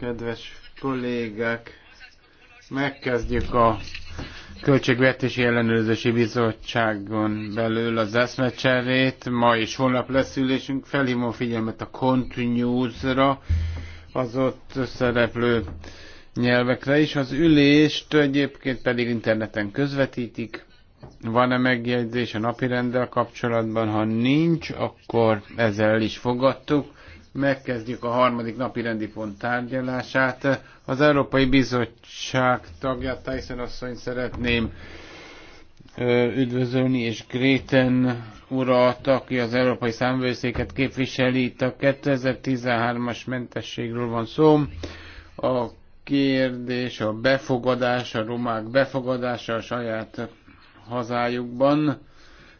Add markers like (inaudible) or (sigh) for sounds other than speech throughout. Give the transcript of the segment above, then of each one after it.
Kedves kollégák, megkezdjük a Költségvetési Ellenőrzési Bizottságon belül az eszmecserét. Ma és holnap lesz ülésünk. Felhívom figyelmet a Continuous-ra, az ott szereplő nyelvekre is. Az ülést egyébként pedig interneten közvetítik. Van-e megjegyzés a rendel kapcsolatban? Ha nincs, akkor ezzel is fogadtuk megkezdjük a harmadik napi rendi pont tárgyalását. Az Európai Bizottság tagját Tyson asszony szeretném üdvözölni, és Gréten urat, aki az Európai Számvőszéket képviseli, itt a 2013-as mentességről van szó. A kérdés a befogadás, a romák befogadása a saját hazájukban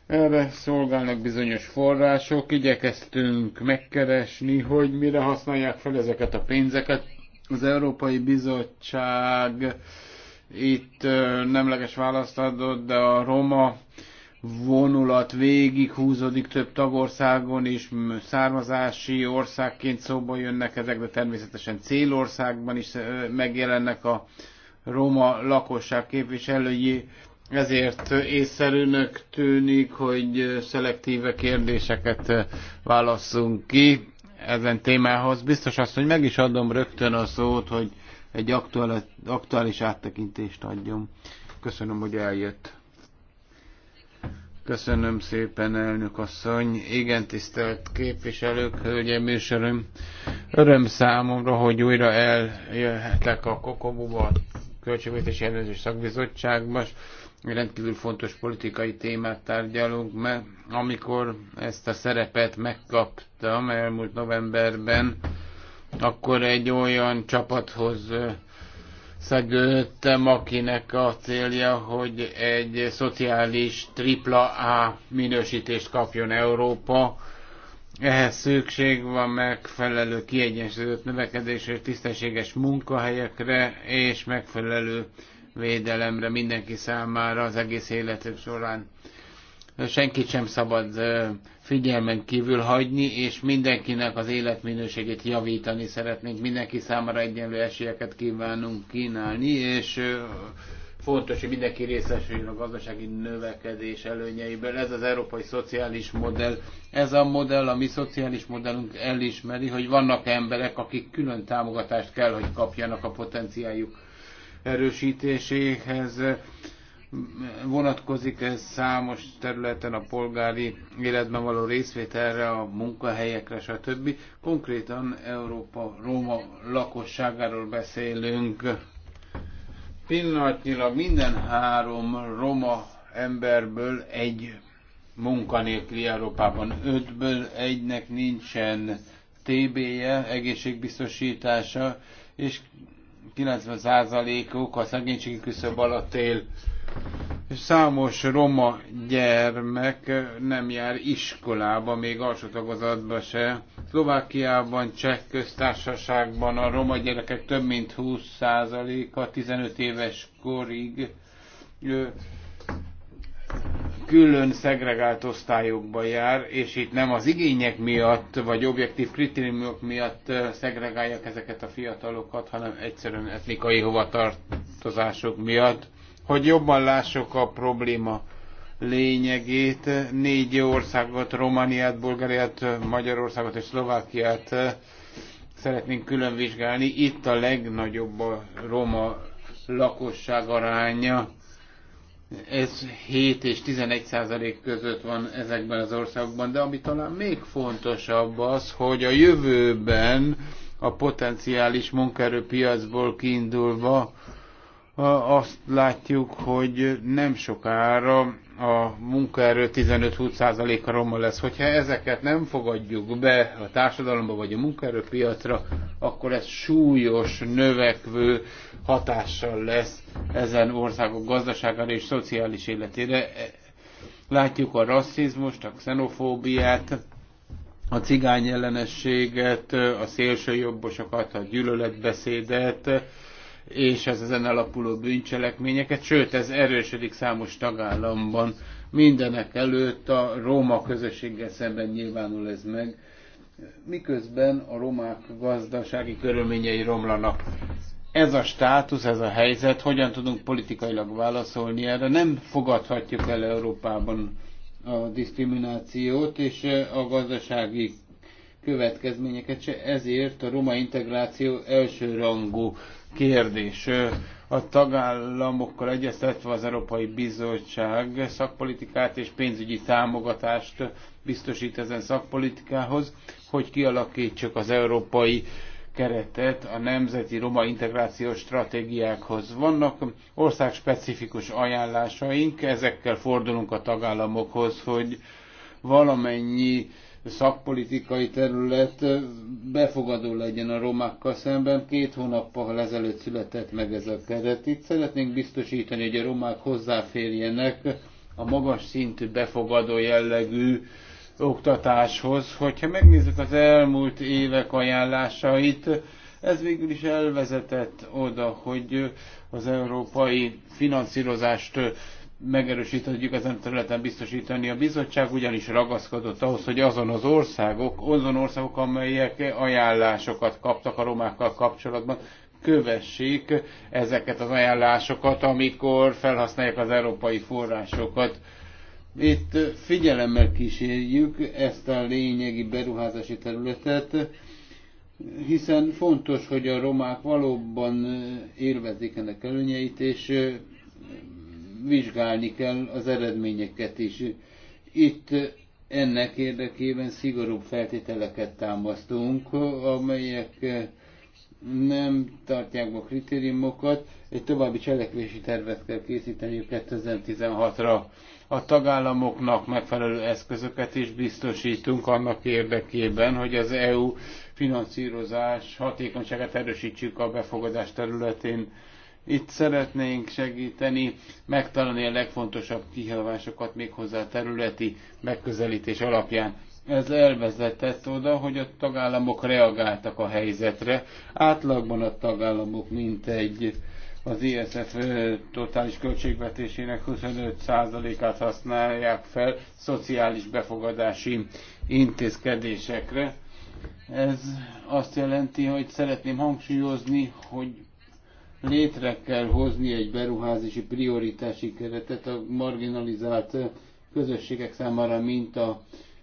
erre szolgálnak bizonyos források, igyekeztünk megkeresni, hogy mire használják fel ezeket a pénzeket. Az Európai Bizottság itt nemleges választ adott, de a roma vonulat végig húzódik több tagországon is, származási országként szóba jönnek ezek, de természetesen célországban is megjelennek a roma lakosság képviselői. Ezért észszerűnek tűnik, hogy szelektíve kérdéseket válasszunk ki ezen témához. Biztos azt, hogy meg is adom rögtön a szót, hogy egy aktuális, aktuális áttekintést adjon. Köszönöm, hogy eljött. Köszönöm szépen, elnök asszony. Igen, tisztelt képviselők, hölgyeim és öröm. számomra, hogy újra eljöhetek a Kokobuba, Költségvetési Előző Szakbizottságba rendkívül fontos politikai témát tárgyalunk, mert amikor ezt a szerepet megkaptam elmúlt novemberben, akkor egy olyan csapathoz szegődtem, akinek a célja, hogy egy szociális tripla A minősítést kapjon Európa. Ehhez szükség van megfelelő kiegyensúlyozott növekedésre, tisztességes munkahelyekre és megfelelő védelemre mindenki számára az egész életük során. Senkit sem szabad figyelmen kívül hagyni, és mindenkinek az életminőségét javítani szeretnénk. Mindenki számára egyenlő esélyeket kívánunk kínálni, és fontos, hogy mindenki részesüljön a gazdasági növekedés előnyeiből. Ez az európai szociális modell. Ez a modell, a mi szociális modellünk elismeri, hogy vannak emberek, akik külön támogatást kell, hogy kapjanak a potenciáljuk erősítéséhez vonatkozik ez számos területen a polgári életben való részvételre, a munkahelyekre, stb. Konkrétan Európa Róma lakosságáról beszélünk. Pillanatnyilag minden három roma emberből egy munkanélküli Európában. Ötből egynek nincsen TB-je, egészségbiztosítása, és 90%-uk a szegénységi küszöb alatt él. És számos roma gyermek nem jár iskolába, még alsó tagozatba se. Szlovákiában, Cseh köztársaságban a roma gyerekek több mint 20%-a 15 éves korig külön szegregált osztályokba jár, és itt nem az igények miatt, vagy objektív kritériumok miatt szegregálják ezeket a fiatalokat, hanem egyszerűen etnikai hovatartozások miatt. Hogy jobban lássuk a probléma lényegét, négy országot, Romániát, Bulgáriát, Magyarországot és Szlovákiát szeretnénk külön vizsgálni. Itt a legnagyobb a roma lakosság aránya ez 7 és 11 százalék között van ezekben az országokban, de ami talán még fontosabb az, hogy a jövőben a potenciális munkaerőpiacból kiindulva azt látjuk, hogy nem sokára a munkaerő 15-20%-a roma lesz. Hogyha ezeket nem fogadjuk be a társadalomba vagy a munkaerőpiacra, akkor ez súlyos, növekvő hatással lesz ezen országok gazdaságára és szociális életére. Látjuk a rasszizmust, a xenofóbiát, a cigány ellenességet, a szélsőjobbosokat, a gyűlöletbeszédet, és az ezen alapuló bűncselekményeket, sőt ez erősödik számos tagállamban. Mindenek előtt a Róma közösséggel szemben nyilvánul ez meg, miközben a romák gazdasági körülményei romlanak. Ez a státusz, ez a helyzet, hogyan tudunk politikailag válaszolni erre? Nem fogadhatjuk el Európában a diszkriminációt és a gazdasági következményeket se, ezért a roma integráció elsőrangú kérdés. A tagállamokkal egyeztetve az Európai Bizottság szakpolitikát és pénzügyi támogatást biztosít ezen szakpolitikához, hogy kialakítsuk az európai keretet a nemzeti roma integrációs stratégiákhoz. Vannak országspecifikus ajánlásaink, ezekkel fordulunk a tagállamokhoz, hogy valamennyi szakpolitikai terület befogadó legyen a romákkal szemben. Két hónappal ezelőtt született meg ez a keret. Itt szeretnénk biztosítani, hogy a romák hozzáférjenek a magas szintű befogadó jellegű oktatáshoz. Hogyha megnézzük az elmúlt évek ajánlásait, ez végül is elvezetett oda, hogy az európai finanszírozást megerősíthetjük ezen területen biztosítani. A bizottság ugyanis ragaszkodott ahhoz, hogy azon az országok, azon országok, amelyek ajánlásokat kaptak a romákkal kapcsolatban, kövessék ezeket az ajánlásokat, amikor felhasználják az európai forrásokat. Itt figyelemmel kísérjük ezt a lényegi beruházási területet, hiszen fontos, hogy a romák valóban élvezik ennek előnyeit, és vizsgálni kell az eredményeket is. Itt ennek érdekében szigorúbb feltételeket támasztunk, amelyek nem tartják be a kritériumokat. Egy további cselekvési tervet kell készíteni 2016-ra. A tagállamoknak megfelelő eszközöket is biztosítunk annak érdekében, hogy az EU finanszírozás hatékonyságát erősítsük a befogadás területén itt szeretnénk segíteni megtalálni a legfontosabb kihívásokat méghozzá területi megközelítés alapján. Ez elvezetett oda, hogy a tagállamok reagáltak a helyzetre. Átlagban a tagállamok mintegy az ISF totális költségvetésének 25%-át használják fel szociális befogadási intézkedésekre. Ez azt jelenti, hogy szeretném hangsúlyozni, hogy létre kell hozni egy beruházási prioritási keretet a marginalizált közösségek számára, mint a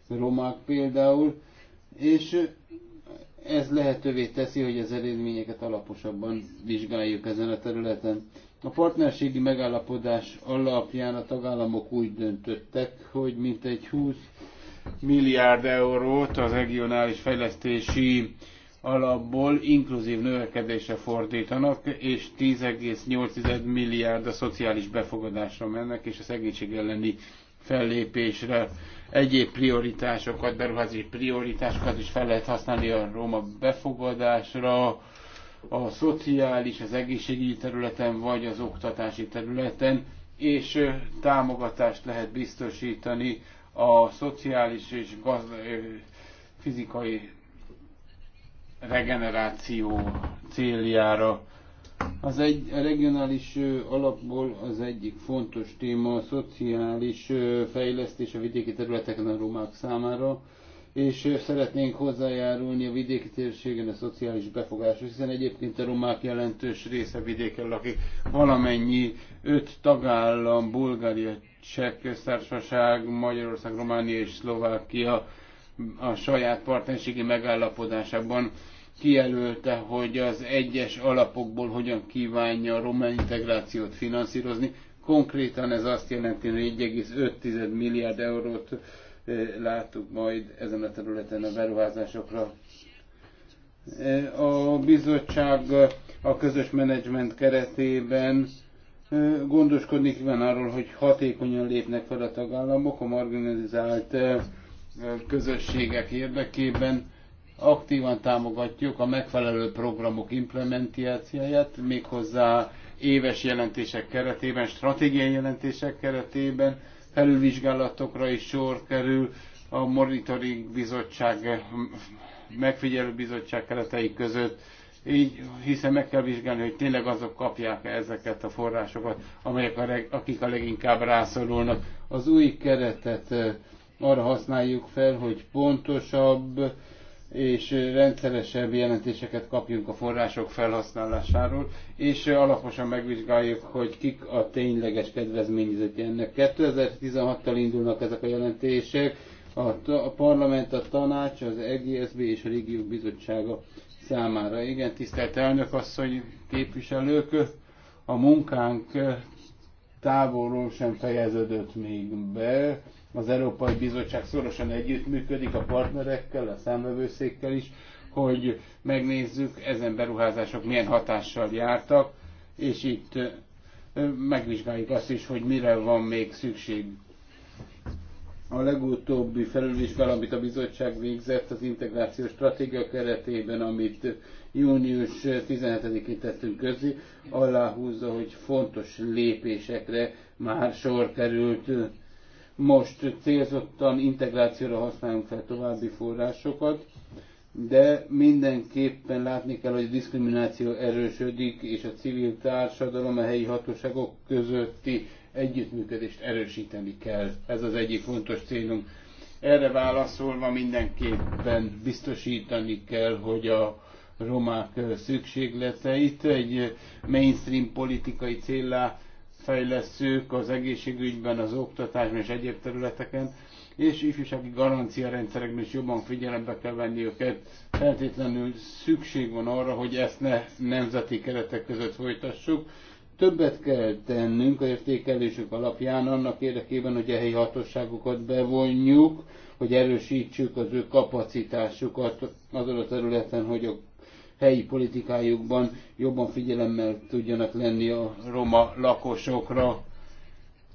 romák például, és ez lehetővé teszi, hogy az eredményeket alaposabban vizsgáljuk ezen a területen. A partnerségi megállapodás alapján a tagállamok úgy döntöttek, hogy mintegy 20 milliárd eurót az regionális fejlesztési alapból inkluzív növekedésre fordítanak, és eight milliárd a szociális befogadásra mennek, és a szegénység elleni fellépésre, egyéb prioritásokat, beruházási prioritásokat is fel lehet használni a roma befogadásra, a szociális, az egészségügyi területen, vagy az oktatási területen, és támogatást lehet biztosítani a szociális és gazda, fizikai regeneráció céljára. Az egy a regionális alapból az egyik fontos téma a szociális fejlesztés a vidéki területeken a romák számára, és szeretnénk hozzájárulni a vidéki térségen a szociális befogáshoz, hiszen egyébként a romák jelentős része vidéken lakik. Valamennyi öt tagállam, Bulgária, Cseh köztársaság, Magyarország, Románia és Szlovákia a saját partnerségi megállapodásában kijelölte, hogy az egyes alapokból hogyan kívánja a román integrációt finanszírozni. Konkrétan ez azt jelenti, hogy 1,5 milliárd eurót látunk majd ezen a területen a beruházásokra. A bizottság a közös menedzsment keretében gondoskodni kíván arról, hogy hatékonyan lépnek fel a tagállamok a marginalizált közösségek érdekében aktívan támogatjuk a megfelelő programok implementációját, méghozzá éves jelentések keretében, stratégiai jelentések keretében, felülvizsgálatokra is sor kerül a Monitoring Bizottság, megfigyelő bizottság keretei között, így, hiszen meg kell vizsgálni, hogy tényleg azok kapják -e ezeket a forrásokat, amelyek a leg, akik a leginkább rászorulnak. Az új keretet eh, arra használjuk fel, hogy pontosabb, és rendszeresebb jelentéseket kapjunk a források felhasználásáról, és alaposan megvizsgáljuk, hogy kik a tényleges kedvezményezettje ennek. 2016-tal indulnak ezek a jelentések, a, a parlament, a tanács, az EGSB és a régiók bizottsága számára. Igen, tisztelt elnök asszony, képviselők, a munkánk távolról sem fejeződött még be, az Európai Bizottság szorosan együttműködik a partnerekkel, a számlevőszékkel is, hogy megnézzük, ezen beruházások milyen hatással jártak, és itt megvizsgáljuk azt is, hogy mire van még szükség. A legutóbbi felülvizsgálat, amit a bizottság végzett az integrációs stratégia keretében, amit június 17-én tettünk közé, aláhúzza, hogy fontos lépésekre már sor került most célzottan integrációra használunk fel további forrásokat, de mindenképpen látni kell, hogy a diszkrimináció erősödik, és a civil társadalom, a helyi hatóságok közötti együttműködést erősíteni kell. Ez az egyik fontos célunk. Erre válaszolva mindenképpen biztosítani kell, hogy a romák szükségleteit egy mainstream politikai céllá fejlesztők az egészségügyben, az oktatásban és egyéb területeken, és ifjúsági garancia is jobban figyelembe kell venni őket. Feltétlenül szükség van arra, hogy ezt ne nemzeti keretek között folytassuk. Többet kell tennünk a értékelésük alapján annak érdekében, hogy a helyi hatóságokat bevonjuk, hogy erősítsük az ő kapacitásukat azon a területen, hogy a helyi politikájukban jobban figyelemmel tudjanak lenni a roma lakosokra.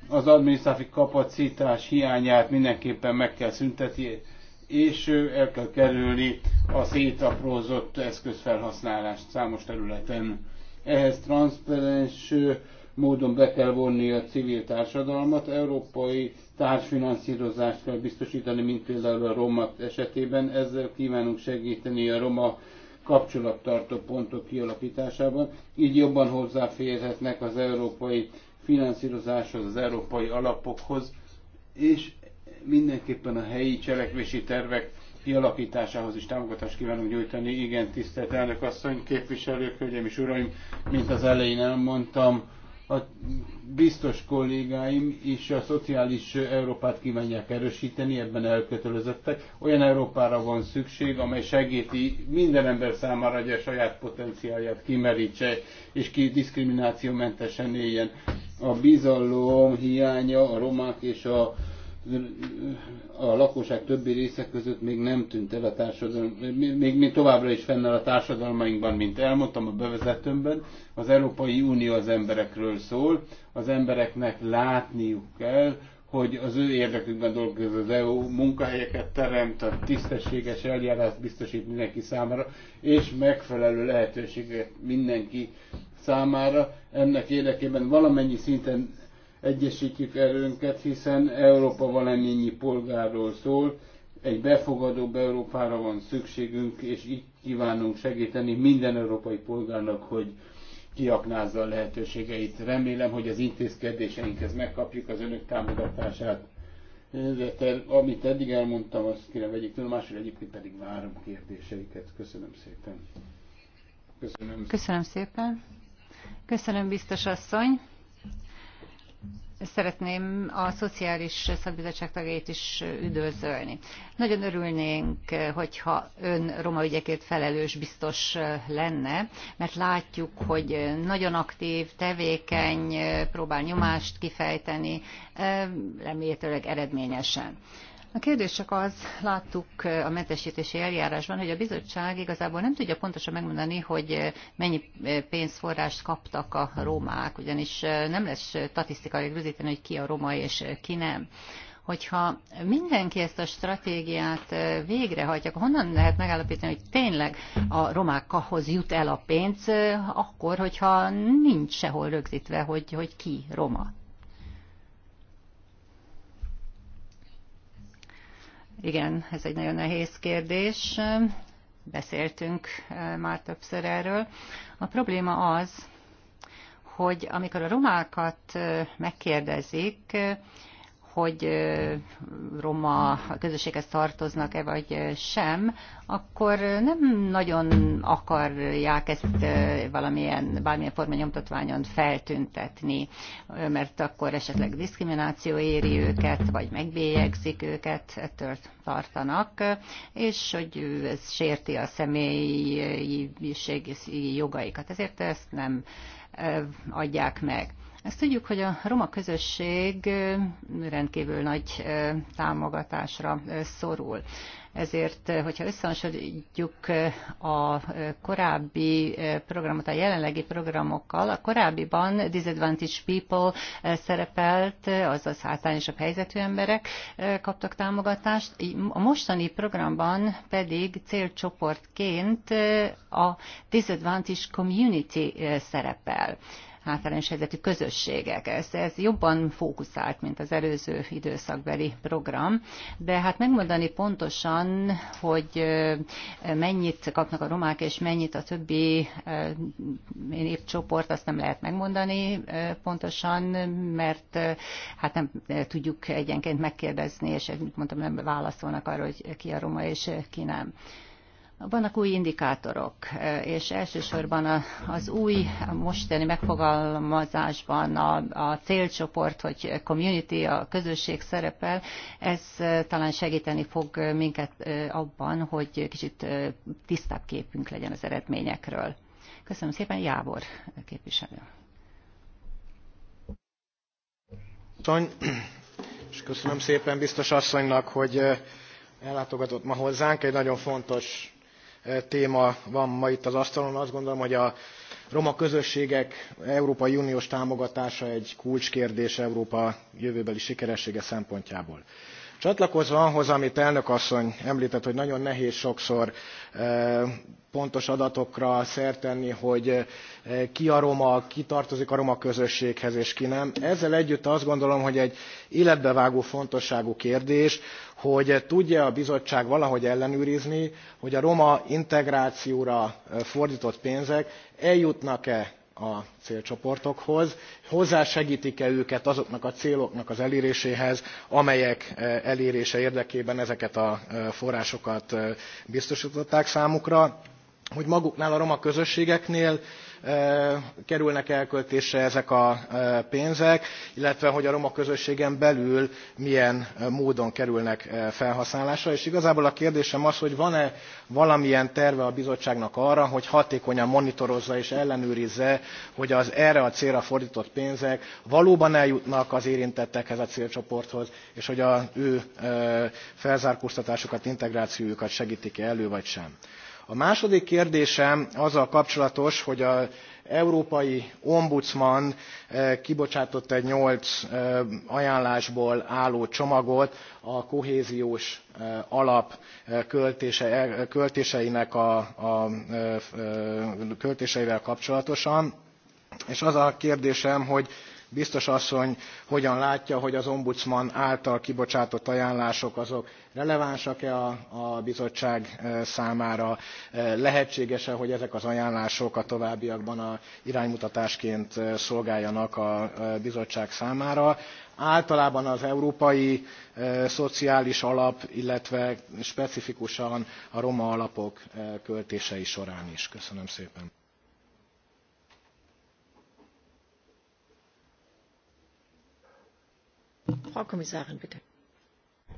Az adminisztratív kapacitás hiányát mindenképpen meg kell szüntetni, és el kell kerülni a szétaprózott eszközfelhasználást számos területen. Ehhez transzparens módon be kell vonni a civil társadalmat, európai társfinanszírozást kell biztosítani, mint például a roma esetében. Ezzel kívánunk segíteni a roma kapcsolattartó pontok kialakításában, így jobban hozzáférhetnek az európai finanszírozáshoz, az európai alapokhoz, és mindenképpen a helyi cselekvési tervek kialakításához is támogatást kívánunk nyújtani. Igen, tisztelt elnök asszony, képviselők, hölgyeim és uraim, mint az elején elmondtam, a biztos kollégáim is a szociális Európát kvánják erősíteni, ebben elkötelezettek. Olyan Európára van szükség, amely segíti minden ember számára, hogy a saját potenciálját kimerítse, és ki diszkriminációmentesen éljen. A bizalom hiánya a romák és a a lakosság többi része között még nem tűnt el a társadalom, még, továbbra is fennáll a társadalmainkban, mint elmondtam a bevezetőmben. Az Európai Unió az emberekről szól, az embereknek látniuk kell, hogy az ő érdekükben dolgozik az EU, munkahelyeket teremt, a tisztességes eljárást biztosít mindenki számára, és megfelelő lehetőséget mindenki számára. Ennek érdekében valamennyi szinten egyesítjük erőnket, hiszen Európa valamennyi polgárról szól, egy befogadóbb Európára van szükségünk, és így kívánunk segíteni minden európai polgárnak, hogy kiaknázza a lehetőségeit. Remélem, hogy az intézkedéseinkhez megkapjuk az önök támogatását. De amit eddig elmondtam, azt kérem vegyék tudomásul, egyébként pedig várom kérdéseiket. Köszönöm szépen. Köszönöm, Köszönöm szépen. Köszönöm, biztos asszony szeretném a Szociális Szakbizottság tagjait is üdvözölni. Nagyon örülnénk, hogyha ön roma ügyekért felelős biztos lenne, mert látjuk, hogy nagyon aktív, tevékeny, próbál nyomást kifejteni, eh, remélhetőleg eredményesen. A kérdés csak az, láttuk a mentesítési eljárásban, hogy a bizottság igazából nem tudja pontosan megmondani, hogy mennyi pénzforrást kaptak a romák, ugyanis nem lesz statisztikai rögzíteni, hogy ki a roma és ki nem hogyha mindenki ezt a stratégiát végrehajtja, akkor honnan lehet megállapítani, hogy tényleg a romákhoz jut el a pénz, akkor, hogyha nincs sehol rögzítve, hogy, hogy ki roma. Igen, ez egy nagyon nehéz kérdés. Beszéltünk már többször erről. A probléma az, hogy amikor a romákat megkérdezik, hogy roma közösséghez tartoznak-e vagy sem, akkor nem nagyon akarják ezt valamilyen, bármilyen forma nyomtatványon feltüntetni, mert akkor esetleg diszkrimináció éri őket, vagy megbélyegzik őket, ettől tartanak, és hogy ez sérti a személyiségi jogaikat. Ezért ezt nem adják meg. Ezt tudjuk, hogy a roma közösség rendkívül nagy támogatásra szorul. Ezért, hogyha összehasonlítjuk a korábbi programot a jelenlegi programokkal, a korábbiban Disadvantage People szerepelt, azaz hátrányosabb helyzetű emberek kaptak támogatást. A mostani programban pedig célcsoportként a Disadvantage Community szerepel általános helyzetű közösségek. Ez, ez jobban fókuszált, mint az előző időszakbeli program, de hát megmondani pontosan, hogy mennyit kapnak a romák és mennyit a többi népcsoport, azt nem lehet megmondani pontosan, mert hát nem tudjuk egyenként megkérdezni, és mondtam, nem válaszolnak arra, hogy ki a roma és ki nem. Vannak új indikátorok, és elsősorban az új, mostani megfogalmazásban a, a célcsoport, hogy community, a közösség szerepel, ez talán segíteni fog minket abban, hogy kicsit tisztább képünk legyen az eredményekről. Köszönöm szépen, Jábor képviselő. És köszönöm szépen biztos asszonynak, hogy ellátogatott ma hozzánk. Egy nagyon fontos E, téma van ma itt az asztalon. Azt gondolom, hogy a roma közösségek Európai Uniós támogatása egy kulcskérdés Európa jövőbeli sikeressége szempontjából. Csatlakozva ahhoz, amit elnök asszony említett, hogy nagyon nehéz sokszor e, pontos adatokra szert tenni, hogy e, ki a roma, ki tartozik a roma közösséghez és ki nem. Ezzel együtt azt gondolom, hogy egy életbevágó fontosságú kérdés, hogy tudja a bizottság valahogy ellenőrizni, hogy a roma integrációra fordított pénzek eljutnak-e a célcsoportokhoz, hozzásegtik e őket azoknak a céloknak az eléréséhez, amelyek elérése érdekében ezeket a forrásokat biztosították számukra, hogy maguknál a roma közösségeknél kerülnek elköltésre ezek a pénzek, illetve hogy a roma közösségen belül milyen módon kerülnek felhasználásra. És igazából a kérdésem az, hogy van-e valamilyen terve a bizottságnak arra, hogy hatékonyan monitorozza és ellenőrizze, hogy az erre a célra fordított pénzek valóban eljutnak az érintettekhez, a célcsoporthoz, és hogy az ő felzárkóztatásukat, integrációjukat segítik -e elő, vagy sem a második kérdésem azzal kapcsolatos hogy az európai ombudsman eh, kibocsátott egy nyolc eh, ajánlásból álló csomagot a kohéziós eh, alap költése, költéseinek a, a költéseivel kapcsolatosan és az a kérdésem hogy biztos asszony hogyan látja, hogy az ombudsman által kibocsátott ajánlások azok relevánsak-e a, bizottság e, számára, e, lehetséges-e, hogy ezek az ajánlások a továbbiakban a iránymutatásként e, szolgáljanak a bizottság számára általában az európai szociális alap, illetve specifikusan a roma alapok költései során is. Köszönöm szépen. Frau Kommissarin, bitte.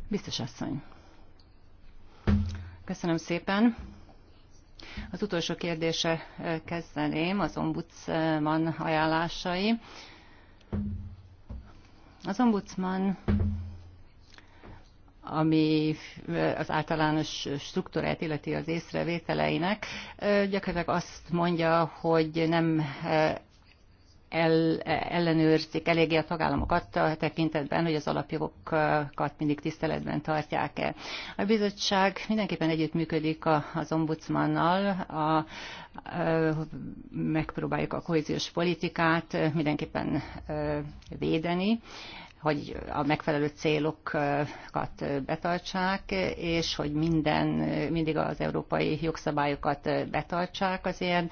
Biztos asszony. Köszönöm szépen. Az utolsó kérdése kezdeném, az ombudsman ajánlásai. Az ombudsman ami az általános struktúrát illeti az észrevételeinek, gyakorlatilag azt mondja, hogy nem el, ellenőrzik eléggé a tagállamokat a tekintetben, hogy az alapjogokat mindig tiszteletben tartják-e. A bizottság mindenképpen együttműködik az ombudsmannal, a, megpróbáljuk a kohéziós politikát mindenképpen védeni, hogy a megfelelő célokat betartsák, és hogy minden, mindig az európai jogszabályokat betartsák az ilyen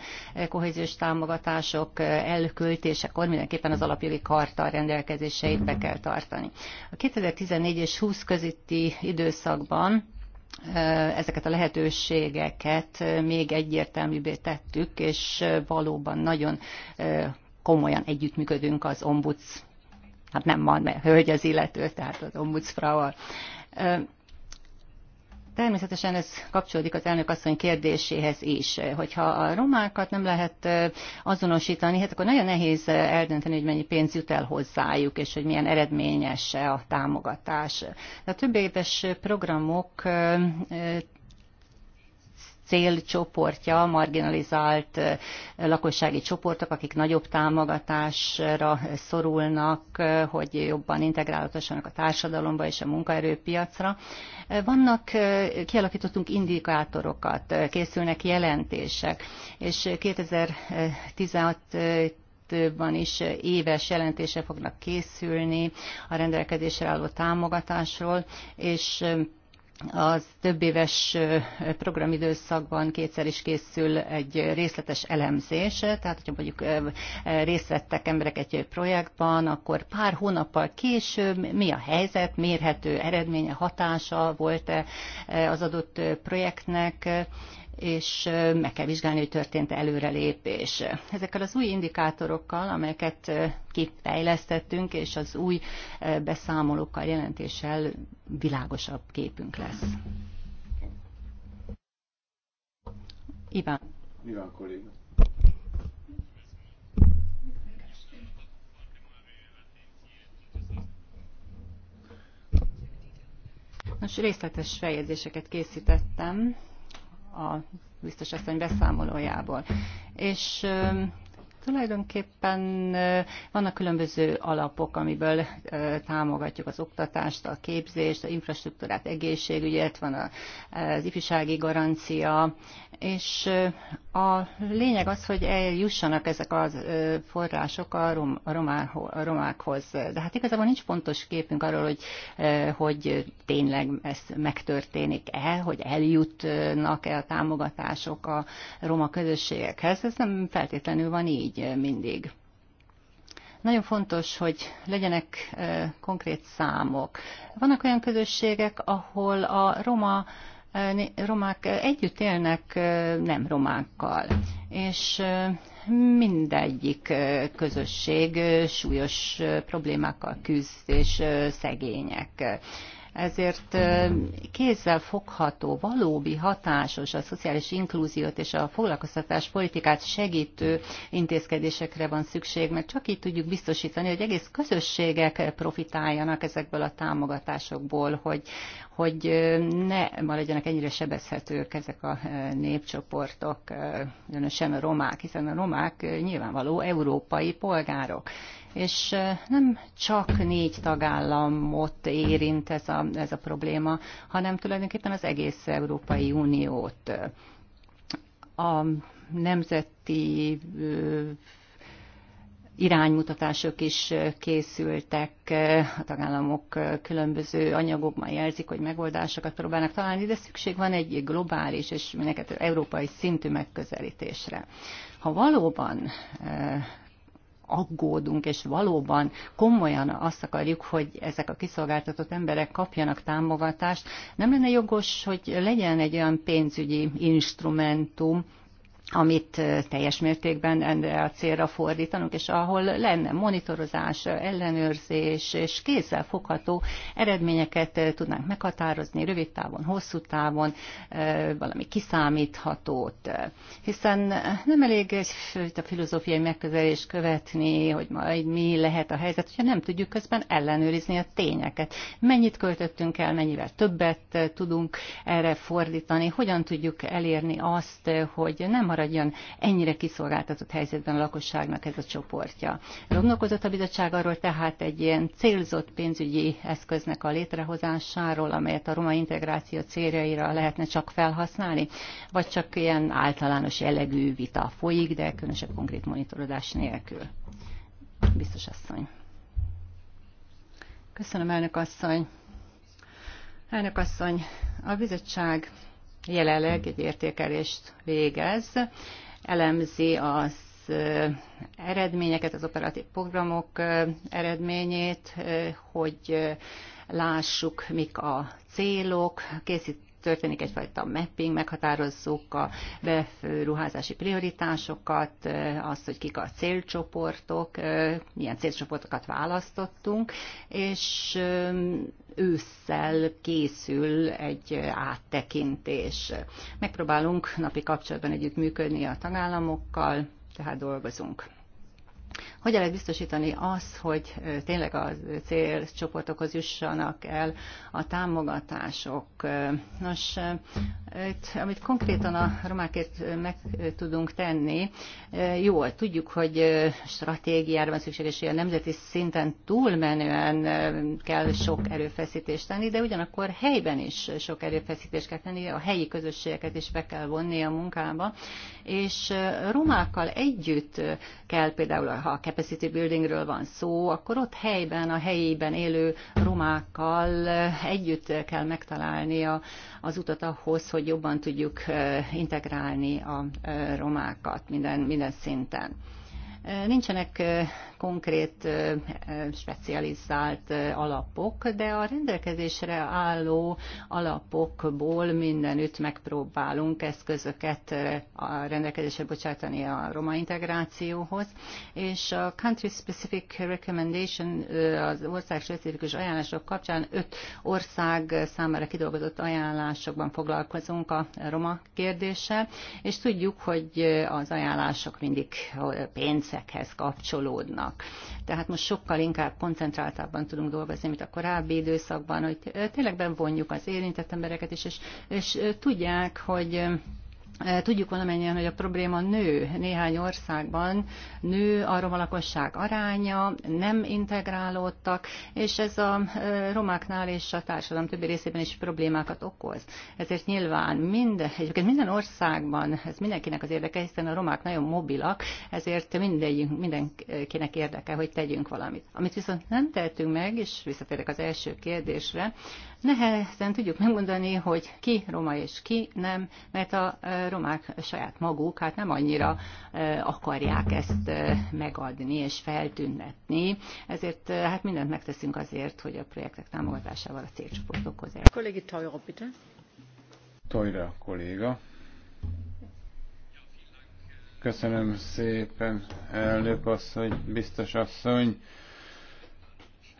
kohéziós támogatások elköltésekor, mindenképpen az alapjogi karta rendelkezéseit be kell tartani. A 2014 és 20 közötti időszakban ezeket a lehetőségeket még egyértelműbbé tettük, és valóban nagyon komolyan együttműködünk az ombuds hát nem ma, mert hölgy az illető, tehát az ombudsfrau. Természetesen ez kapcsolódik az elnök asszony kérdéséhez is. Hogyha a romákat nem lehet azonosítani, hát akkor nagyon nehéz eldönteni, hogy mennyi pénz jut el hozzájuk, és hogy milyen eredményes a támogatás. A több éves programok célcsoportja, marginalizált lakossági csoportok, akik nagyobb támogatásra szorulnak, hogy jobban integrálhatassanak a társadalomba és a munkaerőpiacra. Vannak, kialakítottunk indikátorokat, készülnek jelentések, és 2016 van is éves jelentése fognak készülni a rendelkezésre álló támogatásról, és az több éves programidőszakban kétszer is készül egy részletes elemzés, tehát hogyha mondjuk részt vettek emberek egy projektban, akkor pár hónappal később mi a helyzet, mérhető eredménye, hatása volt-e az adott projektnek, és meg kell vizsgálni, hogy történt előrelépés. Ezekkel az új indikátorokkal, amelyeket kifejlesztettünk, és az új beszámolókkal, jelentéssel világosabb képünk lesz. Iván. Iván kolléga. Nos, részletes feljegyzéseket készítettem a biztos asszony beszámolójából. És Tulajdonképpen vannak különböző alapok, amiből támogatjuk az oktatást, a képzést, a infrastruktúrát, egészségügyet, van az ifjúsági garancia, és a lényeg az, hogy eljussanak ezek a források a, rom, a, romá, a romákhoz. De hát igazából nincs pontos képünk arról, hogy, hogy tényleg ez megtörténik-e, hogy eljutnak-e a támogatások a roma közösségekhez. Ez nem feltétlenül van így mindig. Nagyon fontos, hogy legyenek konkrét számok. Vannak olyan közösségek, ahol a roma romák együtt élnek nem romákkal, és mindegyik közösség súlyos problémákkal küzd, és szegények ezért kézzel fogható, valóbi hatásos a szociális inklúziót és a foglalkoztatás politikát segítő intézkedésekre van szükség, mert csak így tudjuk biztosítani, hogy egész közösségek profitáljanak ezekből a támogatásokból, hogy, hogy ne maradjanak ennyire sebezhetők ezek a népcsoportok, különösen a romák, hiszen a romák nyilvánvaló európai polgárok és nem csak négy tagállamot érint ez a, ez a probléma, hanem tulajdonképpen az egész Európai Uniót. A nemzeti iránymutatások is készültek, a tagállamok különböző anyagokban jelzik, hogy megoldásokat próbálnak találni, de szükség van egy globális és mindenket európai szintű megközelítésre. Ha valóban aggódunk, és valóban komolyan azt akarjuk, hogy ezek a kiszolgáltatott emberek kapjanak támogatást, nem lenne jogos, hogy legyen egy olyan pénzügyi instrumentum, amit teljes mértékben a célra fordítanunk, és ahol lenne monitorozás, ellenőrzés és kézzel fogható eredményeket tudnánk meghatározni rövid távon, hosszú távon, valami kiszámíthatót. Hiszen nem elég a filozófiai megközelést követni, hogy majd mi lehet a helyzet, hogyha nem tudjuk közben ellenőrizni a tényeket. Mennyit költöttünk el, mennyivel többet tudunk erre fordítani, hogyan tudjuk elérni azt, hogy nem maradjon ennyire kiszolgáltatott helyzetben a lakosságnak ez a csoportja. Gondolkozott a bizottság arról tehát egy ilyen célzott pénzügyi eszköznek a létrehozásáról, amelyet a roma integráció céljaira lehetne csak felhasználni, vagy csak ilyen általános jellegű vita folyik, de különösebb konkrét monitorozás nélkül. Biztos asszony. Köszönöm, elnök asszony. Elnök asszony, a bizottság jelenleg egy értékelést végez, elemzi az eredményeket, az operatív programok eredményét, hogy lássuk, mik a célok, készít történik egyfajta mapping, meghatározzuk a beruházási prioritásokat, azt, hogy kik a célcsoportok, milyen célcsoportokat választottunk, és ősszel készül egy áttekintés. Megpróbálunk napi kapcsolatban együtt működni a tagállamokkal, tehát dolgozunk. Hogyan lehet biztosítani az, hogy tényleg a célcsoportokhoz jussanak el a támogatások? Nos, itt, amit konkrétan a romákért meg tudunk tenni, jó, tudjuk, hogy stratégiára van szükség, és a nemzeti szinten túlmenően kell sok erőfeszítést tenni, de ugyanakkor helyben is sok erőfeszítést kell tenni, a helyi közösségeket is be kell vonni a munkába, és romákkal együtt kell például, ha a capacity buildingről van szó, akkor ott helyben, a helyében élő romákkal együtt kell megtalálni a, az utat ahhoz, hogy jobban tudjuk integrálni a romákat minden, minden szinten. Nincsenek konkrét specializált alapok, de a rendelkezésre álló alapokból mindenütt megpróbálunk eszközöket a rendelkezésre bocsátani a roma integrációhoz, és a Country Specific Recommendation az ország specifikus ajánlások kapcsán öt ország számára kidolgozott ajánlásokban foglalkozunk a roma kérdéssel, és tudjuk, hogy az ajánlások mindig pénzekhez kapcsolódnak vannak. Tehát most sokkal inkább koncentráltabban tudunk dolgozni, mint a korábbi időszakban, hogy tényleg bevonjuk az érintett embereket is, és, és tudják, hogy Eh, tudjuk valamennyien, hogy a probléma nő. Néhány országban nő a roma lakosság aránya, nem integrálódtak, és ez a eh, romáknál és a társadalom többi részében is problémákat okoz. Ezért nyilván minden, egyébként minden országban ez mindenkinek az érdeke, hiszen a romák nagyon mobilak, ezért mindegyünk, mindenkinek érdeke, hogy tegyünk valamit. Amit viszont nem tehetünk meg, és visszatérek az első kérdésre, Nehezen tudjuk megmondani, hogy ki roma és ki nem, mert a romák saját maguk hát nem annyira akarják ezt megadni és feltüntetni, ezért hát mindent megteszünk azért, hogy a projektek támogatásával a célcsoportokhoz el. Kollégi Tajra, bitte. Tajra kolléga. Köszönöm szépen, elnök asszony, biztos asszony.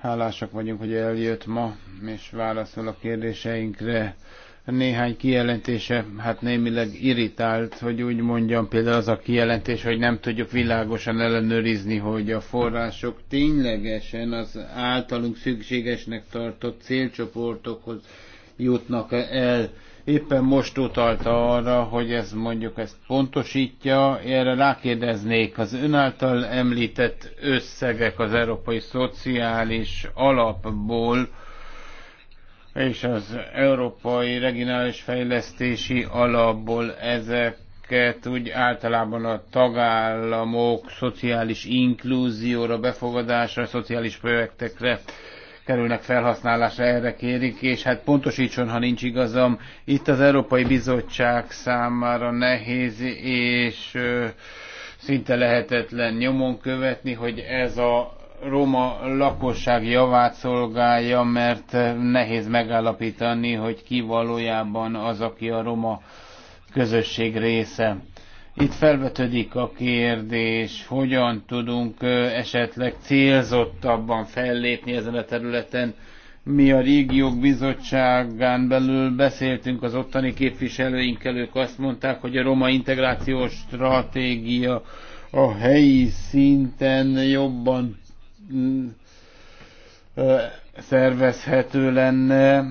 Hálásak vagyunk, hogy eljött ma, és válaszol a kérdéseinkre. Néhány kijelentése, hát némileg irritált, hogy úgy mondjam, például az a kijelentés, hogy nem tudjuk világosan ellenőrizni, hogy a források ténylegesen az általunk szükségesnek tartott célcsoportokhoz jutnak el éppen most utalta arra, hogy ez mondjuk ezt pontosítja. Erre rákérdeznék, az ön által említett összegek az Európai Szociális Alapból és az Európai Regionális Fejlesztési Alapból ezeket úgy általában a tagállamok szociális inklúzióra, befogadásra, szociális projektekre kerülnek felhasználásra, erre kérik, és hát pontosítson, ha nincs igazam, itt az Európai Bizottság számára nehéz, és ö, szinte lehetetlen nyomon követni, hogy ez a roma lakosság javát szolgálja, mert nehéz megállapítani, hogy ki valójában az, aki a roma közösség része. Itt felvetődik a kérdés, hogyan tudunk esetleg célzottabban fellépni ezen a területen. Mi a régiók bizottságán belül beszéltünk az ottani képviselőinkkel, ők azt mondták, hogy a roma integrációs stratégia a helyi szinten jobban mm, szervezhető lenne,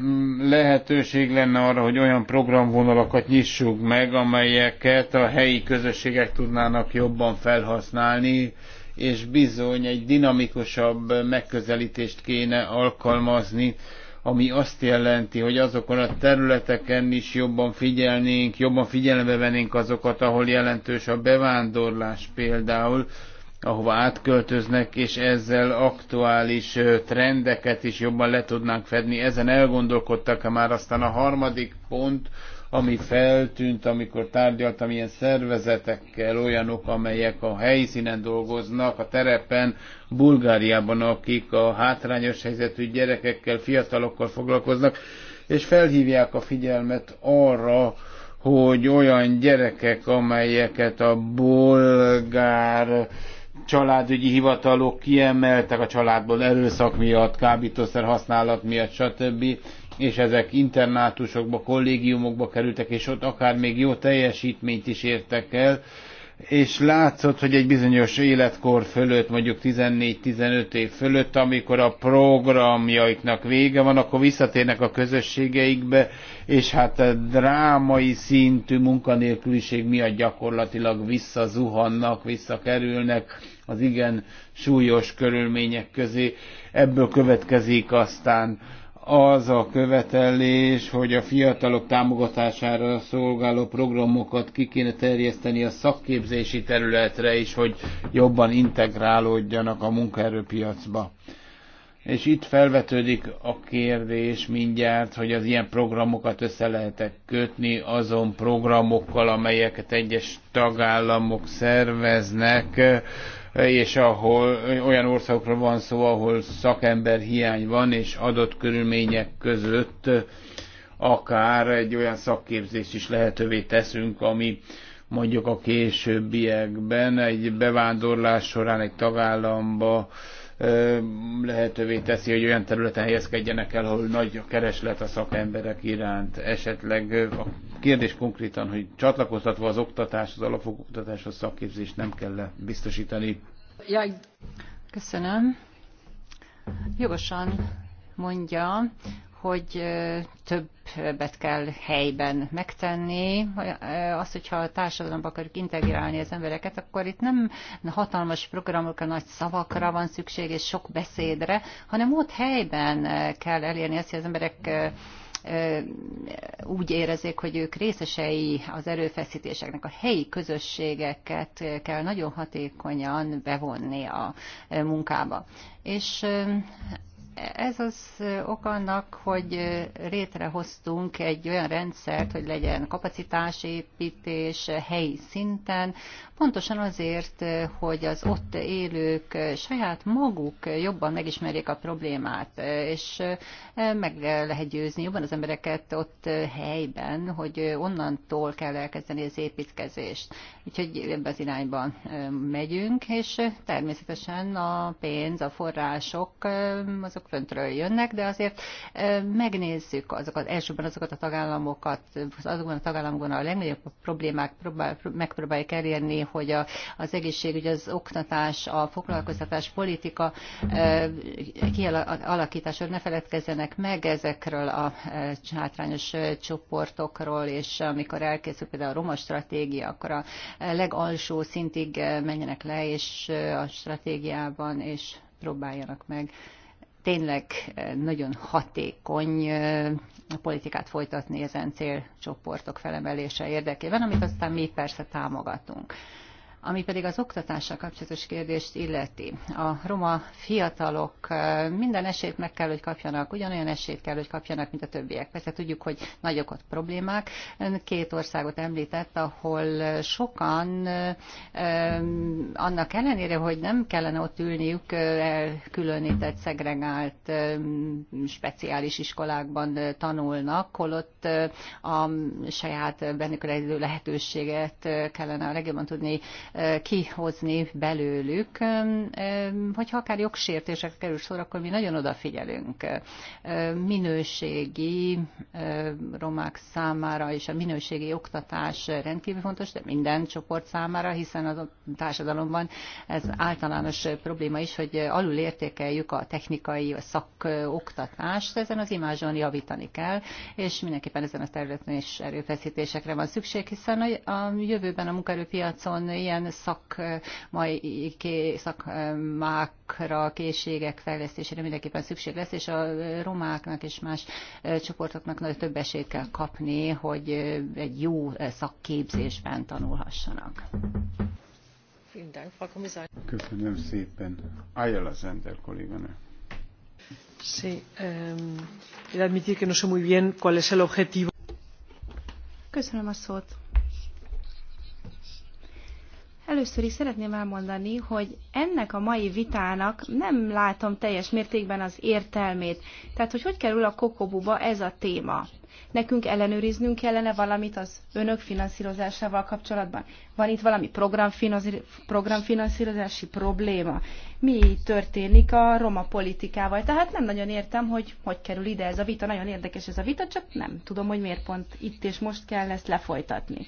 lehetőség lenne arra, hogy olyan programvonalakat nyissuk meg, amelyeket a helyi közösségek tudnának jobban felhasználni, és bizony egy dinamikusabb megközelítést kéne alkalmazni, ami azt jelenti, hogy azokon a területeken is jobban figyelnénk, jobban figyelembe vennénk azokat, ahol jelentős a bevándorlás például, ahova átköltöznek, és ezzel aktuális trendeket is jobban le tudnánk fedni. Ezen elgondolkodtak -e már aztán a harmadik pont, ami feltűnt, amikor tárgyaltam ilyen szervezetekkel, olyanok, amelyek a helyszínen dolgoznak, a terepen, Bulgáriában, akik a hátrányos helyzetű gyerekekkel, fiatalokkal foglalkoznak, és felhívják a figyelmet arra, hogy olyan gyerekek, amelyeket a bolgár családügyi hivatalok kiemeltek a családból erőszak miatt, kábítószer használat miatt, stb. És ezek internátusokba, kollégiumokba kerültek, és ott akár még jó teljesítményt is értek el, és látszott, hogy egy bizonyos életkor fölött, mondjuk 14-15 év fölött, amikor a programjaiknak vége van, akkor visszatérnek a közösségeikbe, és hát a drámai szintű munkanélküliség miatt gyakorlatilag visszazuhannak, visszakerülnek az igen súlyos körülmények közé. Ebből következik aztán az a követelés, hogy a fiatalok támogatására szolgáló programokat ki kéne terjeszteni a szakképzési területre is, hogy jobban integrálódjanak a munkaerőpiacba. És itt felvetődik a kérdés mindjárt, hogy az ilyen programokat össze lehetek kötni azon programokkal, amelyeket egyes tagállamok szerveznek és ahol olyan országokról van szó, ahol szakember hiány van, és adott körülmények között akár egy olyan szakképzést is lehetővé teszünk, ami mondjuk a későbbiekben egy bevándorlás során egy tagállamba lehetővé teszi, hogy olyan területen helyezkedjenek el, ahol nagy a kereslet a szakemberek iránt. Esetleg a kérdés konkrétan, hogy csatlakoztatva az oktatás, az alapfokú a szakképzést nem kell -e biztosítani. Jaj. Köszönöm. Jogosan mondja, hogy többet kell helyben megtenni. Azt, hogyha a társadalomba akarjuk integrálni az embereket, akkor itt nem hatalmas programokra, nagy szavakra van szükség, és sok beszédre, hanem ott helyben kell elérni azt, hogy az emberek úgy érezzék, hogy ők részesei az erőfeszítéseknek, a helyi közösségeket kell nagyon hatékonyan bevonni a munkába. És ez az ok annak, hogy létrehoztunk egy olyan rendszert, hogy legyen kapacitásépítés helyi szinten, pontosan azért, hogy az ott élők saját maguk jobban megismerjék a problémát, és meg lehet győzni jobban az embereket ott helyben, hogy onnantól kell elkezdeni az építkezést. Úgyhogy ebben az irányban megyünk, és természetesen a pénz, a források, azok föntről jönnek, de azért megnézzük azokat, elsőben azokat a tagállamokat, azokban a tagállamokon a legnagyobb problémák próbál, megpróbáljuk elérni, hogy a, az egészségügy, az oktatás, a foglalkoztatás politika kialakításról ne feledkezzenek meg ezekről a hátrányos csoportokról, és amikor elkészül például a roma stratégia, akkor a legalsó szintig menjenek le, és a stratégiában, és próbáljanak meg tényleg eh, nagyon hatékony eh, politikát folytatni ezen célcsoportok felemelése érdekében, amit aztán mi persze támogatunk. Ami pedig az oktatással kapcsolatos kérdést illeti, a roma fiatalok minden esélyt meg kell, hogy kapjanak, ugyanolyan esélyt kell, hogy kapjanak, mint a többiek. Persze tudjuk, hogy nagyok ott problémák. Ön két országot említett, ahol sokan annak ellenére, hogy nem kellene ott ülniük elkülönített, szegregált, speciális iskolákban tanulnak, holott a saját bennük lehetőséget kellene a legjobban tudni kihozni belőlük, hogyha akár jogsértések kerül sor, akkor mi nagyon odafigyelünk. Minőségi romák számára és a minőségi oktatás rendkívül fontos, de minden csoport számára, hiszen a társadalomban ez általános probléma is, hogy alul értékeljük a technikai, a szakoktatást, ezen az imázson javítani kell, és mindenképpen ezen a területen is erőfeszítésekre van szükség, hiszen a jövőben a munkaerőpiacon ilyen ilyen szakmai, szakmákra, készségek fejlesztésére mindenképpen szükség lesz, és a romáknak és más csoportoknak nagy több esélyt kell kapni, hogy egy jó szakképzésben tanulhassanak. Köszönöm szépen. Ayala Zender kolléganő. Sí, eh, admitir que no sé muy bien cuál es el objetivo. Köszönöm a szót. Először is szeretném elmondani, hogy ennek a mai vitának nem látom teljes mértékben az értelmét. Tehát, hogy hogy kerül a kokobuba ez a téma? Nekünk ellenőriznünk kellene valamit az önök finanszírozásával kapcsolatban? Van itt valami programfinanszírozási probléma? Mi történik a roma politikával? Tehát nem nagyon értem, hogy hogy kerül ide ez a vita. Nagyon érdekes ez a vita, csak nem tudom, hogy miért pont itt és most kell ezt lefolytatni.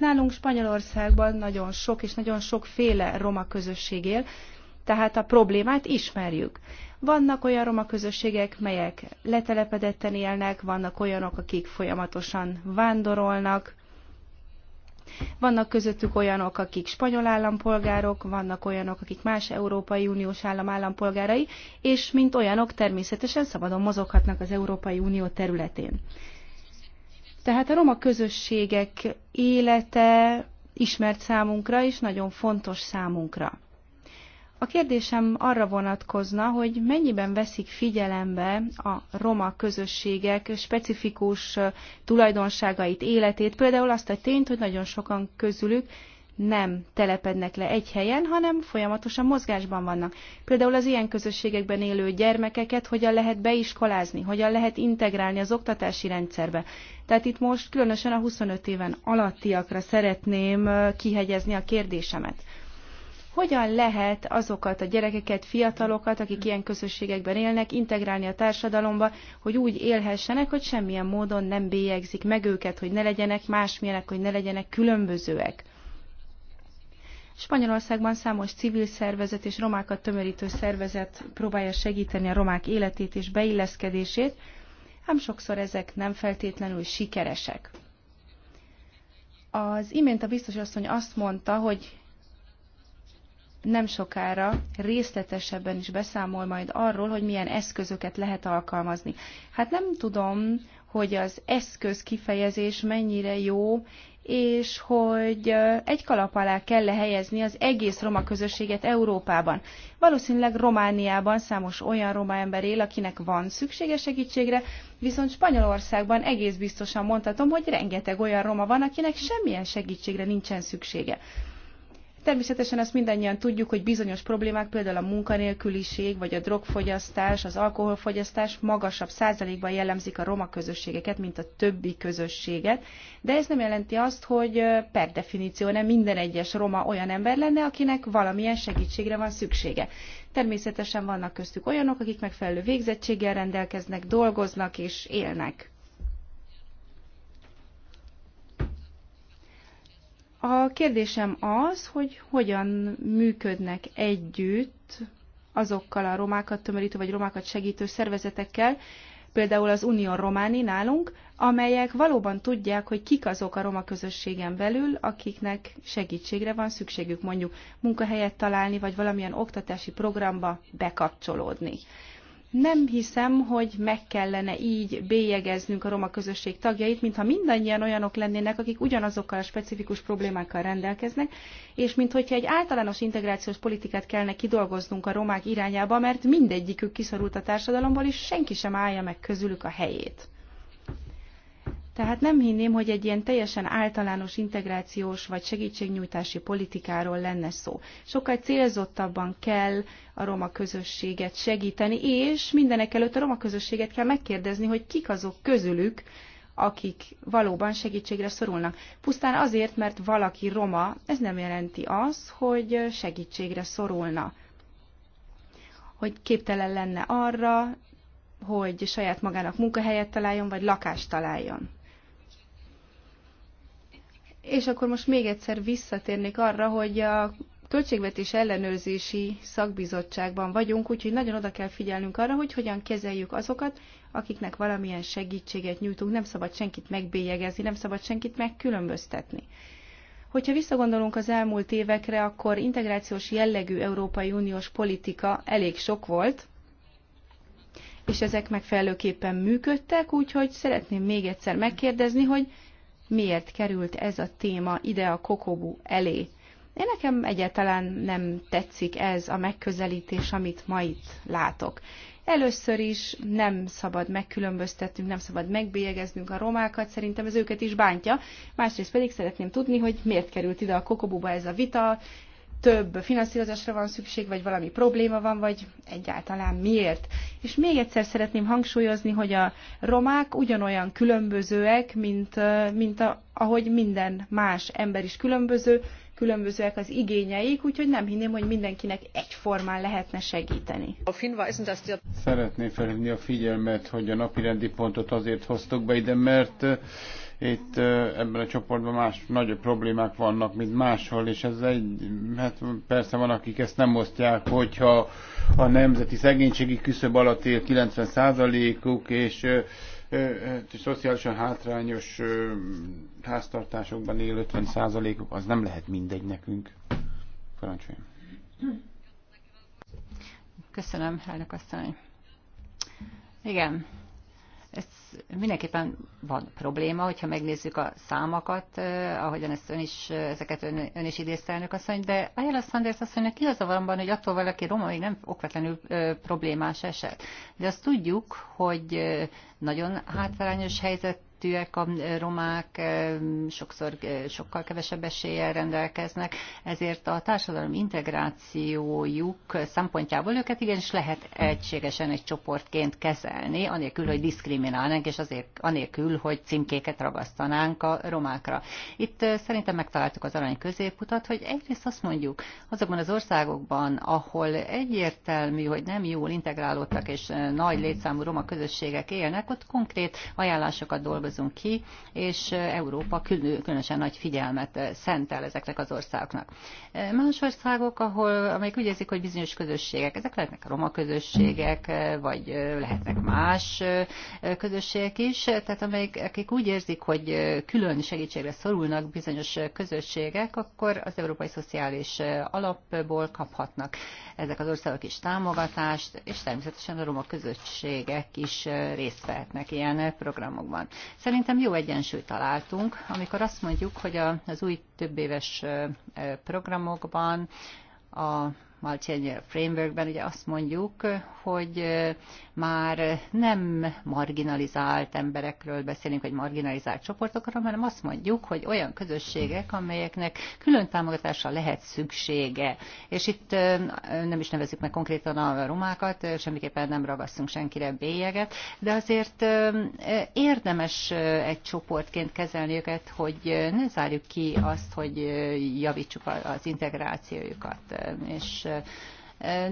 Nálunk Spanyolországban nagyon sok és nagyon sokféle roma közösség él, tehát a problémát ismerjük. Vannak olyan roma közösségek, melyek letelepedetten élnek, vannak olyanok, akik folyamatosan vándorolnak, vannak közöttük olyanok, akik spanyol állampolgárok, vannak olyanok, akik más Európai Uniós állam állampolgárai, és mint olyanok természetesen szabadon mozoghatnak az Európai Unió területén. Tehát a roma közösségek élete ismert számunkra, és nagyon fontos számunkra. A kérdésem arra vonatkozna, hogy mennyiben veszik figyelembe a roma közösségek specifikus tulajdonságait, életét, például azt a tényt, hogy nagyon sokan közülük nem telepednek le egy helyen, hanem folyamatosan mozgásban vannak. Például az ilyen közösségekben élő gyermekeket hogyan lehet beiskolázni, hogyan lehet integrálni az oktatási rendszerbe. Tehát itt most különösen a 25 éven alattiakra szeretném kihegyezni a kérdésemet. Hogyan lehet azokat a gyerekeket, fiatalokat, akik ilyen közösségekben élnek, integrálni a társadalomba, hogy úgy élhessenek, hogy semmilyen módon nem bélyegzik meg őket, hogy ne legyenek másmilyenek, hogy ne legyenek különbözőek? Spanyolországban számos civil szervezet és romákat tömörítő szervezet próbálja segíteni a romák életét és beilleszkedését, ám sokszor ezek nem feltétlenül sikeresek. Az imént a biztos asszony azt mondta, hogy nem sokára részletesebben is beszámol majd arról, hogy milyen eszközöket lehet alkalmazni. Hát nem tudom, hogy az eszköz kifejezés mennyire jó, és hogy egy kalap alá kell -e helyezni az egész roma közösséget Európában. Valószínűleg Romániában számos olyan roma ember él, akinek van szüksége segítségre, viszont Spanyolországban egész biztosan mondhatom, hogy rengeteg olyan roma van, akinek semmilyen segítségre nincsen szüksége. Természetesen azt mindannyian tudjuk, hogy bizonyos problémák, például a munkanélküliség, vagy a drogfogyasztás, az alkoholfogyasztás magasabb százalékban jellemzik a roma közösségeket, mint a többi közösséget, de ez nem jelenti azt, hogy per definíció nem minden egyes roma olyan ember lenne, akinek valamilyen segítségre van szüksége. Természetesen vannak köztük olyanok, akik megfelelő végzettséggel rendelkeznek, dolgoznak és élnek. A kérdésem az, hogy hogyan működnek együtt azokkal a romákat tömörítő vagy romákat segítő szervezetekkel, például az Unió Románi nálunk, amelyek valóban tudják, hogy kik azok a roma közösségen belül, akiknek segítségre van szükségük, mondjuk munkahelyet találni, vagy valamilyen oktatási programba bekapcsolódni. Nem hiszem, hogy meg kellene így bélyegeznünk a roma közösség tagjait, mintha mindannyian olyanok lennének, akik ugyanazokkal a specifikus problémákkal rendelkeznek, és mintha egy általános integrációs politikát kellene kidolgoznunk a romák irányába, mert mindegyikük kiszorult a társadalomból, és senki sem állja meg közülük a helyét. Tehát nem hinném, hogy egy ilyen teljesen általános integrációs vagy segítségnyújtási politikáról lenne szó. Sokkal célzottabban kell a roma közösséget segíteni, és mindenek előtt a roma közösséget kell megkérdezni, hogy kik azok közülük, akik valóban segítségre szorulnak. Pusztán azért, mert valaki roma, ez nem jelenti az, hogy segítségre szorulna. Hogy képtelen lenne arra, hogy saját magának munkahelyet találjon, vagy lakást találjon. És akkor most még egyszer visszatérnék arra, hogy a költségvetés ellenőrzési szakbizottságban vagyunk, úgyhogy nagyon oda kell figyelnünk arra, hogy hogyan kezeljük azokat, akiknek valamilyen segítséget nyújtunk. Nem szabad senkit megbélyegezni, nem szabad senkit megkülönböztetni. Hogyha visszagondolunk az elmúlt évekre, akkor integrációs jellegű Európai Uniós politika elég sok volt, és ezek megfelelőképpen működtek, úgyhogy szeretném még egyszer megkérdezni, hogy miért került ez a téma ide a kokobu elé. Én nekem egyáltalán nem tetszik ez a megközelítés, amit ma itt látok. Először is nem szabad megkülönböztetnünk, nem szabad megbélyegeznünk a romákat, szerintem ez őket is bántja. Másrészt pedig szeretném tudni, hogy miért került ide a kokobuba ez a vita, több finanszírozásra van szükség, vagy valami probléma van, vagy egyáltalán miért. És még egyszer szeretném hangsúlyozni, hogy a romák ugyanolyan különbözőek, mint, mint a, ahogy minden más ember is különböző, különbözőek az igényeik, úgyhogy nem hinném, hogy mindenkinek egyformán lehetne segíteni. Szeretném felhívni a figyelmet, hogy a napirendi pontot azért hoztuk be ide, mert itt ebben a csoportban más nagyobb problémák vannak, mint máshol, és ez egy, hát persze van, akik ezt nem osztják, hogyha a nemzeti szegénységi küszöb alatt él 90%-uk, hát, és szociálisan hátrányos háztartásokban él 50%-uk, az nem lehet mindegy nekünk. Parancsoljon. Köszönöm, elnök asszony. Igen, ez mindenképpen van probléma, hogyha megnézzük a számokat, eh, ahogyan ezt ön is, eh, ezeket ön, ön is idézte elnök asszony, de Ayala Sanders asszonynak igaza van, hogy attól valaki roma, még nem okvetlenül eh, problémás eset. De azt tudjuk, hogy nagyon hátrányos helyzet helyzetűek a romák, sokszor sokkal kevesebb eséllyel rendelkeznek, ezért a társadalom integrációjuk szempontjából őket igenis lehet egységesen egy csoportként kezelni, anélkül, hogy diszkriminálnánk, és azért anélkül, hogy címkéket ragasztanánk a romákra. Itt szerintem megtaláltuk az arany középutat, hogy egyrészt azt mondjuk, azokban az országokban, ahol egyértelmű, hogy nem jól integrálódtak és nagy létszámú roma közösségek élnek, ott konkrét ajánlásokat dolgozunk dolgozunk ki, és Európa különösen nagy figyelmet szentel ezeknek az országoknak. Más országok, ahol, amelyek úgy érzik, hogy bizonyos közösségek, ezek lehetnek a roma közösségek, vagy lehetnek más közösségek is, tehát amelyek, akik úgy érzik, hogy külön segítségre szorulnak bizonyos közösségek, akkor az Európai Szociális Alapból kaphatnak ezek az országok is támogatást, és természetesen a roma közösségek is részt vehetnek ilyen programokban. Szerintem jó egyensúlyt találtunk, amikor azt mondjuk, hogy az új többéves programokban a multi frameworkben ugye azt mondjuk, hogy már nem marginalizált emberekről beszélünk, vagy marginalizált csoportokról, hanem azt mondjuk, hogy olyan közösségek, amelyeknek külön támogatásra lehet szüksége. És itt nem is nevezzük meg konkrétan a romákat, semmiképpen nem ragasztunk senkire bélyeget, de azért érdemes egy csoportként kezelni őket, hogy ne zárjuk ki azt, hogy javítsuk az integrációjukat. És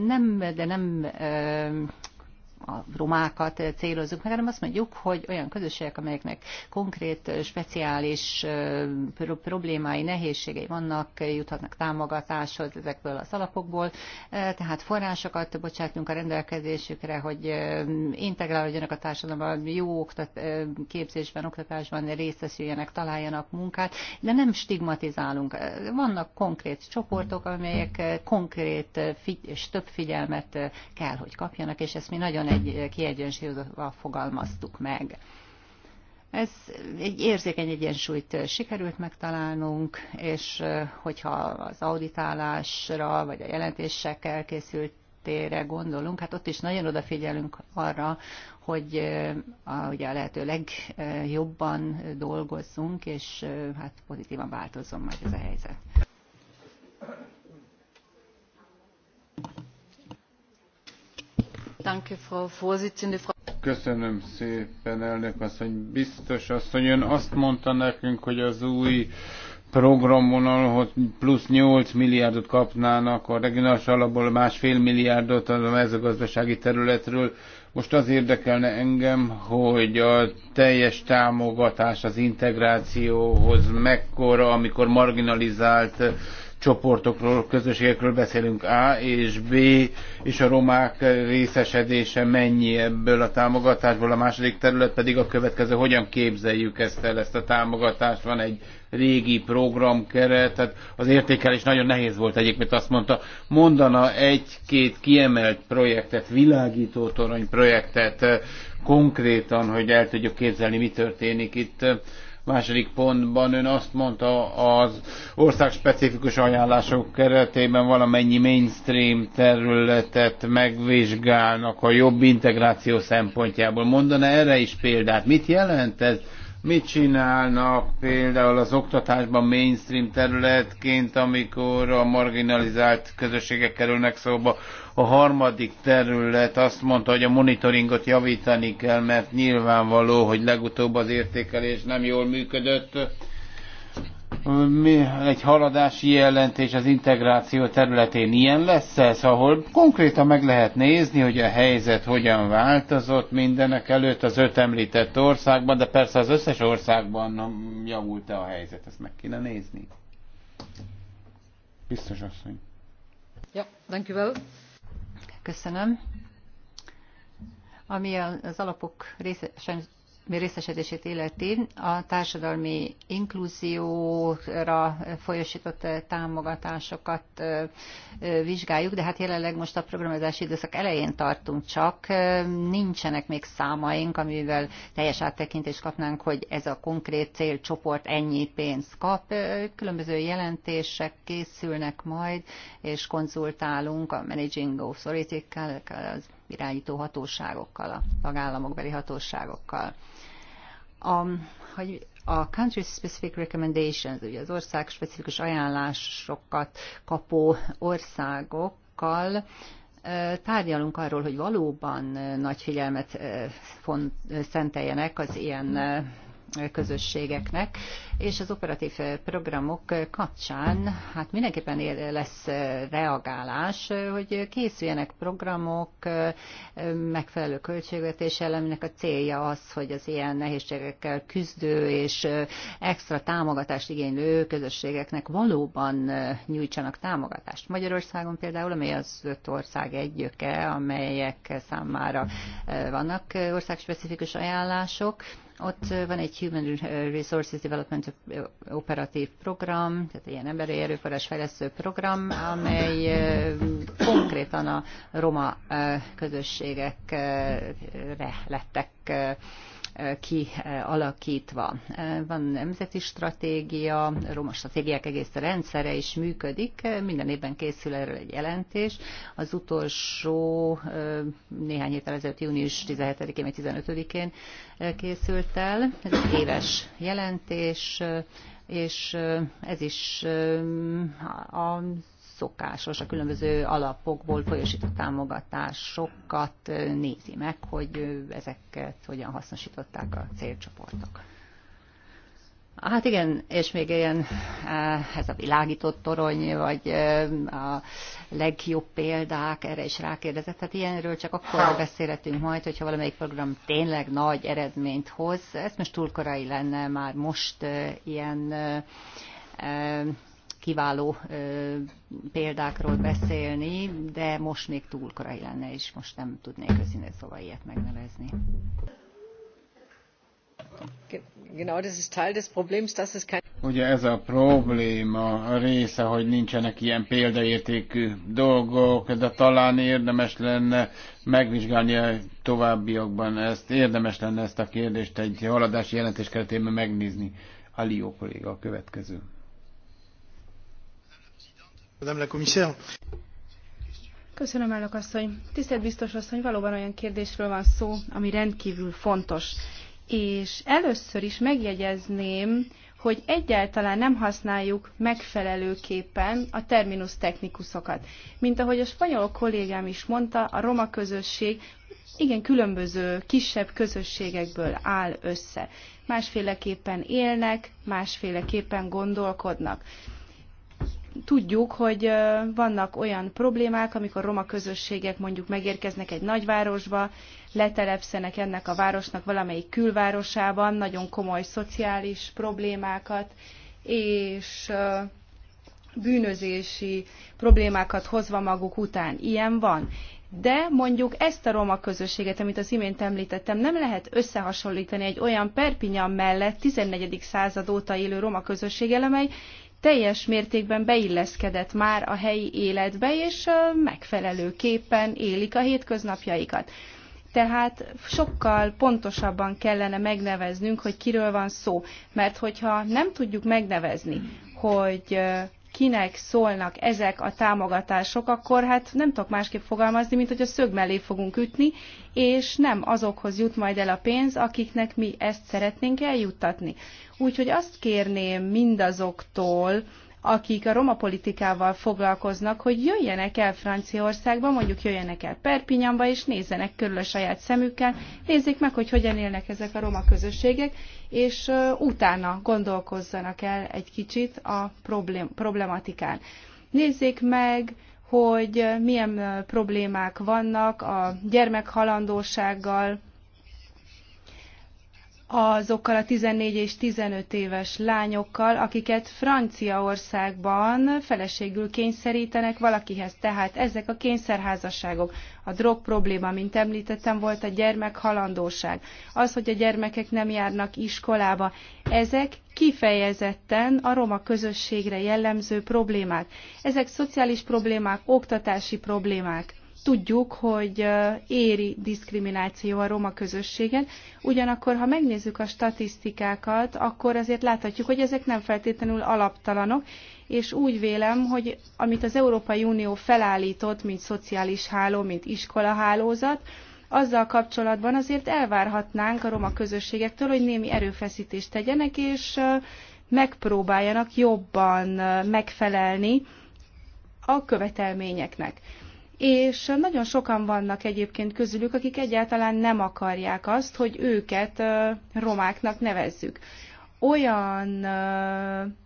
nem, de nem a romákat célozunk meg, hanem azt mondjuk, hogy olyan közösségek, amelyeknek konkrét, speciális problémái, nehézségei vannak, juthatnak támogatáshoz ezekből az alapokból, e, tehát forrásokat bocsátunk a rendelkezésükre, hogy integrálódjanak a társadalomban, jó oktat, képzésben, oktatásban részesüljenek, találjanak munkát, de nem stigmatizálunk. E, vannak konkrét csoportok, amelyek konkrét és több figyelmet kell, hogy kapjanak, és ezt mi nagyon egy kiegyensúlyozva fogalmaztuk meg. Ez egy érzékeny egyensúlyt sikerült megtalálnunk, és hogyha az auditálásra vagy a jelentésekkel készült gondolunk, hát ott is nagyon odafigyelünk arra, hogy a, ugye a lehető legjobban dolgozzunk, és hát pozitívan változzon majd ez a helyzet. Köszönöm szépen, elnök asszony. Biztos asszony, ön azt mondta nekünk, hogy az új programvonal, hogy plusz 8 milliárdot kapnának a regionális alapból, másfél milliárdot a mezőgazdasági területről. Most az érdekelne engem, hogy a teljes támogatás az integrációhoz mekkora, amikor marginalizált csoportokról, közösségekről beszélünk A és B, és a romák részesedése mennyi ebből a támogatásból, a második terület pedig a következő, hogyan képzeljük ezt el, ezt a támogatást, van egy régi programkeret, tehát az értékelés nagyon nehéz volt egyébként azt mondta, mondana egy-két kiemelt projektet, világító torony projektet konkrétan, hogy el tudjuk képzelni, mi történik itt Második pontban ön azt mondta, az ország specifikus ajánlások keretében valamennyi mainstream területet megvizsgálnak a jobb integráció szempontjából. Mondana erre is példát. Mit jelent ez? Mit csinálnak például az oktatásban mainstream területként, amikor a marginalizált közösségek kerülnek szóba? A harmadik terület azt mondta, hogy a monitoringot javítani kell, mert nyilvánvaló, hogy legutóbb az értékelés nem jól működött egy haladási jelentés az integráció területén ilyen lesz ez, ahol konkrétan meg lehet nézni, hogy a helyzet hogyan változott mindenek előtt az öt említett országban, de persze az összes országban javult-e a helyzet, ezt meg kéne nézni. Biztos asszony. Ja, thank you well. Köszönöm. Ami az alapok részesen részesedését illeti, a társadalmi inkluzióra folyosított támogatásokat vizsgáljuk, de hát jelenleg most a programozási időszak elején tartunk csak, nincsenek még számaink, amivel teljes áttekintést kapnánk, hogy ez a konkrét célcsoport ennyi pénzt kap. Különböző jelentések készülnek majd, és konzultálunk a Managing Authority-kkel, az irányító hatóságokkal, a tagállamokbeli hatóságokkal a, um, hogy a country specific recommendations, ugye az ország specifikus ajánlásokat kapó országokkal tárgyalunk arról, hogy valóban nagy figyelmet szenteljenek az ilyen közösségeknek, és az operatív programok kapcsán hát mindenképpen lesz reagálás, hogy készüljenek programok, megfelelő költségvetés eleminek a célja az, hogy az ilyen nehézségekkel küzdő és extra támogatást igénylő közösségeknek valóban nyújtsanak támogatást. Magyarországon például, amely az öt ország egyöke, amelyek számára vannak országspecifikus ajánlások, ott van egy Human Resources Development operatív program, tehát ilyen emberi erőforrás fejlesztő program, amely konkrétan a roma közösségekre lettek kialakítva. Van nemzeti stratégia, roma stratégiák egész a rendszere is működik, minden évben készül erről egy jelentés. Az utolsó néhány héttel ezelőtt június 17-én vagy 15-én készült el. Ez egy éves jelentés, és ez is a szokásos, a különböző alapokból folyosított támogatásokat nézi meg, hogy ezeket hogyan hasznosították a célcsoportok. Hát igen, és még ilyen ez a világított torony, vagy a legjobb példák, erre is rákérdezett. Hát ilyenről csak akkor beszélhetünk majd, hogyha valamelyik program tényleg nagy eredményt hoz. Ez most túl korai lenne már most ilyen kiváló példákról beszélni, de most még túl korai lenne, és most nem tudnék őszintén szóval ilyet megnevezni. Genau, das ist Teil des Problems, dass es kein Ugye ez a probléma a része, hogy nincsenek ilyen példaértékű dolgok, de talán érdemes lenne megvizsgálni a továbbiakban ezt, érdemes lenne ezt a kérdést egy haladási jelentés keretében megnézni. Alió kolléga a következő. Köszönöm, elnök asszony. Tisztelt biztos asszony, valóban olyan kérdésről van szó, ami rendkívül fontos. És először is megjegyezném, hogy egyáltalán nem használjuk megfelelőképpen a terminus technikusokat. Mint ahogy a spanyol kollégám is mondta, a roma közösség igen különböző kisebb közösségekből áll össze. Másféleképpen élnek, másféleképpen gondolkodnak tudjuk, hogy vannak olyan problémák, amikor roma közösségek mondjuk megérkeznek egy nagyvárosba, letelepszenek ennek a városnak valamelyik külvárosában, nagyon komoly szociális problémákat, és bűnözési problémákat hozva maguk után. Ilyen van. De mondjuk ezt a roma közösséget, amit az imént említettem, nem lehet összehasonlítani egy olyan Perpinyan mellett 14. század óta élő roma közösséggel, amely teljes mértékben beilleszkedett már a helyi életbe, és megfelelőképpen élik a hétköznapjaikat. Tehát sokkal pontosabban kellene megneveznünk, hogy kiről van szó. Mert hogyha nem tudjuk megnevezni, hogy kinek szólnak ezek a támogatások, akkor hát nem tudok másképp fogalmazni, mint hogy a szög mellé fogunk ütni, és nem azokhoz jut majd el a pénz, akiknek mi ezt szeretnénk eljuttatni. Úgyhogy azt kérném mindazoktól, akik a roma politikával foglalkoznak, hogy jöjjenek el Franciaországba, mondjuk jöjjenek el Perpignanba, és nézzenek körül a saját szemükkel, nézzék meg, hogy hogyan élnek ezek a roma közösségek, és utána gondolkozzanak el egy kicsit a problém, problematikán. Nézzék meg, hogy milyen problémák vannak a gyermekhalandósággal, azokkal a 14 és 15 éves lányokkal, akiket Franciaországban feleségül kényszerítenek valakihez. Tehát ezek a kényszerházasságok, a drog probléma, mint említettem, volt a gyermek halandóság, az, hogy a gyermekek nem járnak iskolába, ezek kifejezetten a roma közösségre jellemző problémák. Ezek szociális problémák, oktatási problémák tudjuk, hogy éri diszkrimináció a roma közösséget. Ugyanakkor, ha megnézzük a statisztikákat, akkor azért láthatjuk, hogy ezek nem feltétlenül alaptalanok, és úgy vélem, hogy amit az Európai Unió felállított, mint szociális háló, mint iskolahálózat, azzal kapcsolatban azért elvárhatnánk a roma közösségektől, hogy némi erőfeszítést tegyenek, és megpróbáljanak jobban megfelelni a követelményeknek és nagyon sokan vannak egyébként közülük, akik egyáltalán nem akarják azt, hogy őket romáknak nevezzük. Olyan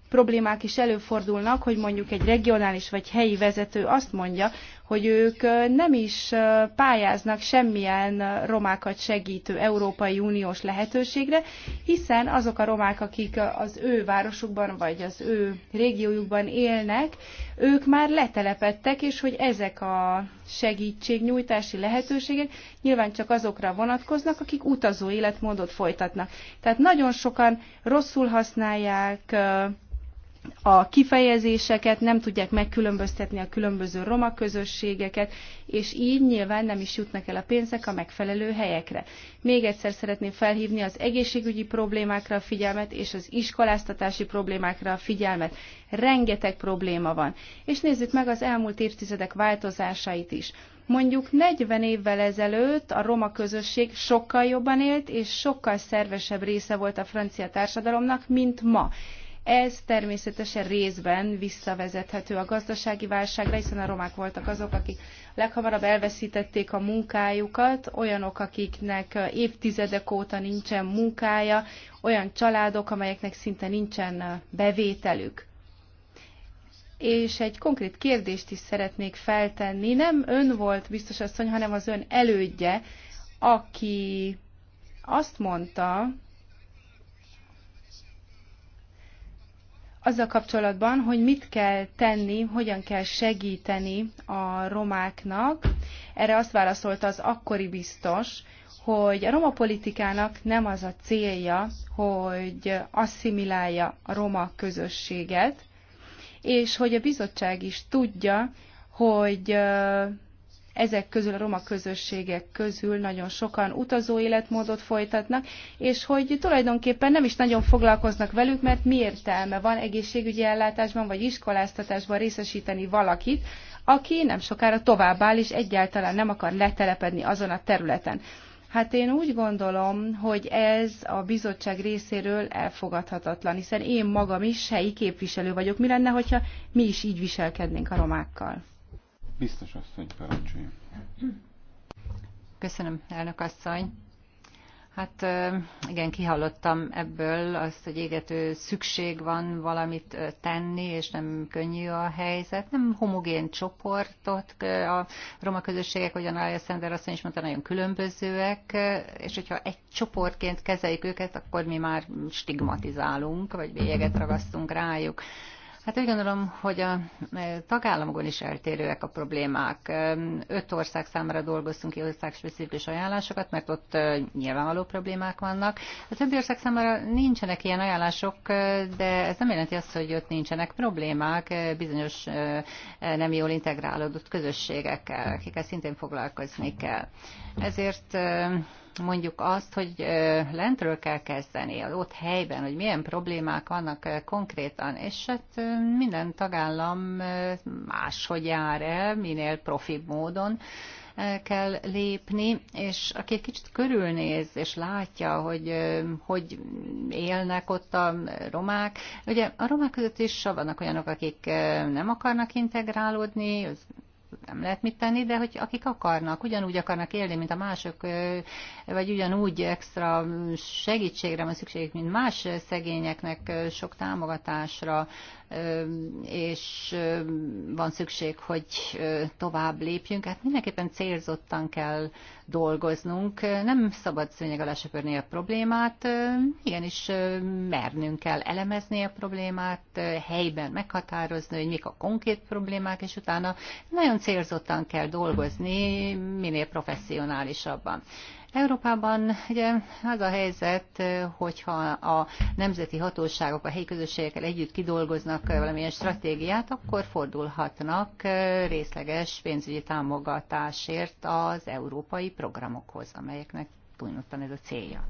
problémák is előfordulnak, hogy mondjuk egy regionális vagy helyi vezető azt mondja, hogy ők nem is pályáznak semmilyen romákat segítő Európai Uniós lehetőségre, hiszen azok a romák, akik az ő városukban vagy az ő régiójukban élnek, ők már letelepedtek, és hogy ezek a segítségnyújtási lehetőségek nyilván csak azokra vonatkoznak, akik utazó életmódot folytatnak. Tehát nagyon sokan rosszul használják, a kifejezéseket, nem tudják megkülönböztetni a különböző roma közösségeket, és így nyilván nem is jutnak el a pénzek a megfelelő helyekre. Még egyszer szeretném felhívni az egészségügyi problémákra a figyelmet, és az iskoláztatási problémákra a figyelmet. Rengeteg probléma van. És nézzük meg az elmúlt évtizedek változásait is. Mondjuk 40 évvel ezelőtt a roma közösség sokkal jobban élt, és sokkal szervesebb része volt a francia társadalomnak, mint ma ez természetesen részben visszavezethető a gazdasági válságra, hiszen a romák voltak azok, akik leghamarabb elveszítették a munkájukat, olyanok, akiknek évtizedek óta nincsen munkája, olyan családok, amelyeknek szinte nincsen bevételük. És egy konkrét kérdést is szeretnék feltenni. Nem ön volt biztos asszony, hanem az ön elődje, aki azt mondta, azzal kapcsolatban, hogy mit kell tenni, hogyan kell segíteni a romáknak. Erre azt válaszolta az akkori biztos, hogy a roma politikának nem az a célja, hogy asszimilálja a roma közösséget, és hogy a bizottság is tudja, hogy ezek közül a roma közösségek közül nagyon sokan utazó életmódot folytatnak, és hogy tulajdonképpen nem is nagyon foglalkoznak velük, mert mi értelme van egészségügyi ellátásban vagy iskoláztatásban részesíteni valakit, aki nem sokára továbbáll, és egyáltalán nem akar letelepedni azon a területen. Hát én úgy gondolom, hogy ez a bizottság részéről elfogadhatatlan, hiszen én magam is helyi képviselő vagyok. Mi lenne, hogyha mi is így viselkednénk a romákkal? Biztos asszony, parancsolja. Köszönöm, elnök asszony. Hát igen, kihallottam ebből azt, hogy égető szükség van valamit tenni, és nem könnyű a helyzet. Nem homogén csoportot, a roma közösségek, hogyan Alia Szender azt is mondta, nagyon különbözőek, és hogyha egy csoportként kezeljük őket, akkor mi már stigmatizálunk, vagy bélyeget ragasztunk rájuk. Hát úgy gondolom, hogy a tagállamokon is eltérőek a problémák. Öt ország számára dolgoztunk ki országspecifikus ajánlásokat, mert ott nyilvánvaló problémák vannak. A többi ország számára nincsenek ilyen ajánlások, de ez nem jelenti azt, hogy ott nincsenek problémák bizonyos nem jól integrálódott közösségekkel, akikkel szintén foglalkozni kell. Ezért mondjuk azt, hogy lentről kell kezdeni, az ott helyben, hogy milyen problémák vannak konkrétan, és hát minden tagállam máshogy jár el, minél profibb módon kell lépni, és aki egy kicsit körülnéz, és látja, hogy hogy élnek ott a romák. Ugye a romák között is vannak olyanok, akik nem akarnak integrálódni, nem lehet mit tenni, de hogy akik akarnak, ugyanúgy akarnak élni, mint a mások, vagy ugyanúgy extra segítségre van szükségük, mint más szegényeknek, sok támogatásra, és van szükség, hogy tovább lépjünk. Hát mindenképpen célzottan kell dolgoznunk. Nem szabad szőnyeg alá söpörni a problémát, igenis mernünk kell elemezni a problémát, helyben meghatározni, hogy mik a konkrét problémák, és utána nagyon célzottan kell dolgozni, minél professzionálisabban. Európában ugye az a helyzet, hogyha a nemzeti hatóságok a helyi közösségekkel együtt kidolgoznak valamilyen stratégiát, akkor fordulhatnak részleges pénzügyi támogatásért az európai programokhoz, amelyeknek túlnyújtan ez a célja.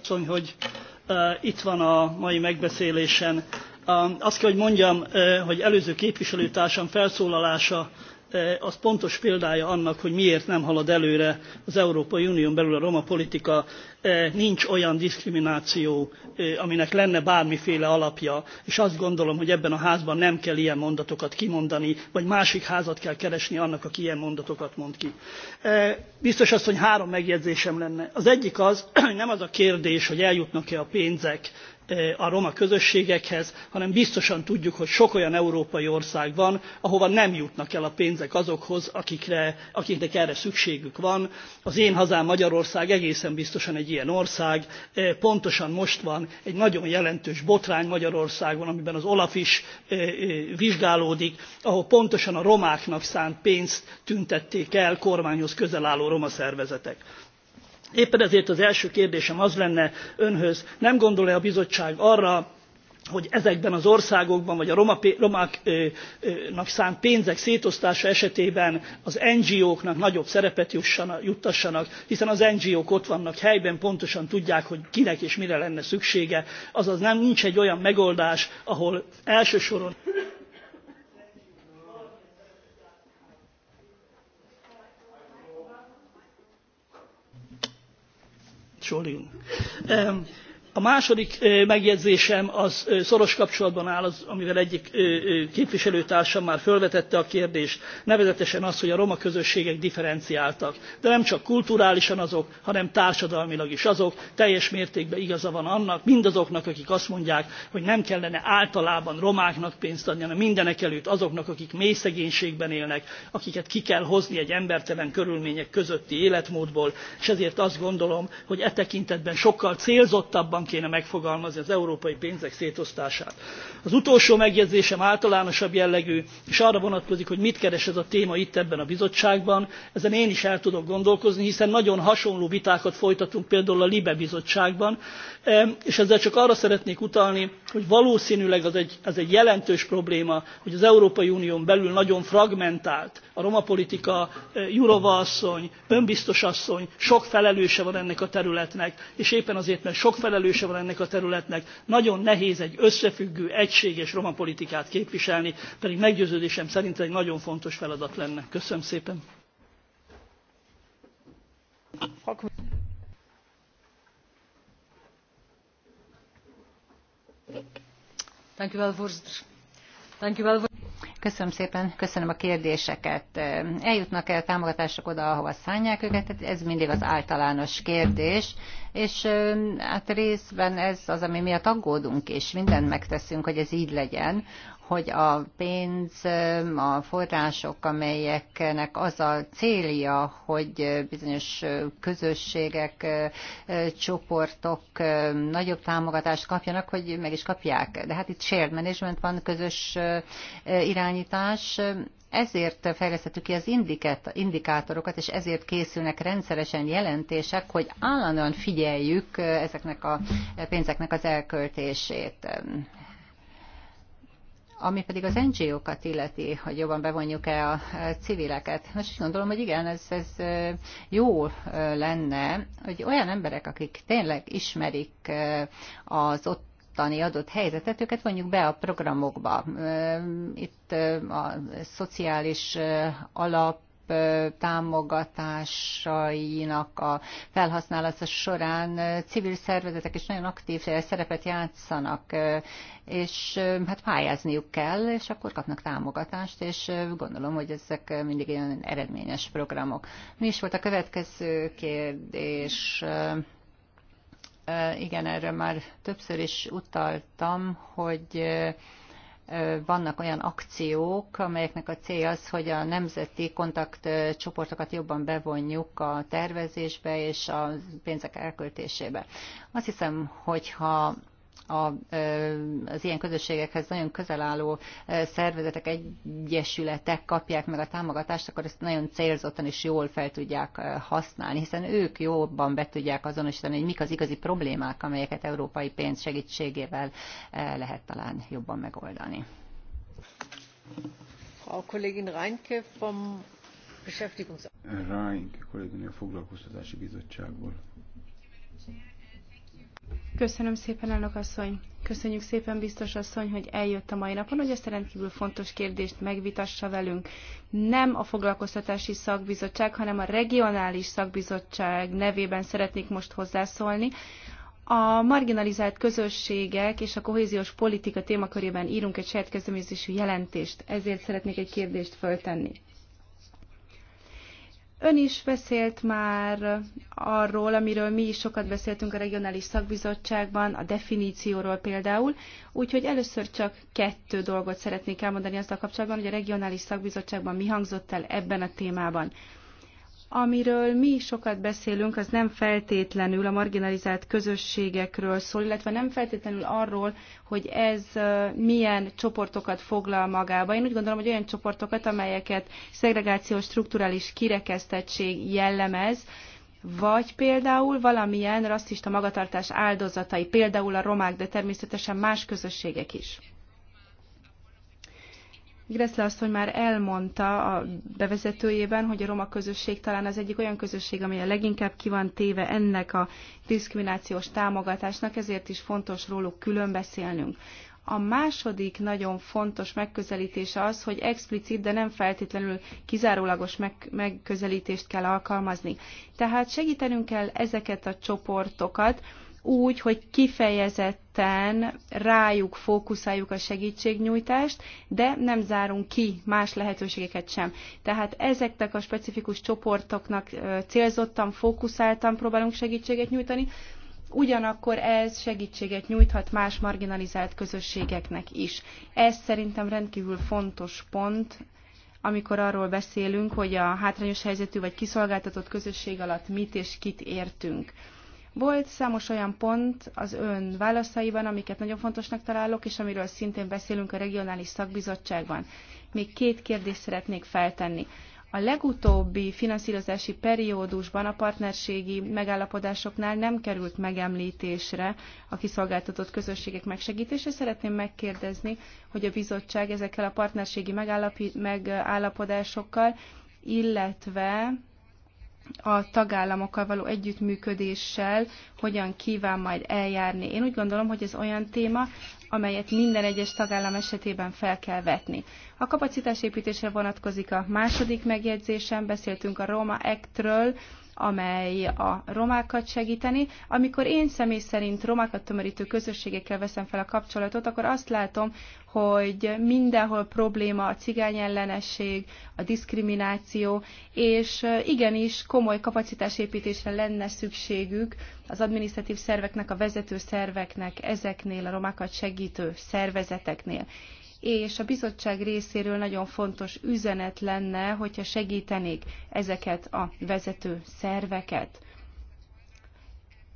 Köszönöm, hogy uh, itt van a mai megbeszélésen azt kell, hogy mondjam, hogy előző képviselőtársam felszólalása az pontos példája annak, hogy miért nem halad előre az Európai Unión belül a roma politika. Nincs olyan diszkrimináció, aminek lenne bármiféle alapja, és azt gondolom, hogy ebben a házban nem kell ilyen mondatokat kimondani, vagy másik házat kell keresni annak, aki ilyen mondatokat mond ki. Biztos azt, hogy három megjegyzésem lenne. Az egyik az, hogy (clears throat) nem az a kérdés, hogy eljutnak-e a pénzek a roma közösségekhez hanem biztosan tudjuk hogy sok olyan európai ország van ahova nem jutnak el a pénzek azokhoz akiknek erre szükségük van. az én hazám magyarország egészen biztosan egy ilyen ország pontosan most van egy nagyon jelentős botrány magyarországon amiben az olaf is vizsgálódik ahol pontosan a romáknak szánt pénzt tüntették el kormányhoz közel álló roma szervezetek éppen ezért az első kérdésem az lenne önhöz nem gondol e a bizottság arra hogy ezekben az országokban vagy a romáknak szánt pénzek szétosztása esetében az ngo knak nagyobb szerepet juttassanak hiszen az ngo k ott vannak helyben pontosan tudják hogy kinek és mire lenne szüksége azaz nincs egy olyan megoldás ahol elsősorban Entschuldigung a második megjegyzésem az szoros kapcsolatban áll az, amivel egyik képviselőtársam már fölvetette a kérdést, nevezetesen az, hogy a roma közösségek differenciáltak. De nem csak kulturálisan azok, hanem társadalmilag is azok. Teljes mértékben igaza van annak, mindazoknak, akik azt mondják, hogy nem kellene általában romáknak pénzt adni, hanem mindenekelőtt azoknak, akik mély szegénységben élnek, akiket ki kell hozni egy embertelen körülmények közötti életmódból, és ezért azt gondolom, hogy e tekintetben sokkal célzottabban jobban kéne megfogalmazni az európai pénzek szétosztását. Az utolsó megjegyzésem általánosabb jellegű, és arra vonatkozik, hogy mit keres ez a téma itt ebben a bizottságban. Ezen én is el tudok gondolkozni, hiszen nagyon hasonló vitákat folytatunk például a Libe bizottságban, és ezzel csak arra szeretnék utalni, hogy valószínűleg az egy, ez egy jelentős probléma, hogy az Európai Unión belül nagyon fragmentált a roma politika, e, Jurova asszony, önbiztos asszony, sok felelőse van ennek a területnek, és éppen azért, mert sok felelőse van ennek a területnek, nagyon nehéz egy összefüggő, egységes roma politikát képviselni, pedig meggyőződésem szerint egy nagyon fontos feladat lenne. Köszönöm szépen! Köszönöm szépen, köszönöm a kérdéseket. Eljutnak-e a támogatások oda, ahova szánják őket? Hát ez mindig az általános kérdés, és hát részben ez az, ami miatt aggódunk, és mindent megteszünk, hogy ez így legyen hogy a pénz, a források, amelyeknek az a célja, hogy bizonyos közösségek, csoportok nagyobb támogatást kapjanak, hogy meg is kapják. De hát itt shared management van, közös irányítás, ezért fejlesztettük ki az indikátorokat, és ezért készülnek rendszeresen jelentések, hogy állandóan figyeljük ezeknek a pénzeknek az elköltését. Ami pedig az NGO-kat illeti, hogy jobban bevonjuk-e a civileket. Most úgy gondolom, hogy igen, ez, ez jó lenne, hogy olyan emberek, akik tényleg ismerik az ott adott helyzetet, őket vonjuk be a programokba. Itt a szociális alap támogatásainak a felhasználása során civil szervezetek is nagyon aktív szerepet játszanak, és hát pályázniuk kell, és akkor kapnak támogatást, és gondolom, hogy ezek mindig ilyen eredményes programok. Mi is volt a következő kérdés? Igen, erről már többször is utaltam, hogy vannak olyan akciók, amelyeknek a célja az, hogy a nemzeti kontaktcsoportokat jobban bevonjuk a tervezésbe és a pénzek elköltésébe. Azt hiszem, hogyha a, az ilyen közösségekhez nagyon közel álló szervezetek, egyesületek kapják meg a támogatást, akkor ezt nagyon célzottan és jól fel tudják használni, hiszen ők jobban be tudják azonosítani, hogy mik az igazi problémák, amelyeket európai pénz segítségével lehet talán jobban megoldani. Frau Kollegin Reinke vom Beschäftigungs... Reinke kolléginő a Foglalkoztatási Bizottságból. Köszönöm szépen, elnök asszony. Köszönjük szépen, biztos asszony, hogy eljött a mai napon, hogy ezt a rendkívül fontos kérdést megvitassa velünk. Nem a foglalkoztatási szakbizottság, hanem a regionális szakbizottság nevében szeretnék most hozzászólni. A marginalizált közösségek és a kohéziós politika témakörében írunk egy saját kezdeményezésű jelentést, ezért szeretnék egy kérdést föltenni. Ön is beszélt már arról, amiről mi is sokat beszéltünk a regionális szakbizottságban, a definícióról például, úgyhogy először csak kettő dolgot szeretnék elmondani azzal kapcsolatban, hogy a regionális szakbizottságban mi hangzott el ebben a témában. Amiről mi sokat beszélünk, az nem feltétlenül a marginalizált közösségekről szól, illetve nem feltétlenül arról, hogy ez milyen csoportokat foglal magába. Én úgy gondolom, hogy olyan csoportokat, amelyeket szegregációs strukturális kirekesztettség jellemez, vagy például valamilyen rasszista magatartás áldozatai, például a romák, de természetesen más közösségek is. Gressler azt, hogy már elmondta a bevezetőjében, hogy a roma közösség talán az egyik olyan közösség, amely a leginkább ki van téve ennek a diszkriminációs támogatásnak, ezért is fontos róluk külön beszélnünk. A második nagyon fontos megközelítése az, hogy explicit, de nem feltétlenül kizárólagos meg- megközelítést kell alkalmazni. Tehát segítenünk kell ezeket a csoportokat, úgy, hogy kifejezetten rájuk fókuszáljuk a segítségnyújtást, de nem zárunk ki más lehetőségeket sem. Tehát ezeknek a specifikus csoportoknak célzottan, fókuszáltan próbálunk segítséget nyújtani, ugyanakkor ez segítséget nyújthat más marginalizált közösségeknek is. Ez szerintem rendkívül fontos pont, amikor arról beszélünk, hogy a hátrányos helyzetű vagy kiszolgáltatott közösség alatt mit és kit értünk. Volt számos olyan pont az ön válaszaiban, amiket nagyon fontosnak találok, és amiről szintén beszélünk a regionális szakbizottságban. Még két kérdést szeretnék feltenni. A legutóbbi finanszírozási periódusban a partnerségi megállapodásoknál nem került megemlítésre a kiszolgáltatott közösségek megsegítése. Szeretném megkérdezni, hogy a bizottság ezekkel a partnerségi megállapodásokkal, illetve a tagállamokkal való együttműködéssel hogyan kíván majd eljárni. Én úgy gondolom, hogy ez olyan téma, amelyet minden egyes tagállam esetében fel kell vetni. A kapacitásépítésre vonatkozik a második megjegyzésem, beszéltünk a Roma Act-ről, amely a romákat segíteni. Amikor én személy szerint romákat tömörítő közösségekkel veszem fel a kapcsolatot, akkor azt látom, hogy mindenhol probléma a cigányellenesség, a diszkrimináció, és igenis komoly kapacitásépítésre lenne szükségük az adminisztratív szerveknek, a vezető szerveknek, ezeknél a romákat segítő szervezeteknél és a bizottság részéről nagyon fontos üzenet lenne, hogyha segítenék ezeket a vezető szerveket.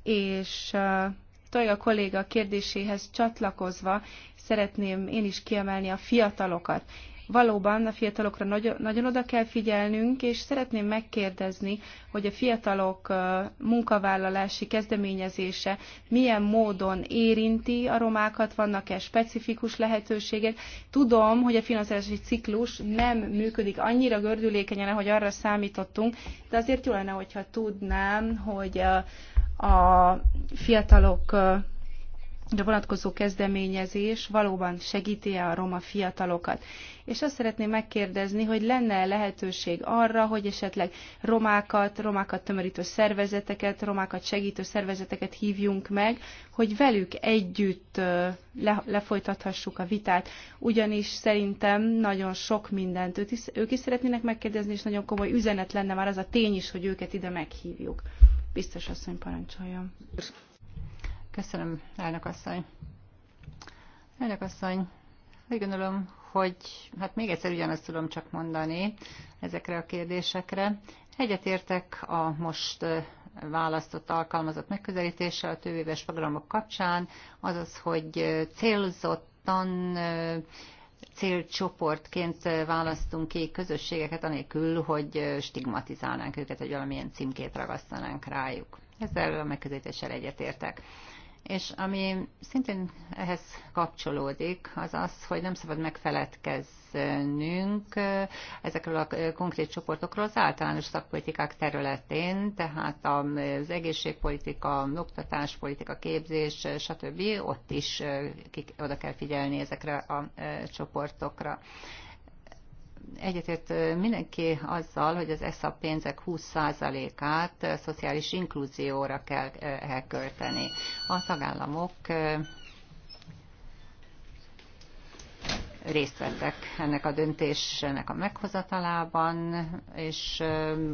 És uh, Tolja kolléga kérdéséhez csatlakozva szeretném én is kiemelni a fiatalokat. Valóban a fiatalokra nagy, nagyon oda kell figyelnünk, és szeretném megkérdezni, hogy a fiatalok munkavállalási kezdeményezése milyen módon érinti a romákat, vannak-e specifikus lehetőségek. Tudom, hogy a finanszírozási ciklus nem működik annyira gördülékenyen, ahogy arra számítottunk, de azért jó lenne, hogyha tudnám, hogy a fiatalok de vonatkozó kezdeményezés valóban segíti -e a roma fiatalokat. És azt szeretném megkérdezni, hogy lenne lehetőség arra, hogy esetleg romákat, romákat tömörítő szervezeteket, romákat segítő szervezeteket hívjunk meg, hogy velük együtt le, lefolytathassuk a vitát. Ugyanis szerintem nagyon sok mindent ők is, ők is szeretnének megkérdezni, és nagyon komoly üzenet lenne már az a tény is, hogy őket ide meghívjuk. Biztos asszony parancsoljon. Köszönöm, elnök asszony. Elnök asszony, úgy gondolom, hogy hát még egyszer ugyanazt tudom csak mondani ezekre a kérdésekre. Egyetértek a most választott alkalmazott megközelítéssel a tővéves programok kapcsán, azaz, hogy célzottan célcsoportként választunk ki közösségeket, anélkül, hogy stigmatizálnánk őket, hogy valamilyen címkét ragasztanánk rájuk. Ezzel a megközelítéssel egyetértek. És ami szintén ehhez kapcsolódik, az az, hogy nem szabad megfeledkeznünk eh, ezekről a eh, konkrét csoportokról az általános szakpolitikák területén, tehát az egészségpolitika, oktatáspolitika, képzés, eh, stb. ott is oda kell figyelni ezekre a csoportokra egyetért mindenki azzal, hogy az ESZA pénzek 20%-át szociális inklúzióra kell elkölteni. A tagállamok részt vettek ennek a döntésnek a meghozatalában, és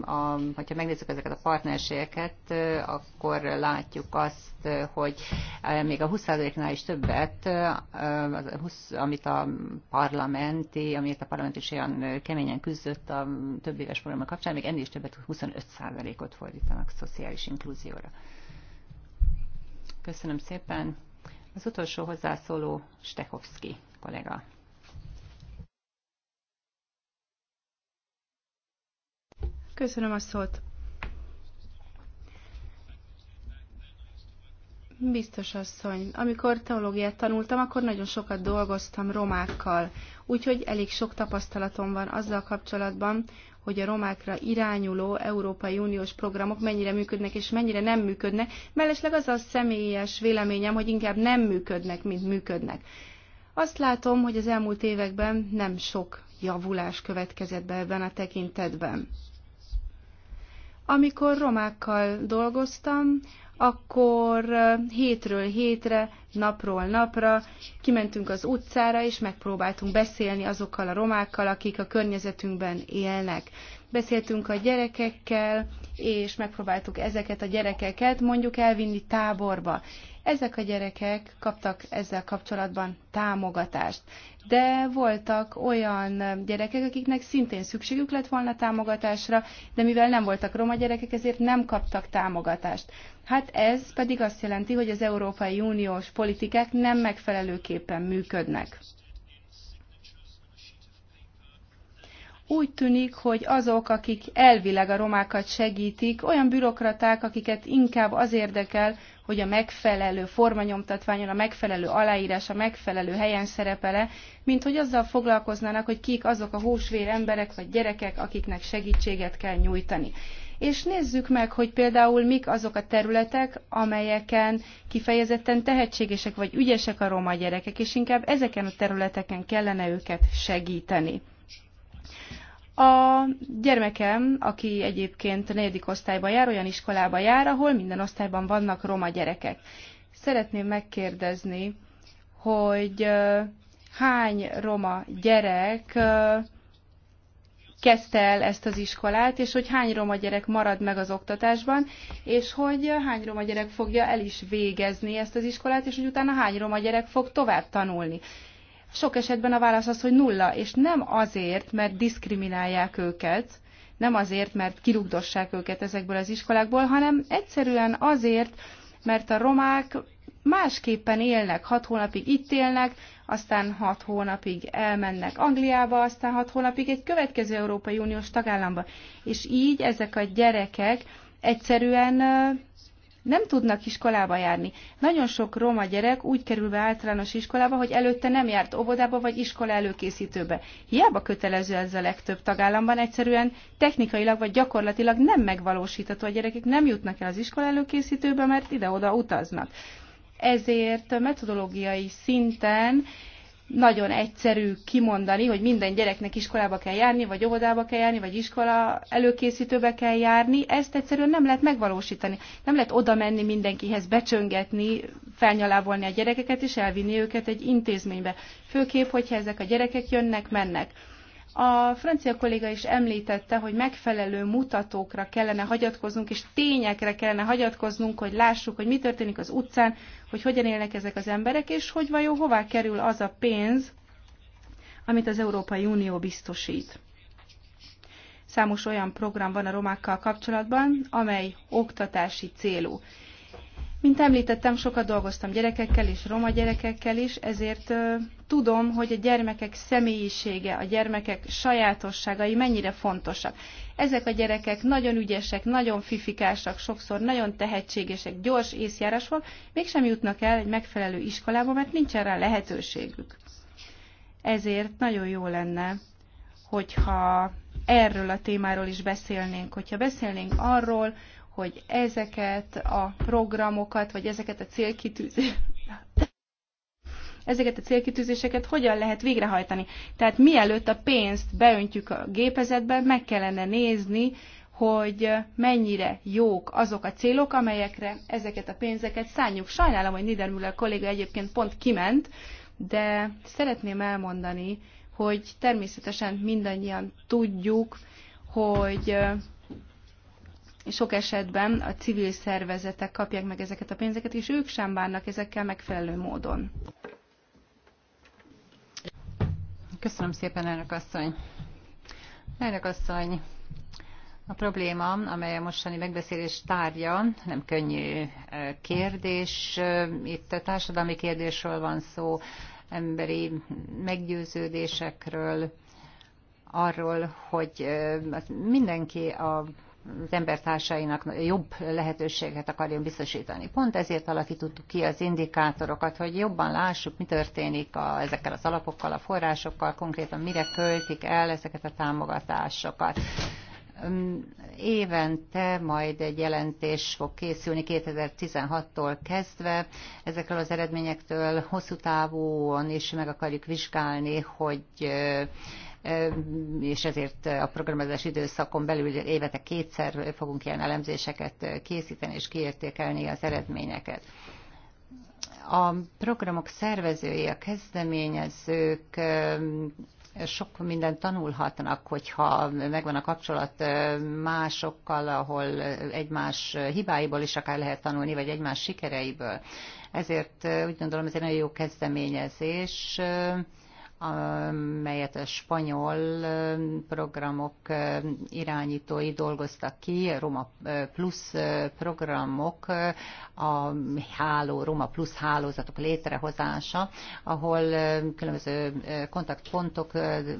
a, hogyha megnézzük ezeket a partnerségeket, akkor látjuk azt, hogy még a 20%-nál is többet, amit a parlamenti, amit a parlament is olyan keményen küzdött a több éves programok kapcsán, még ennél is többet 25%-ot fordítanak szociális inkluzióra. Köszönöm szépen. Az utolsó hozzászóló Stekovski kollega. Köszönöm a szót. Biztos asszony. Amikor teológiát tanultam, akkor nagyon sokat dolgoztam romákkal, úgyhogy elég sok tapasztalatom van azzal kapcsolatban, hogy a romákra irányuló Európai Uniós programok mennyire működnek és mennyire nem működnek, mellesleg az a személyes véleményem, hogy inkább nem működnek, mint működnek. Azt látom, hogy az elmúlt években nem sok javulás következett be ebben a tekintetben. Amikor romákkal dolgoztam, akkor hétről hétre, napról napra kimentünk az utcára, és megpróbáltunk beszélni azokkal a romákkal, akik a környezetünkben élnek beszéltünk a gyerekekkel, és megpróbáltuk ezeket a gyerekeket mondjuk elvinni táborba. Ezek a gyerekek kaptak ezzel kapcsolatban támogatást. De voltak olyan gyerekek, akiknek szintén szükségük lett volna támogatásra, de mivel nem voltak roma gyerekek, ezért nem kaptak támogatást. Hát ez pedig azt jelenti, hogy az Európai Uniós politikák nem megfelelőképpen működnek. úgy tűnik, hogy azok, akik elvileg a romákat segítik, olyan bürokraták, akiket inkább az érdekel, hogy a megfelelő formanyomtatványon, a megfelelő aláírás, a megfelelő helyen szerepele, mint hogy azzal foglalkoznának, hogy kik azok a húsvér emberek vagy gyerekek, akiknek segítséget kell nyújtani. És nézzük meg, hogy például mik azok a területek, amelyeken kifejezetten tehetségesek vagy ügyesek a roma gyerekek, és inkább ezeken a területeken kellene őket segíteni. A gyermekem, aki egyébként a negyedik osztályban jár, olyan iskolába jár, ahol minden osztályban vannak roma gyerekek. Szeretném megkérdezni, hogy hány roma gyerek kezdte el ezt az iskolát, és hogy hány roma gyerek marad meg az oktatásban, és hogy hány roma gyerek fogja el is végezni ezt az iskolát, és hogy utána hány roma gyerek fog tovább tanulni. Sok esetben a válasz az, hogy nulla, és nem azért, mert diszkriminálják őket, nem azért, mert kirugdossák őket ezekből az iskolákból, hanem egyszerűen azért, mert a romák másképpen élnek, hat hónapig itt élnek, aztán hat hónapig elmennek Angliába, aztán hat hónapig egy következő Európai Uniós tagállamba. És így ezek a gyerekek egyszerűen nem tudnak iskolába járni. Nagyon sok roma gyerek úgy kerül be általános iskolába, hogy előtte nem járt óvodába vagy iskola előkészítőbe. Hiába kötelező ez a legtöbb tagállamban, egyszerűen technikailag vagy gyakorlatilag nem megvalósítható. A gyerekek nem jutnak el az iskola előkészítőbe, mert ide-oda utaznak ezért metodológiai szinten nagyon egyszerű kimondani, hogy minden gyereknek iskolába kell járni, vagy óvodába kell járni, vagy iskola előkészítőbe kell járni, ezt egyszerűen nem lehet megvalósítani. Nem lehet oda menni mindenkihez, becsöngetni, felnyalávolni a gyerekeket, és elvinni őket egy intézménybe. Főképp, hogyha ezek a gyerekek jönnek, mennek. A francia kolléga is említette, hogy megfelelő mutatókra kellene hagyatkoznunk, és tényekre kellene hagyatkoznunk, hogy lássuk, hogy mi történik az utcán, hogy hogyan élnek ezek az emberek, és hogy vajon hová kerül az a pénz, amit az Európai Unió biztosít. Számos olyan program van a romákkal kapcsolatban, amely oktatási célú. Mint említettem, sokat dolgoztam gyerekekkel és roma gyerekekkel is, ezért tudom, hogy a gyermekek személyisége, a gyermekek sajátosságai mennyire fontosak. Ezek a gyerekek nagyon ügyesek, nagyon fifikásak, sokszor nagyon tehetségesek, gyors észjárásval, mégsem jutnak el egy megfelelő iskolába, mert nincs erre lehetőségük. Ezért nagyon jó lenne, hogyha erről a témáról is beszélnénk, hogyha beszélnénk arról, hogy ezeket a programokat, vagy ezeket a célkitűzéseket, ezeket a célkitűzéseket hogyan lehet végrehajtani. Tehát mielőtt a pénzt beöntjük a gépezetbe, meg kellene nézni, hogy mennyire jók azok a célok, amelyekre ezeket a pénzeket szálljuk. Sajnálom, hogy Niedermüller kolléga egyébként pont kiment, de szeretném elmondani, hogy természetesen mindannyian tudjuk, hogy sok esetben a civil szervezetek kapják meg ezeket a pénzeket, és ők sem bánnak ezekkel megfelelő módon. Köszönöm szépen, elnök asszony. Elnök asszony, a probléma, amely a mostani megbeszélés tárgya, nem könnyű kérdés. Itt a társadalmi kérdésről van szó, emberi meggyőződésekről, arról, hogy mindenki a az embertársainak jobb lehetőséget akarjon biztosítani. Pont ezért alakítottuk ki az indikátorokat, hogy jobban lássuk, mi történik a, ezekkel az alapokkal, a forrásokkal, konkrétan mire költik el ezeket a támogatásokat. Évente majd egy jelentés fog készülni 2016-tól kezdve. Ezekről az eredményektől hosszú távúan is meg akarjuk vizsgálni, hogy és ezért a programozás időszakon belül évete kétszer fogunk ilyen elemzéseket készíteni és kiértékelni az eredményeket a programok szervezői, a kezdeményezők sok mindent tanulhatnak, hogyha megvan a kapcsolat másokkal, ahol egymás hibáiból is akár lehet tanulni, vagy egymás sikereiből. Ezért úgy gondolom, ez egy nagyon jó kezdeményezés, melyet a spanyol programok irányítói dolgoztak ki, Roma Plus programok, a háló, Roma Plus hálózatok létrehozása, ahol különböző kontaktpontok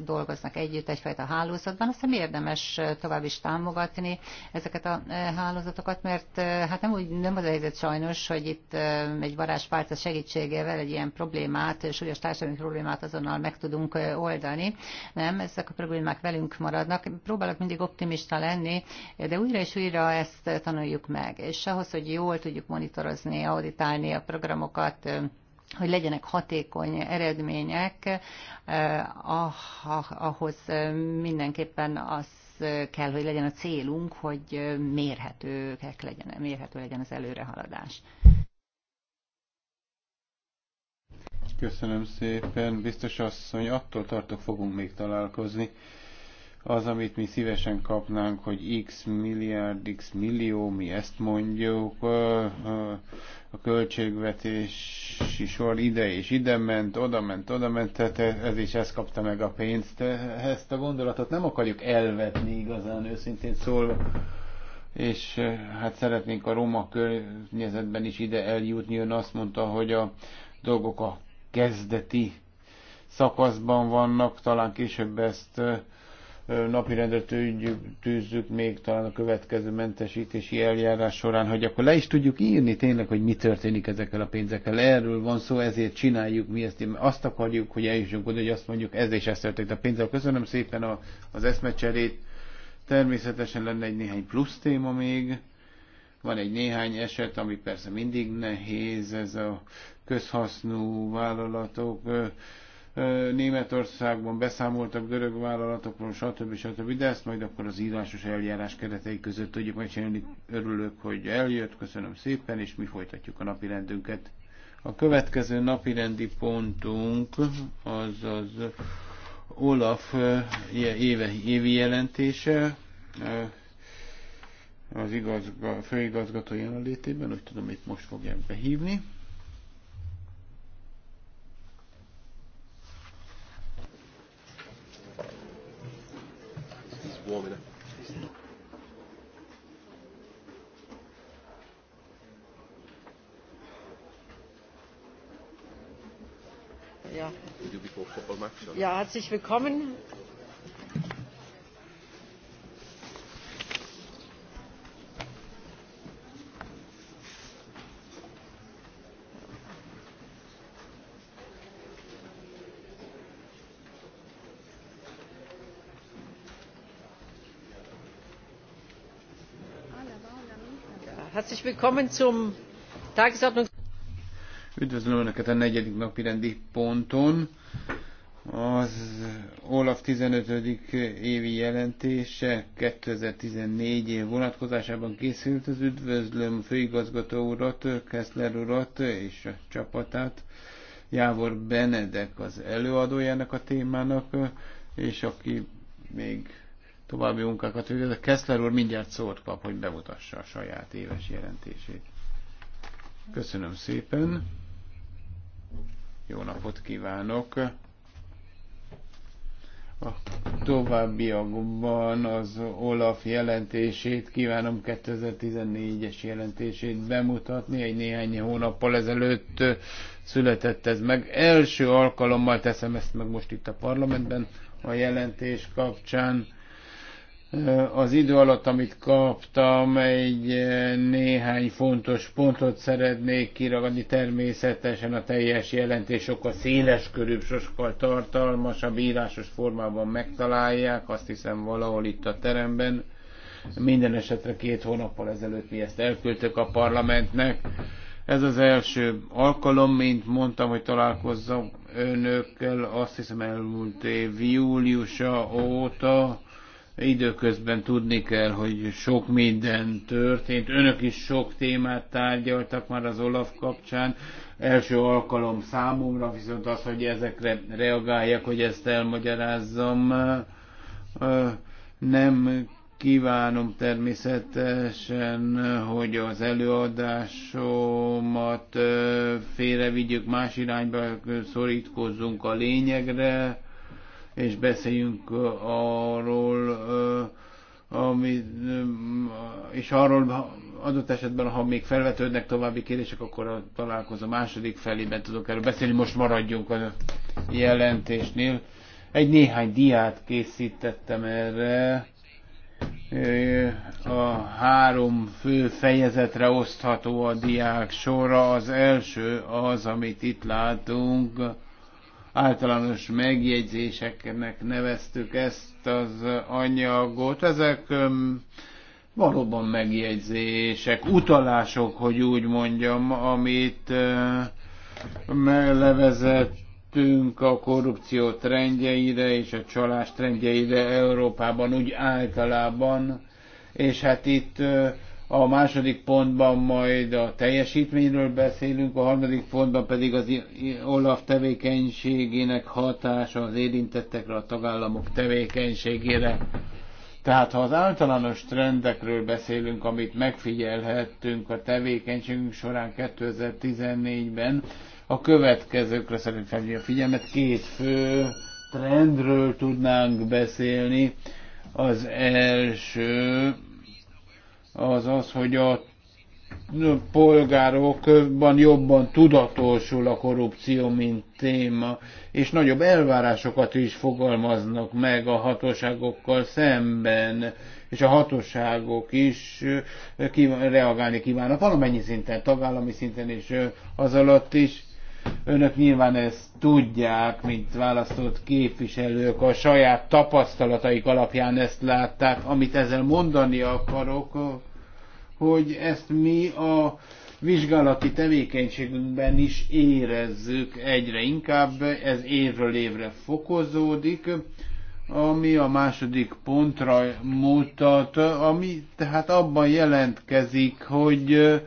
dolgoznak együtt egyfajta hálózatban. Azt hiszem érdemes tovább is támogatni ezeket a hálózatokat, mert hát nem, úgy, nem az a helyzet sajnos, hogy itt egy varázspálca segítségével egy ilyen problémát, súlyos társadalmi problémát azonnal meg meg tudunk oldani. Nem, ezek a problémák velünk maradnak. Próbálok mindig optimista lenni, de újra és újra ezt tanuljuk meg. És ahhoz, hogy jól tudjuk monitorozni, auditálni a programokat, hogy legyenek hatékony eredmények, ah, ah, ahhoz mindenképpen az kell, hogy legyen a célunk, hogy mérhetőek legyen, mérhető legyen az előrehaladás. Köszönöm szépen, biztos asszony, attól tartok fogunk még találkozni. Az, amit mi szívesen kapnánk, hogy x milliárd, x millió, mi ezt mondjuk, a költségvetési sor ide és ide ment, oda ment, oda ment, tehát e, ez is ezt kapta meg a pénzt. E, ezt a gondolatot nem akarjuk elvetni igazán, őszintén szólva és e, hát szeretnénk a roma környezetben is ide eljutni. Ön azt mondta, hogy a dolgok a kezdeti szakaszban vannak, talán később ezt napirendre tűzzük még talán a következő mentesítési eljárás során, hogy akkor le is tudjuk írni tényleg, hogy mi történik ezekkel a pénzekkel. Erről van szó, ezért csináljuk mi ezt. Azt akarjuk, hogy eljussunk oda, hogy azt mondjuk, ez és ez történt a pénzzel. Köszönöm szépen a, az eszmecserét. Természetesen lenne egy néhány plusz téma még. Van egy néhány eset, ami persze mindig nehéz, ez a közhasznú vállalatok, Németországban beszámoltak görög vállalatokról, stb. stb. De ezt majd akkor az írásos eljárás keretei között tudjuk megcsinálni. Örülök, hogy eljött, köszönöm szépen, és mi folytatjuk a napi rendünket. A következő napirendi pontunk az az Olaf éve, évi jelentése az igazga, főigazgató jelenlétében, úgy tudom, itt most fogják behívni. uomini. Ja. Ja, herzlich willkommen. herzlich willkommen zum Üdvözlöm Önöket a negyedik napi rendi ponton. Az Olaf 15. évi jelentése 2014 év vonatkozásában készült. Az üdvözlöm főigazgató urat, Keszler urat és a csapatát. Jávor Benedek az előadójának a témának, és aki még további munkákat végez. Keszler úr mindjárt szót kap, hogy bemutassa a saját éves jelentését. Köszönöm szépen. Jó napot kívánok. A továbbiakban az Olaf jelentését kívánom 2014-es jelentését bemutatni. Egy néhány hónappal ezelőtt született ez meg. Első alkalommal teszem ezt meg most itt a parlamentben a jelentés kapcsán az idő alatt, amit kaptam, egy eh, néhány fontos pontot szeretnék kiragadni. Természetesen a teljes jelentés sokkal széles körűbb, sokkal tartalmasabb, írásos formában megtalálják, azt hiszem valahol itt a teremben. Minden esetre két hónappal ezelőtt mi ezt elküldtük a parlamentnek. Ez az első alkalom, mint mondtam, hogy találkozzam önökkel, azt hiszem elmúlt év júliusa óta Időközben tudni kell, hogy sok minden történt. Önök is sok témát tárgyaltak már az Olaf kapcsán. Első alkalom számomra viszont az, hogy ezekre reagáljak, hogy ezt elmagyarázzam. Nem kívánom természetesen, hogy az előadásomat félrevigyük más irányba, szorítkozzunk a lényegre, és beszéljünk arról, ami, és arról adott esetben, ha még felvetődnek további kérdések, akkor a találkozó második felében tudok erről beszélni. Most maradjunk a jelentésnél. Egy néhány diát készítettem erre. A három fő fejezetre osztható a diák sora. Az első az, amit itt látunk, általános megjegyzéseknek neveztük ezt az anyagot. Ezek valóban megjegyzések, utalások, hogy úgy mondjam, amit levezettünk a korrupció trendjeire és a csalás trendjeire Európában úgy általában, és hát itt a második pontban majd a teljesítményről beszélünk, a harmadik pontban pedig az Olaf tevékenységének hatása az érintettekre, a tagállamok tevékenységére. Tehát ha az általános trendekről beszélünk, amit megfigyelhettünk a tevékenységünk során 2014-ben, a következőkre szeretném felhívni a figyelmet. Két fő trendről tudnánk beszélni. Az első az az, hogy a polgárokban jobban tudatosul a korrupció, mint téma, és nagyobb elvárásokat is fogalmaznak meg a hatóságokkal szemben, és a hatóságok is eh, reagálni kívánnak valamennyi szinten, tagállami szinten és eh, az alatt is. Önök nyilván ezt tudják, mint választott képviselők, a saját tapasztalataik alapján ezt látták. Amit ezzel mondani akarok, hogy ezt mi a vizsgálati tevékenységünkben is érezzük egyre inkább, ez évről évre fokozódik, ami a második pontra mutat, ami tehát abban jelentkezik, hogy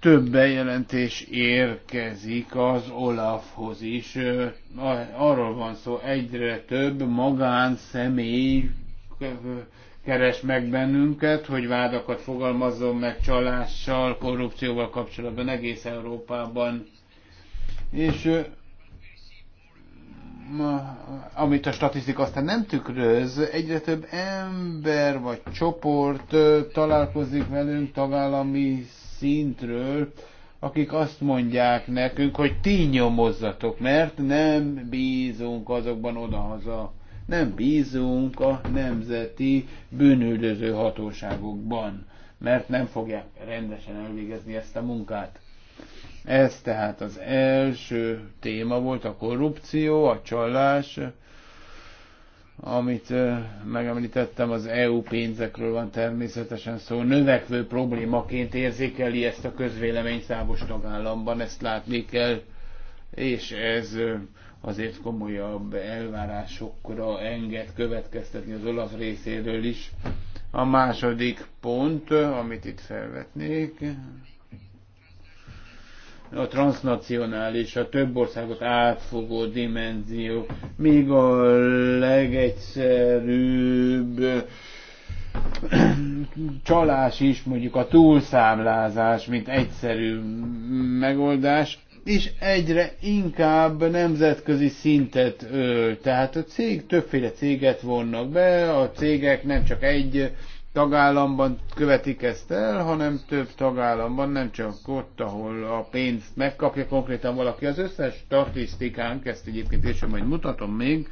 több bejelentés érkezik az Olafhoz is. Arról van szó, egyre több magánszemély keres meg bennünket, hogy vádakat fogalmazzon meg csalással, korrupcióval kapcsolatban egész Európában. És amit a statisztika aztán nem tükröz, egyre több ember vagy csoport találkozik velünk tagállami szintről, akik azt mondják nekünk, hogy ti nyomozzatok, mert nem bízunk azokban odahaza, nem bízunk a nemzeti bűnüldöző hatóságokban, mert nem fogják rendesen elvégezni ezt a munkát. Ez tehát az első téma volt, a korrupció, a csalás, amit megemlítettem, az EU pénzekről van természetesen szó. Növekvő problémaként érzékeli ezt a közvélemény számos tagállamban, ezt látni kell, és ez azért komolyabb elvárásokra enged következtetni az olasz részéről is. A második pont, amit itt felvetnék, a transnacionális, a több országot átfogó dimenzió, még a legegyszerűbb (clears throat) csalás is, mondjuk a túlszámlázás, mint egyszerű megoldás, és egyre inkább nemzetközi szintet öl. Tehát a cég, többféle céget vonnak be, a cégek nem csak egy tagállamban követik ezt el, hanem több tagállamban, nem csak ott, ahol a pénzt megkapja konkrétan valaki. Az összes statisztikánk, ezt egyébként és majd mutatom még,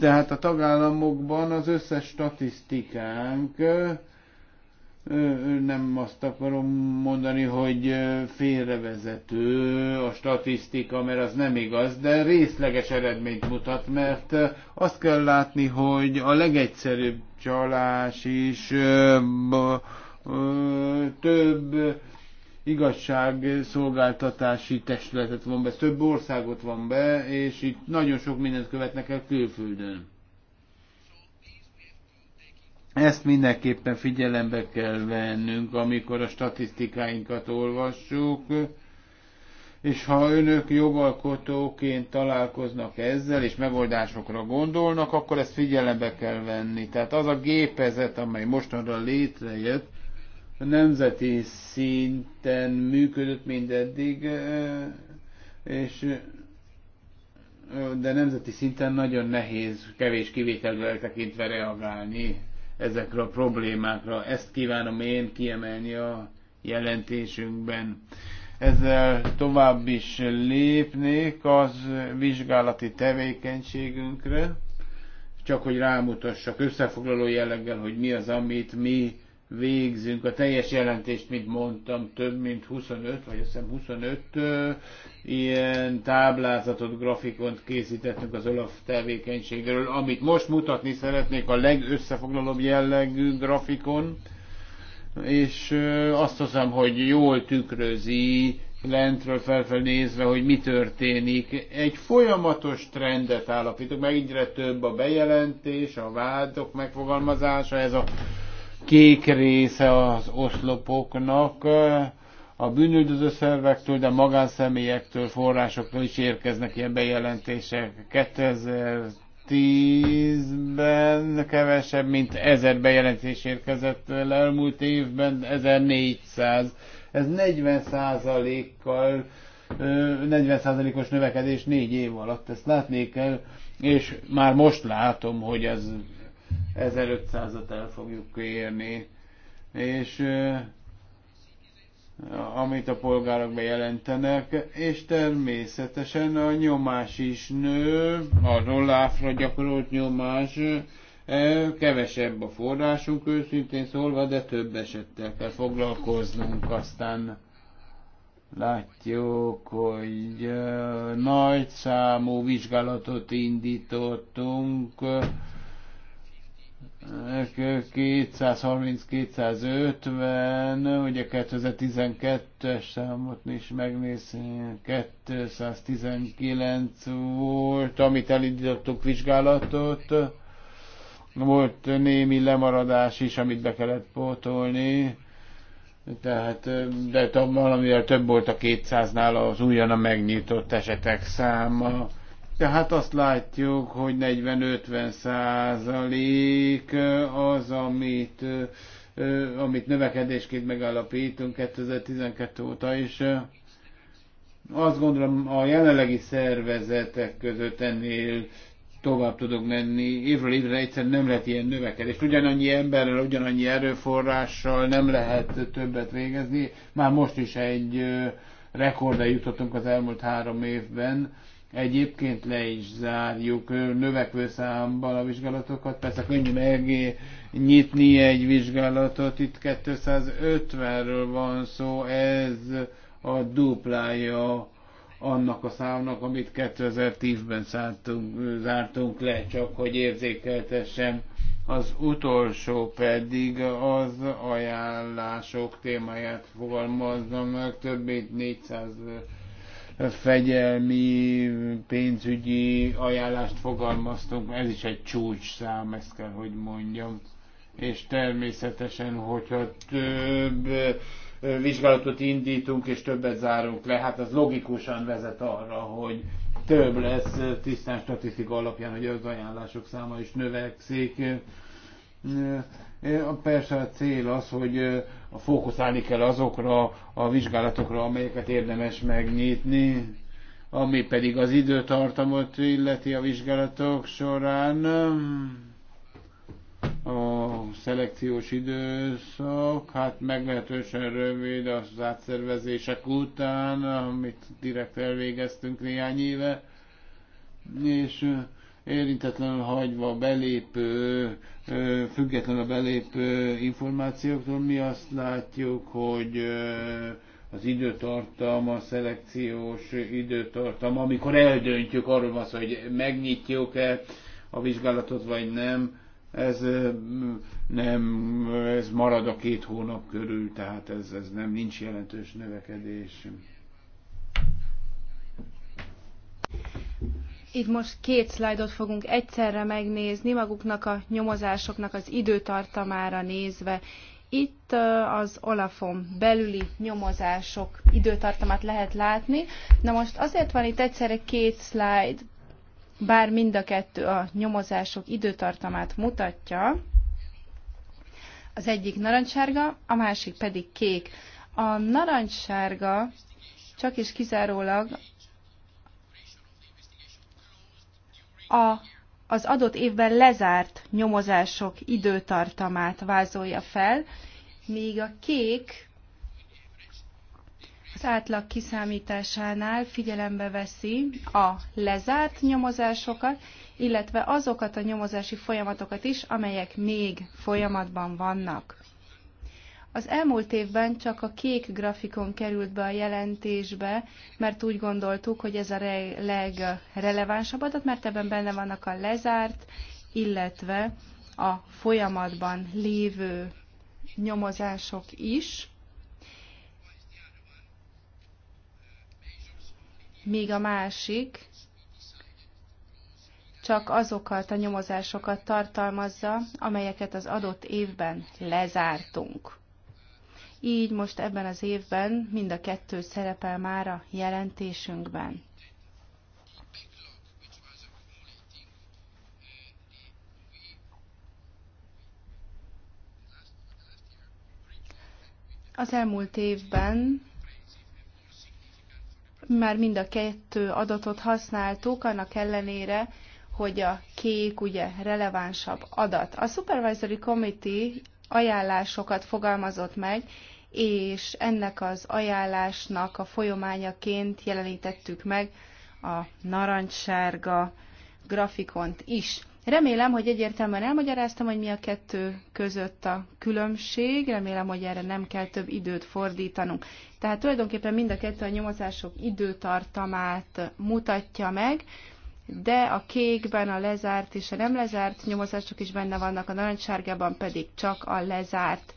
tehát a tagállamokban az összes statisztikánk nem azt akarom mondani, hogy félrevezető a statisztika, mert az nem igaz, de részleges eredményt mutat, mert azt kell látni, hogy a legegyszerűbb csalás is több igazságszolgáltatási testületet van be, több országot van be, és itt nagyon sok mindent követnek el külföldön ezt mindenképpen figyelembe kell vennünk, amikor a statisztikáinkat olvassuk, és ha önök jogalkotóként találkoznak ezzel, és megoldásokra gondolnak, akkor ezt figyelembe kell venni. Tehát az a gépezet, amely mostanra létrejött, a nemzeti szinten működött mindeddig, eh, és eh, de nemzeti szinten nagyon nehéz, kevés kivételre tekintve reagálni ezekre a problémákra. Ezt kívánom én kiemelni a jelentésünkben. Ezzel tovább is lépnék az vizsgálati tevékenységünkre, csak hogy rámutassak összefoglaló jelleggel, hogy mi az, amit mi végzünk. A teljes jelentést, mint mondtam, több mint 25, vagy azt hiszem 25 ö, ilyen táblázatot, grafikont készítettünk az Olaf tevékenységről, amit most mutatni szeretnék a legösszefoglalóbb jellegű grafikon, és ö, azt hiszem, hogy jól tükrözi lentről felfelé nézve, hogy mi történik. Egy folyamatos trendet állapítok, meg egyre több a bejelentés, a vádok megfogalmazása, ez a kék része az oszlopoknak a bűnöldöző szervektől, de magánszemélyektől, forrásoktól is érkeznek ilyen bejelentések. 2010-ben kevesebb, mint 1000 bejelentés érkezett el, elmúlt évben 1400. Ez 40 kal 40%-os növekedés négy év alatt, ezt látni kell, és már most látom, hogy ez 1500-at el fogjuk érni, és amit a polgárok bejelentenek, és természetesen a nyomás is nő, a rolláfra gyakorolt nyomás, kevesebb a forrásunk őszintén szólva, de több esettel kell foglalkoznunk, aztán látjuk, hogy nagy számú vizsgálatot indítottunk, 230-250, ugye 2012-es számot is megnéz, 219 volt, amit elindítottuk vizsgálatot. Volt némi lemaradás is, amit be kellett pótolni, tehát, de valamivel több volt a 200-nál az újonnan megnyitott esetek száma. Tehát azt látjuk, hogy 40-50 százalék az, amit, amit növekedésként megállapítunk 2012 óta, és azt gondolom a jelenlegi szervezetek között ennél tovább tudok menni. Évről évre egyszerűen nem lehet ilyen növekedés. Ugyanannyi emberrel, ugyanannyi erőforrással nem lehet többet végezni. Már most is egy rekordra jutottunk az elmúlt három évben Egyébként le is zárjuk növekvő számban a vizsgálatokat. Persze könnyű megnyitni egy vizsgálatot. Itt 250-ről van szó, ez a duplája annak a számnak, amit 2010-ben zártunk le, csak hogy érzékeltessem. Az utolsó pedig az ajánlások témáját fogalmazza meg, több mint 400 fegyelmi, pénzügyi ajánlást fogalmaztunk, ez is egy szám, ezt kell, hogy mondjam. És természetesen, hogyha több vizsgálatot indítunk és többet zárunk le, hát az logikusan vezet arra, hogy több lesz tisztán statisztika alapján, hogy az ajánlások száma is növekszik. Persze a cél az, hogy fókuszálni kell azokra a vizsgálatokra, amelyeket érdemes megnyitni, ami pedig az időtartamot illeti a vizsgálatok során. A szelekciós időszak, hát meglehetősen rövid az átszervezések után, amit direkt elvégeztünk néhány éve, és érintetlenül hagyva belépő, független a belépő információktól, mi azt látjuk, hogy az időtartam, a szelekciós időtartam, amikor eldöntjük arról van hogy megnyitjuk-e a vizsgálatot, vagy nem, ez nem, ez marad a két hónap körül, tehát ez, ez nem nincs jelentős növekedés. Itt most két szlájdot fogunk egyszerre megnézni maguknak a nyomozásoknak az időtartamára nézve. Itt az Olafon belüli nyomozások időtartamát lehet látni. Na most azért van itt egyszerre két szlájd, bár mind a kettő a nyomozások időtartamát mutatja. Az egyik narancsárga, a másik pedig kék. A narancsárga csak és kizárólag a, az adott évben lezárt nyomozások időtartamát vázolja fel, míg a kék az átlag kiszámításánál figyelembe veszi a lezárt nyomozásokat, illetve azokat a nyomozási folyamatokat is, amelyek még folyamatban vannak. Az elmúlt évben csak a kék grafikon került be a jelentésbe, mert úgy gondoltuk, hogy ez a legrelevánsabb adat, mert ebben benne vannak a lezárt, illetve a folyamatban lévő nyomozások is. Míg a másik csak azokat a nyomozásokat tartalmazza, amelyeket az adott évben lezártunk így most ebben az évben mind a kettő szerepel már a jelentésünkben. Az elmúlt évben már mind a kettő adatot használtuk, annak ellenére, hogy a kék ugye relevánsabb adat. A Supervisory Committee ajánlásokat fogalmazott meg, és ennek az ajánlásnak a folyamányaként jelenítettük meg a narancssárga grafikont is. Remélem, hogy egyértelműen elmagyaráztam, hogy mi a kettő között a különbség, remélem, hogy erre nem kell több időt fordítanunk. Tehát tulajdonképpen mind a kettő a nyomozások időtartamát mutatja meg, de a kékben a lezárt és a nem lezárt nyomozások is benne vannak, a narancssárgában pedig csak a lezárt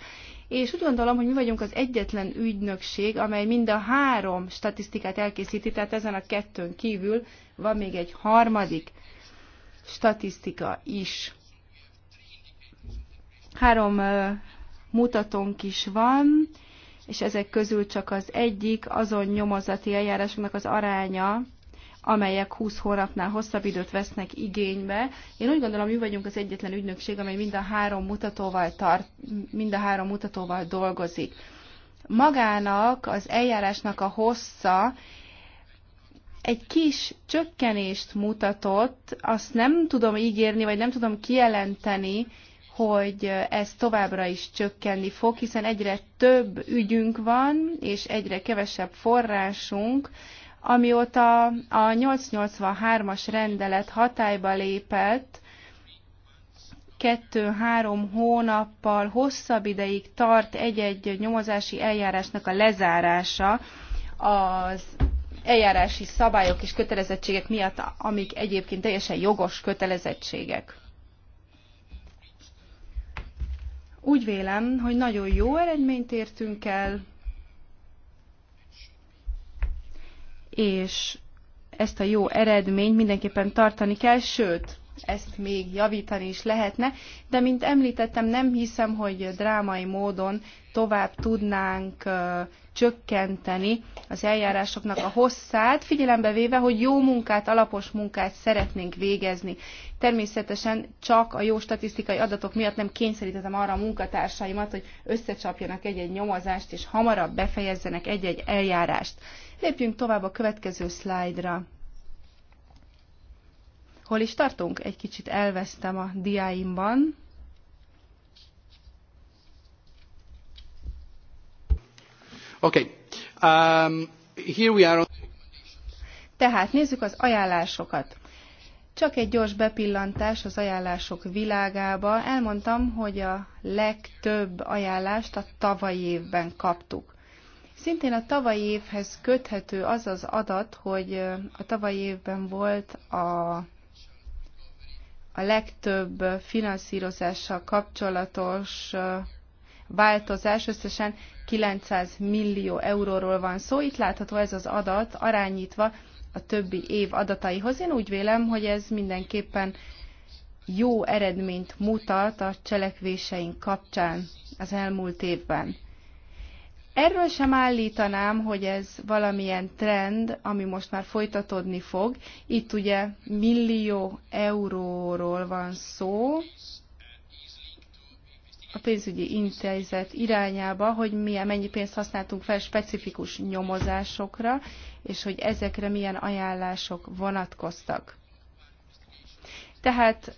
és úgy gondolom, hogy mi vagyunk az egyetlen ügynökség, amely mind a három statisztikát elkészíti, tehát ezen a kettőn kívül van még egy harmadik statisztika is. Három mutatónk is van, és ezek közül csak az egyik azon nyomozati eljárásoknak az aránya, amelyek 20 hónapnál hosszabb időt vesznek igénybe. Én úgy gondolom, mi vagyunk az egyetlen ügynökség, amely mind a három mutatóval, tart, mind a három mutatóval dolgozik. Magának az eljárásnak a hossza egy kis csökkenést mutatott, azt nem tudom ígérni, vagy nem tudom kijelenteni, hogy ez továbbra is csökkenni fog, hiszen egyre több ügyünk van, és egyre kevesebb forrásunk, Amióta a 883-as rendelet hatályba lépett, kettő-három hónappal hosszabb ideig tart egy-egy nyomozási eljárásnak a lezárása az eljárási szabályok és kötelezettségek miatt, amik egyébként teljesen jogos kötelezettségek. Úgy vélem, hogy nagyon jó eredményt értünk el, és ezt a jó eredményt mindenképpen tartani kell, sőt, ezt még javítani is lehetne, de mint említettem, nem hiszem, hogy drámai módon tovább tudnánk csökkenteni az eljárásoknak a hosszát, figyelembe véve, hogy jó munkát, alapos munkát szeretnénk végezni. Természetesen csak a jó statisztikai adatok miatt nem kényszerítettem arra a munkatársaimat, hogy összecsapjanak egy-egy nyomozást, és hamarabb befejezzenek egy-egy eljárást. Lépjünk tovább a következő szlájdra. Hol is tartunk? Egy kicsit elvesztem a diáimban. Okay. Um, on... Tehát nézzük az ajánlásokat. Csak egy gyors bepillantás az ajánlások világába. Elmondtam, hogy a legtöbb ajánlást a tavalyi évben kaptuk. Szintén a tavalyi évhez köthető az az adat, hogy a tavalyi évben volt a a legtöbb finanszírozással kapcsolatos változás, összesen 900 millió euróról van szó. Itt látható ez az adat arányítva a többi év adataihoz. Én úgy vélem, hogy ez mindenképpen jó eredményt mutat a cselekvéseink kapcsán az elmúlt évben. Erről sem állítanám, hogy ez valamilyen trend, ami most már folytatódni fog. Itt ugye millió euróról van szó a pénzügyi intézet irányába, hogy milyen, mennyi pénzt használtunk fel specifikus nyomozásokra, és hogy ezekre milyen ajánlások vonatkoztak. Tehát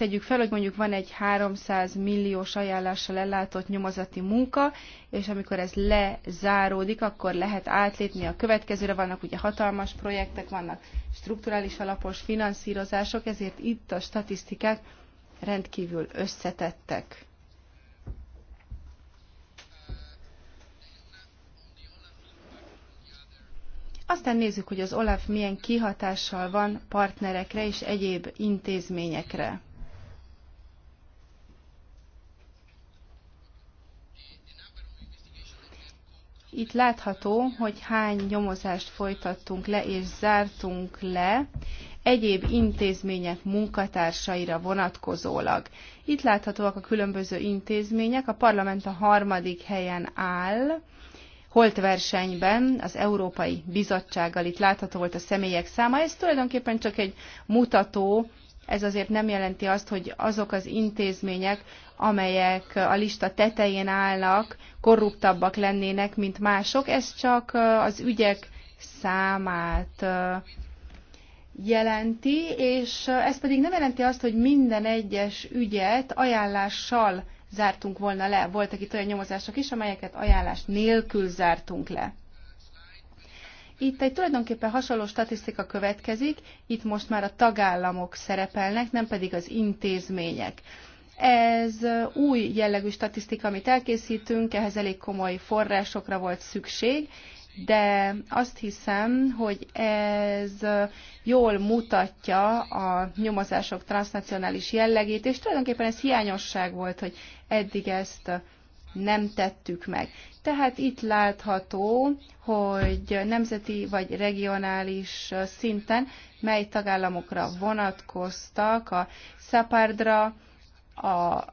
tegyük fel, hogy mondjuk van egy 300 milliós ajánlással ellátott nyomozati munka, és amikor ez lezáródik, akkor lehet átlépni a következőre. Vannak ugye hatalmas projektek, vannak strukturális alapos finanszírozások, ezért itt a statisztikák rendkívül összetettek. Aztán nézzük, hogy az OLAF milyen kihatással van partnerekre és egyéb intézményekre. Itt látható, hogy hány nyomozást folytattunk le és zártunk le egyéb intézmények munkatársaira vonatkozólag. Itt láthatóak a különböző intézmények, a parlament a harmadik helyen áll, holt versenyben az Európai Bizottsággal itt látható volt a személyek száma. Ez tulajdonképpen csak egy mutató, ez azért nem jelenti azt, hogy azok az intézmények, amelyek a lista tetején állnak, korruptabbak lennének, mint mások. Ez csak az ügyek számát jelenti, és ez pedig nem jelenti azt, hogy minden egyes ügyet ajánlással zártunk volna le. Voltak itt olyan nyomozások is, amelyeket ajánlás nélkül zártunk le. Itt egy tulajdonképpen hasonló statisztika következik, itt most már a tagállamok szerepelnek, nem pedig az intézmények. Ez új jellegű statisztika, amit elkészítünk, ehhez elég komoly forrásokra volt szükség, de azt hiszem, hogy ez jól mutatja a nyomozások transnacionális jellegét, és tulajdonképpen ez hiányosság volt, hogy eddig ezt nem tettük meg. Tehát itt látható, hogy nemzeti vagy regionális szinten mely tagállamokra vonatkoztak a Szapárdra, a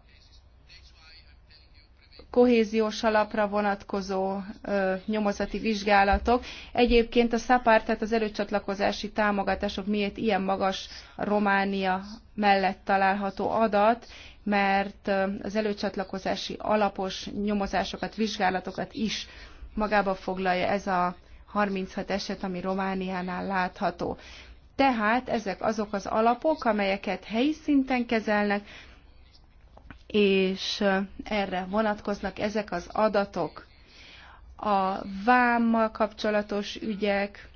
kohéziós alapra vonatkozó ö, nyomozati vizsgálatok. Egyébként a SZAPÁR, tehát az előcsatlakozási támogatások miért ilyen magas Románia mellett található adat, mert az előcsatlakozási alapos nyomozásokat, vizsgálatokat is magába foglalja ez a 36 eset, ami Romániánál látható. Tehát ezek azok az alapok, amelyeket helyi szinten kezelnek, és erre vonatkoznak ezek az adatok. A vámmal kapcsolatos ügyek,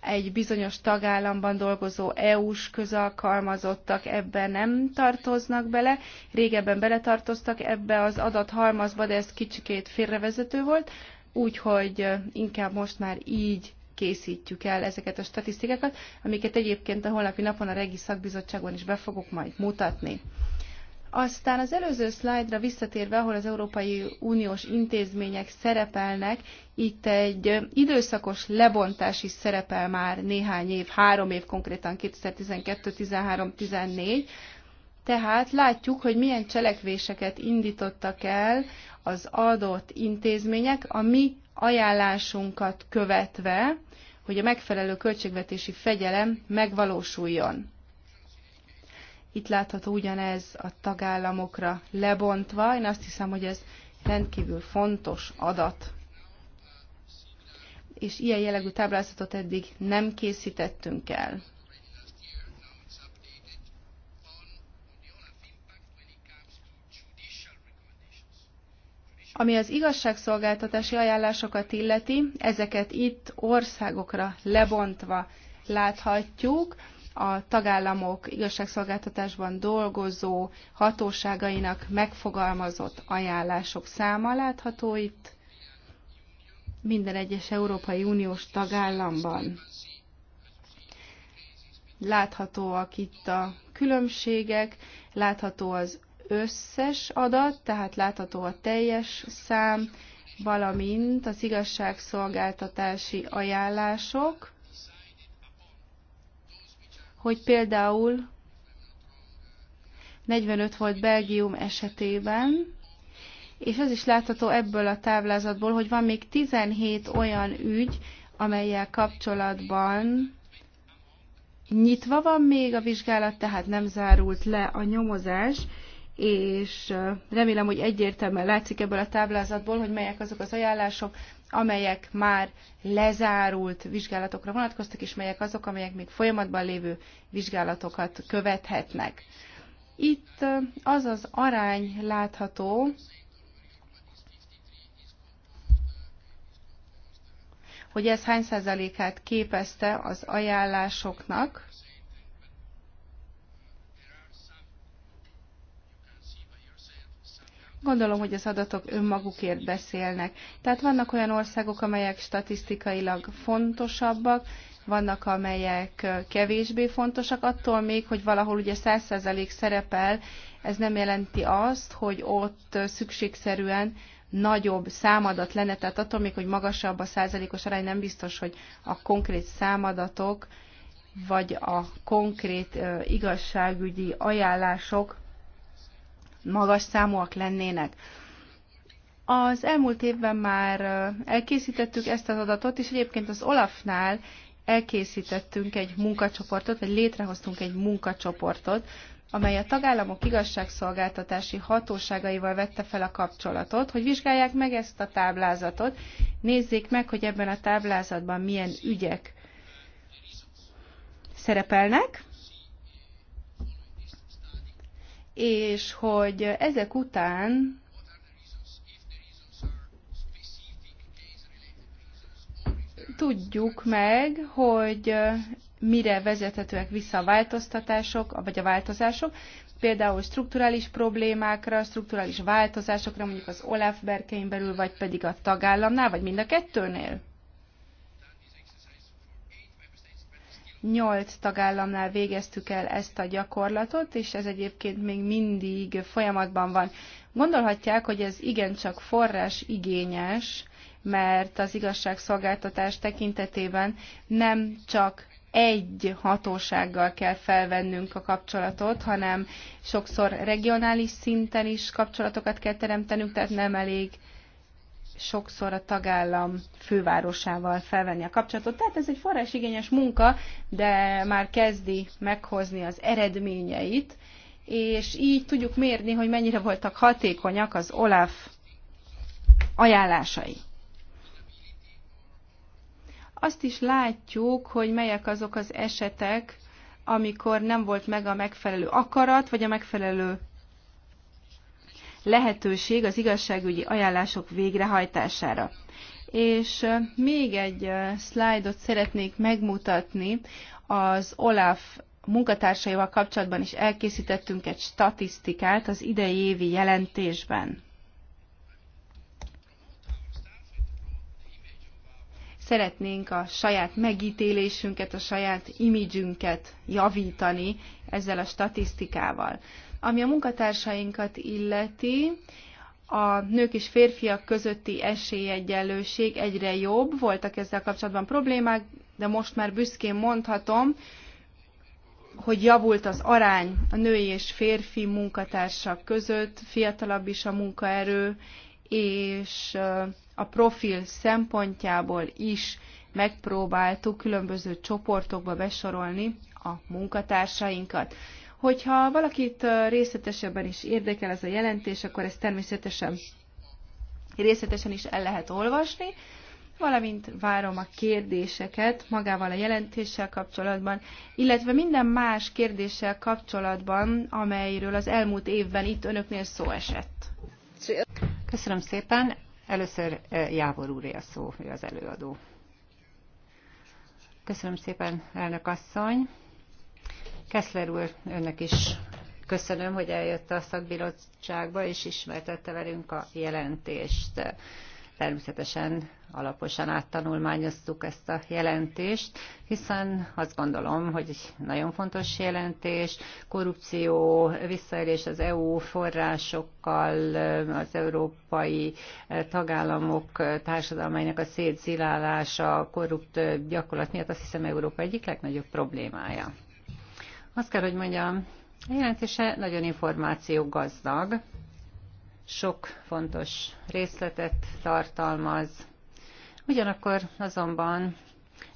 egy bizonyos tagállamban dolgozó EU-s közalkalmazottak ebbe nem tartoznak bele. Régebben beletartoztak ebbe az adathalmazba, de ez kicsikét félrevezető volt, úgyhogy inkább most már így készítjük el ezeket a statisztikákat, amiket egyébként a holnapi napon a Regi Szakbizottságban is be fogok majd mutatni. Aztán az előző szlájdra visszatérve, ahol az Európai Uniós intézmények szerepelnek, itt egy időszakos lebontás is szerepel már néhány év, három év konkrétan 2012, 13, 14, tehát látjuk, hogy milyen cselekvéseket indítottak el az adott intézmények a mi ajánlásunkat követve, hogy a megfelelő költségvetési fegyelem megvalósuljon. Itt látható ugyanez a tagállamokra lebontva. Én azt hiszem, hogy ez rendkívül fontos adat. És ilyen jellegű táblázatot eddig nem készítettünk el. Ami az igazságszolgáltatási ajánlásokat illeti, ezeket itt országokra lebontva láthatjuk a tagállamok igazságszolgáltatásban dolgozó hatóságainak megfogalmazott ajánlások száma látható itt minden egyes Európai Uniós tagállamban. Láthatóak itt a különbségek, látható az összes adat, tehát látható a teljes szám, valamint az igazságszolgáltatási ajánlások, hogy például 45 volt Belgium esetében, és az is látható ebből a táblázatból, hogy van még 17 olyan ügy, amelyel kapcsolatban nyitva van még a vizsgálat, tehát nem zárult le a nyomozás, és remélem, hogy egyértelműen látszik ebből a táblázatból, hogy melyek azok az ajánlások, amelyek már lezárult vizsgálatokra vonatkoztak, és melyek azok, amelyek még folyamatban lévő vizsgálatokat követhetnek. Itt az az arány látható, hogy ez hány százalékát képezte az ajánlásoknak, Gondolom, hogy az adatok önmagukért beszélnek. Tehát vannak olyan országok, amelyek statisztikailag fontosabbak, vannak, amelyek kevésbé fontosak, attól még, hogy valahol ugye 100% szerepel, ez nem jelenti azt, hogy ott szükségszerűen nagyobb számadat lenne, tehát attól még, hogy magasabb a százalékos arány, nem biztos, hogy a konkrét számadatok vagy a konkrét igazságügyi ajánlások magas számúak lennének. Az elmúlt évben már elkészítettük ezt az adatot, és egyébként az Olafnál elkészítettünk egy munkacsoportot, vagy létrehoztunk egy munkacsoportot, amely a tagállamok igazságszolgáltatási hatóságaival vette fel a kapcsolatot, hogy vizsgálják meg ezt a táblázatot, nézzék meg, hogy ebben a táblázatban milyen ügyek szerepelnek, és hogy ezek után tudjuk meg, hogy mire vezethetőek vissza a változtatások, vagy a változások, például strukturális problémákra, strukturális változásokra, mondjuk az Olaf berkein belül, vagy pedig a tagállamnál, vagy mind a kettőnél? Nyolc tagállamnál végeztük el ezt a gyakorlatot, és ez egyébként még mindig folyamatban van. Gondolhatják, hogy ez igencsak forrás igényes, mert az igazságszolgáltatás tekintetében nem csak egy hatósággal kell felvennünk a kapcsolatot, hanem sokszor regionális szinten is kapcsolatokat kell teremtenünk, tehát nem elég sokszor a tagállam fővárosával felvenni a kapcsolatot. Tehát ez egy forrásigényes munka, de már kezdi meghozni az eredményeit, és így tudjuk mérni, hogy mennyire voltak hatékonyak az OLAF ajánlásai. Azt is látjuk, hogy melyek azok az esetek, amikor nem volt meg a megfelelő akarat, vagy a megfelelő lehetőség az igazságügyi ajánlások végrehajtására. És még egy szlájdot szeretnék megmutatni. Az OLAF munkatársaival kapcsolatban is elkészítettünk egy statisztikát az idei évi jelentésben. Szeretnénk a saját megítélésünket, a saját imidzsünket javítani ezzel a statisztikával. Ami a munkatársainkat illeti, a nők és férfiak közötti esélyegyenlőség egyre jobb, voltak ezzel kapcsolatban problémák, de most már büszkén mondhatom, hogy javult az arány a női és férfi munkatársak között, fiatalabb is a munkaerő, és a profil szempontjából is megpróbáltuk különböző csoportokba besorolni a munkatársainkat. Hogyha valakit részletesebben is érdekel ez a jelentés, akkor ezt természetesen részletesen is el lehet olvasni, valamint várom a kérdéseket magával a jelentéssel kapcsolatban, illetve minden más kérdéssel kapcsolatban, amelyről az elmúlt évben itt önöknél szó esett. Köszönöm szépen. Először Jávor úré a szó, ő az előadó. Köszönöm szépen, elnök asszony. Keszler úr, önnek is köszönöm, hogy eljött a szakbizottságba, és ismertette velünk a jelentést. Természetesen alaposan áttanulmányoztuk ezt a jelentést, hiszen azt gondolom, hogy egy nagyon fontos jelentés, korrupció, visszaélés az EU forrásokkal, az európai tagállamok társadalmainak a szétszilálása, korrupt gyakorlat miatt azt hiszem Európa egyik legnagyobb problémája. Azt kell, hogy mondjam, a jelentése nagyon információ gazdag, sok fontos részletet tartalmaz. Ugyanakkor azonban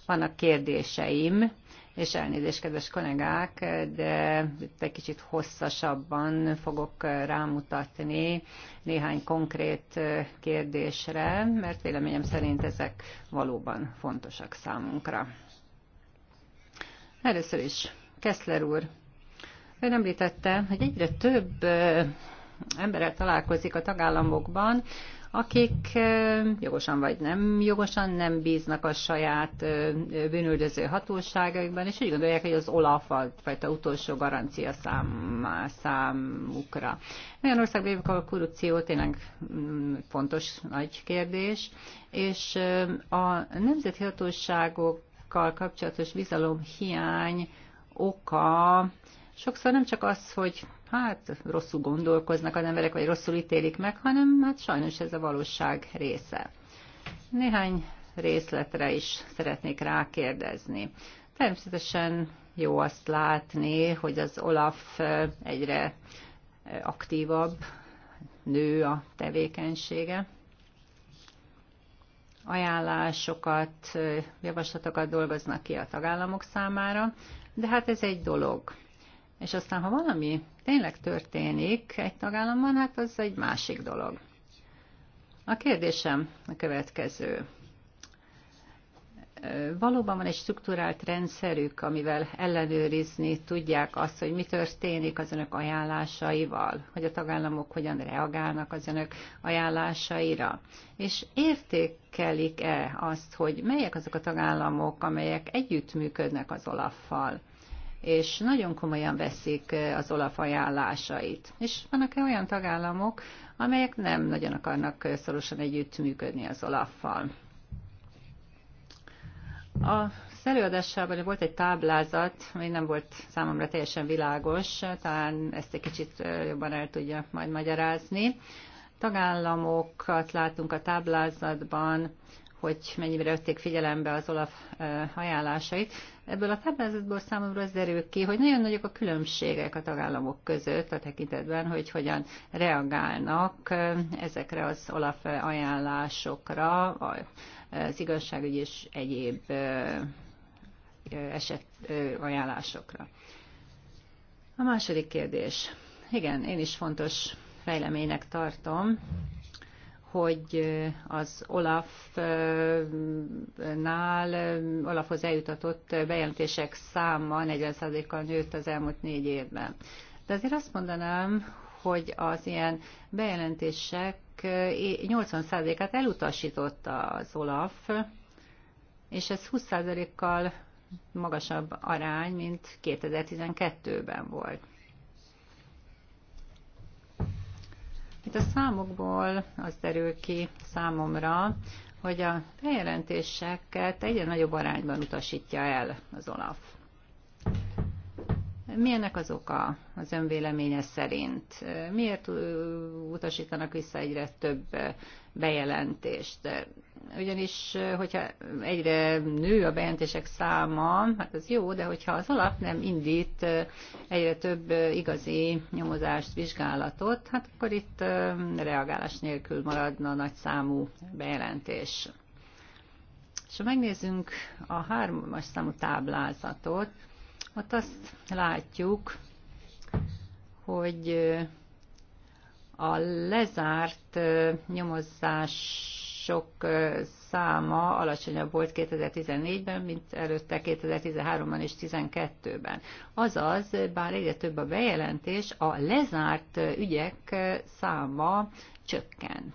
vannak kérdéseim, és elnézést, kedves kollégák, de itt egy kicsit hosszasabban fogok rámutatni néhány konkrét kérdésre, mert véleményem szerint ezek valóban fontosak számunkra. Először is Keszler úr, ön említette, hogy egyre több emberrel találkozik a tagállamokban, akik jogosan vagy nem jogosan nem bíznak a saját bűnöldöző hatóságaikban, és úgy gondolják, hogy az OLAF a fajta utolsó garancia szám, számukra. Olyan országban, ahol a korrupció tényleg mm, fontos nagy kérdés, és a nemzeti hatóságokkal kapcsolatos bizalom hiány oka sokszor nem csak az, hogy hát rosszul gondolkoznak az emberek, vagy rosszul ítélik meg, hanem hát sajnos ez a valóság része. Néhány részletre is szeretnék rákérdezni. Természetesen jó azt látni, hogy az Olaf egyre aktívabb, nő a tevékenysége. Ajánlásokat, javaslatokat dolgoznak ki a tagállamok számára, de hát ez egy dolog. És aztán, ha valami tényleg történik egy tagállamban, hát az egy másik dolog. A kérdésem a következő valóban van egy struktúrált rendszerük, amivel ellenőrizni tudják azt, hogy mi történik az önök ajánlásaival, hogy a tagállamok hogyan reagálnak az önök ajánlásaira, és értékelik-e azt, hogy melyek azok a tagállamok, amelyek együttműködnek az olaffal és nagyon komolyan veszik az olaf ajánlásait. És vannak-e olyan tagállamok, amelyek nem nagyon akarnak szorosan együttműködni az olaffal? A előadásában volt egy táblázat, ami nem volt számomra teljesen világos, talán ezt egy kicsit jobban el tudja majd magyarázni. Tagállamokat látunk a táblázatban, hogy mennyire vették figyelembe az Olaf ajánlásait. Ebből a táblázatból számomra az derül ki, hogy nagyon nagyok a különbségek a tagállamok között a tekintetben, hogy hogyan reagálnak ezekre az Olaf ajánlásokra, az igazságügy és egyéb eset ajánlásokra. A második kérdés. Igen, én is fontos fejleménynek tartom, hogy az Olaf-nál, Olafhoz eljutatott bejelentések száma 40%-kal nőtt az elmúlt négy évben. De azért azt mondanám, hogy az ilyen bejelentések 80%-át elutasította az Olaf, és ez 20%-kal magasabb arány, mint 2012-ben volt. Itt a számokból az derül ki számomra, hogy a bejelentéseket egyre nagyobb arányban utasítja el az Olaf. Milyennek az oka az önvéleménye szerint? Miért utasítanak vissza egyre több bejelentést? Ugyanis, hogyha egyre nő a bejelentések száma, hát az jó, de hogyha az alap nem indít egyre több igazi nyomozást, vizsgálatot, hát akkor itt reagálás nélkül maradna nagy számú bejelentés. És ha megnézzünk a hármas számú táblázatot, ott hát azt látjuk, hogy a lezárt nyomozások száma alacsonyabb volt 2014-ben, mint előtte 2013-ban és 2012-ben. Azaz, bár egyre több a bejelentés, a lezárt ügyek száma csökken.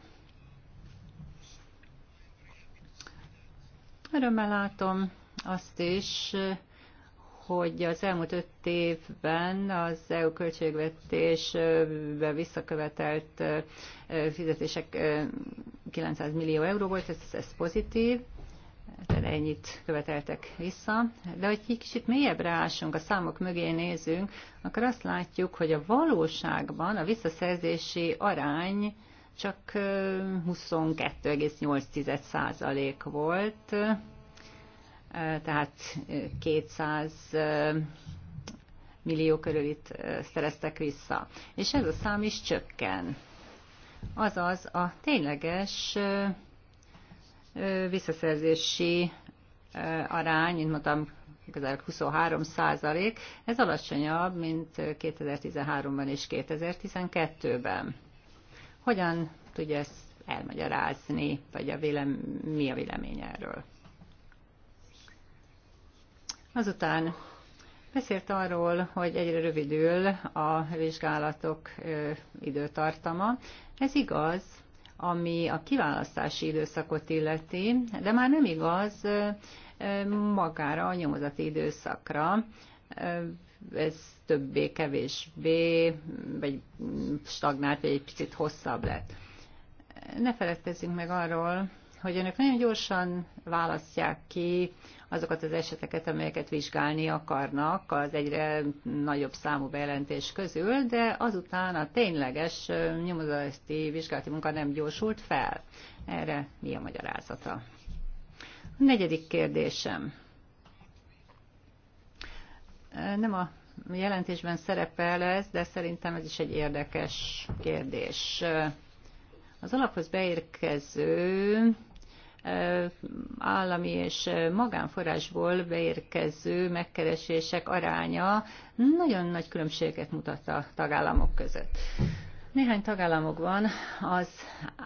Örömmel látom azt is, hogy az elmúlt öt évben az EU költségvetésbe visszakövetelt fizetések 900 millió euró volt, ez, ez pozitív, tehát ennyit követeltek vissza. De hogy egy kicsit mélyebbre ássunk, a számok mögé nézünk, akkor azt látjuk, hogy a valóságban a visszaszerzési arány csak 22,8% volt, tehát 200 millió körül itt szereztek vissza. És ez a szám is csökken. Azaz a tényleges visszaszerzési arány, mint mondtam, közel 23 százalék, ez alacsonyabb, mint 2013-ban és 2012-ben. Hogyan tudja ezt elmagyarázni, vagy a vélem, mi a vélemény erről? Azután beszélt arról, hogy egyre rövidül a vizsgálatok időtartama. Ez igaz, ami a kiválasztási időszakot illeti, de már nem igaz magára a nyomozati időszakra. Ez többé-kevésbé, vagy stagnált, vagy egy picit hosszabb lett. Ne feledkezzünk meg arról, hogy önök nagyon gyorsan választják ki azokat az eseteket, amelyeket vizsgálni akarnak az egyre nagyobb számú bejelentés közül, de azután a tényleges nyomozati vizsgálati munka nem gyorsult fel. Erre mi a magyarázata? A negyedik kérdésem. Nem a jelentésben szerepel ez, de szerintem ez is egy érdekes kérdés. Az alaphoz beérkező állami és magánforrásból beérkező megkeresések aránya nagyon nagy különbséget mutat a tagállamok között. Néhány tagállamokban az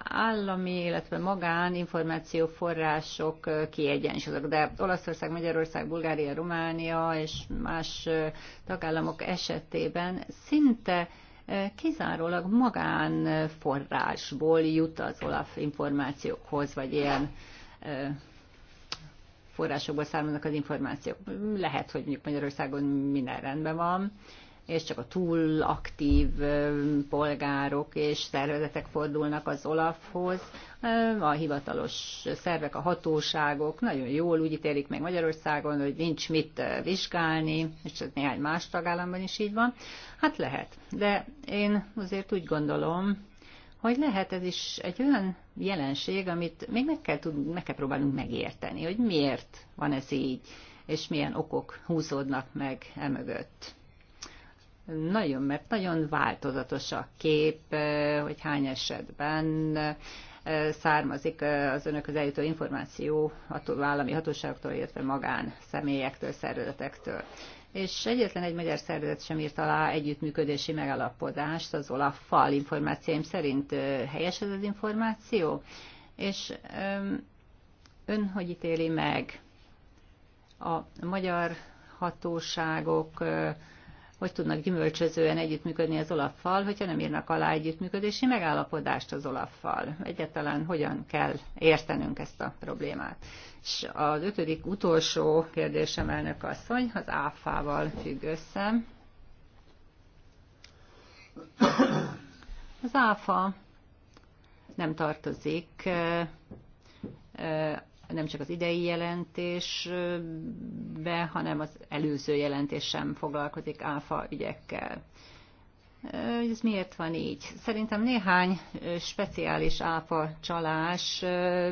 állami, illetve magán információforrások kiegyensúlyozók, de Olaszország, Magyarország, Bulgária, Románia és más tagállamok esetében szinte kizárólag magánforrásból jut az OLAF információkhoz, vagy ilyen forrásokból származnak az információk. Lehet, hogy mondjuk Magyarországon minden rendben van, és csak a túl aktív polgárok és szervezetek fordulnak az Olafhoz. A hivatalos szervek, a hatóságok nagyon jól úgy ítélik meg Magyarországon, hogy nincs mit vizsgálni, és ez néhány más tagállamban is így van. Hát lehet, de én azért úgy gondolom, hogy lehet ez is egy olyan jelenség, amit még meg kell, tud, meg kell próbálnunk megérteni, hogy miért van ez így, és milyen okok húzódnak meg emögött nagyon, mert nagyon változatos a kép, eh, hogy hány esetben eh, származik eh, az önök az eljutó információ attól állami hatóságoktól, illetve magán személyektől, szervezetektől. És egyetlen egy magyar szervezet sem írt alá együttműködési megalapodást az OLAF-fal információim szerint. Helyes ez az információ? És ön hogy ítéli meg a magyar hatóságok hogy tudnak gyümölcsözően együttműködni az olaffal, hogyha nem írnak alá együttműködési megállapodást az olaffal. Egyáltalán hogyan kell értenünk ezt a problémát. És az ötödik utolsó kérdésem, elnök asszony, az áfával függ össze. Az áfa nem tartozik nem csak az idei jelentésbe, hanem az előző jelentés sem foglalkozik áfa ügyekkel. Ez miért van így? Szerintem néhány speciális áfa csalás,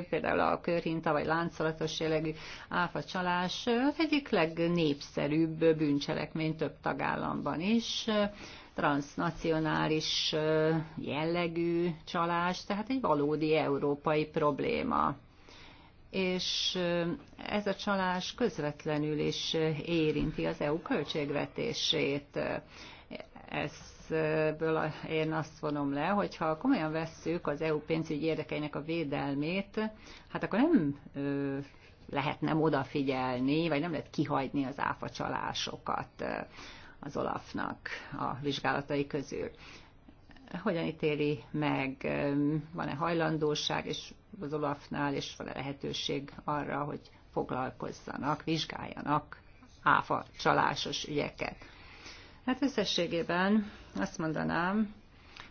például a körhinta vagy láncolatos jellegű áfa csalás egyik legnépszerűbb bűncselekmény több tagállamban is, transnacionális jellegű csalás, tehát egy valódi európai probléma és ez a csalás közvetlenül is érinti az EU költségvetését. Ezből én azt vonom le, hogy ha komolyan vesszük az EU pénzügyi érdekeinek a védelmét, hát akkor nem lehet nem odafigyelni, vagy nem lehet kihagyni az áfa csalásokat az Olafnak a vizsgálatai közül hogyan ítéli meg, van-e hajlandóság, és az Olafnál, és van -e lehetőség arra, hogy foglalkozzanak, vizsgáljanak áfa csalásos ügyeket. Hát összességében azt mondanám,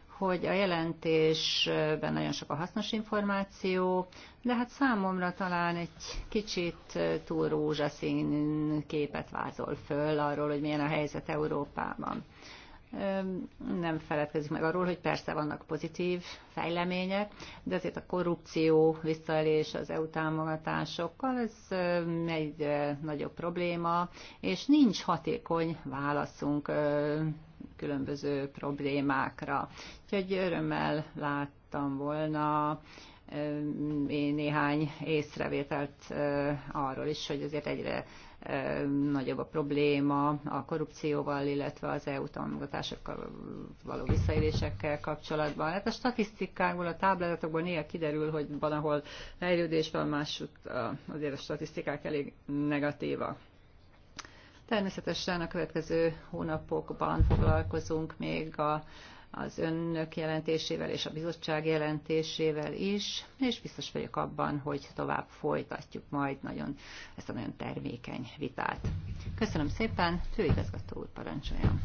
hogy a jelentésben nagyon sok a hasznos információ, de hát számomra talán egy kicsit túl rózsaszín képet vázol föl arról, hogy milyen a helyzet Európában nem feledkezik meg arról, hogy persze vannak pozitív fejlemények, de azért a korrupció visszaelés az EU támogatásokkal, ez egy nagyobb probléma, és nincs hatékony válaszunk különböző problémákra. Úgyhogy örömmel láttam volna én néhány észrevételt arról is, hogy azért egyre nagyobb a probléma a korrupcióval, illetve az EU támogatásokkal való visszaélésekkel kapcsolatban. Hát a statisztikákból, a táblázatokból néha kiderül, hogy valahol fejlődés van, másutt azért a statisztikák elég negatívak. Természetesen a következő hónapokban foglalkozunk még a az önök jelentésével és a bizottság jelentésével is, és biztos vagyok abban, hogy tovább folytatjuk majd nagyon ezt a nagyon termékeny vitát. Köszönöm szépen, főigazgató úr parancsoljon.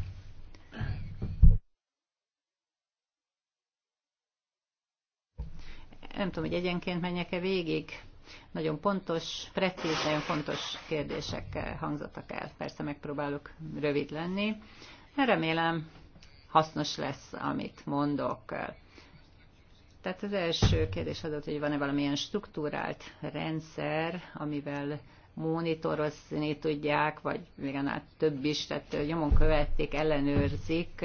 Nem tudom, hogy egyenként menjek-e végig. Nagyon pontos, precíz, nagyon fontos kérdések hangzottak el. Persze megpróbálok rövid lenni. Remélem, hasznos lesz, amit mondok. Tehát az első kérdés az hogy van-e valamilyen struktúrált rendszer, amivel monitorozni tudják, vagy még annál több is, tehát nyomon követik, ellenőrzik,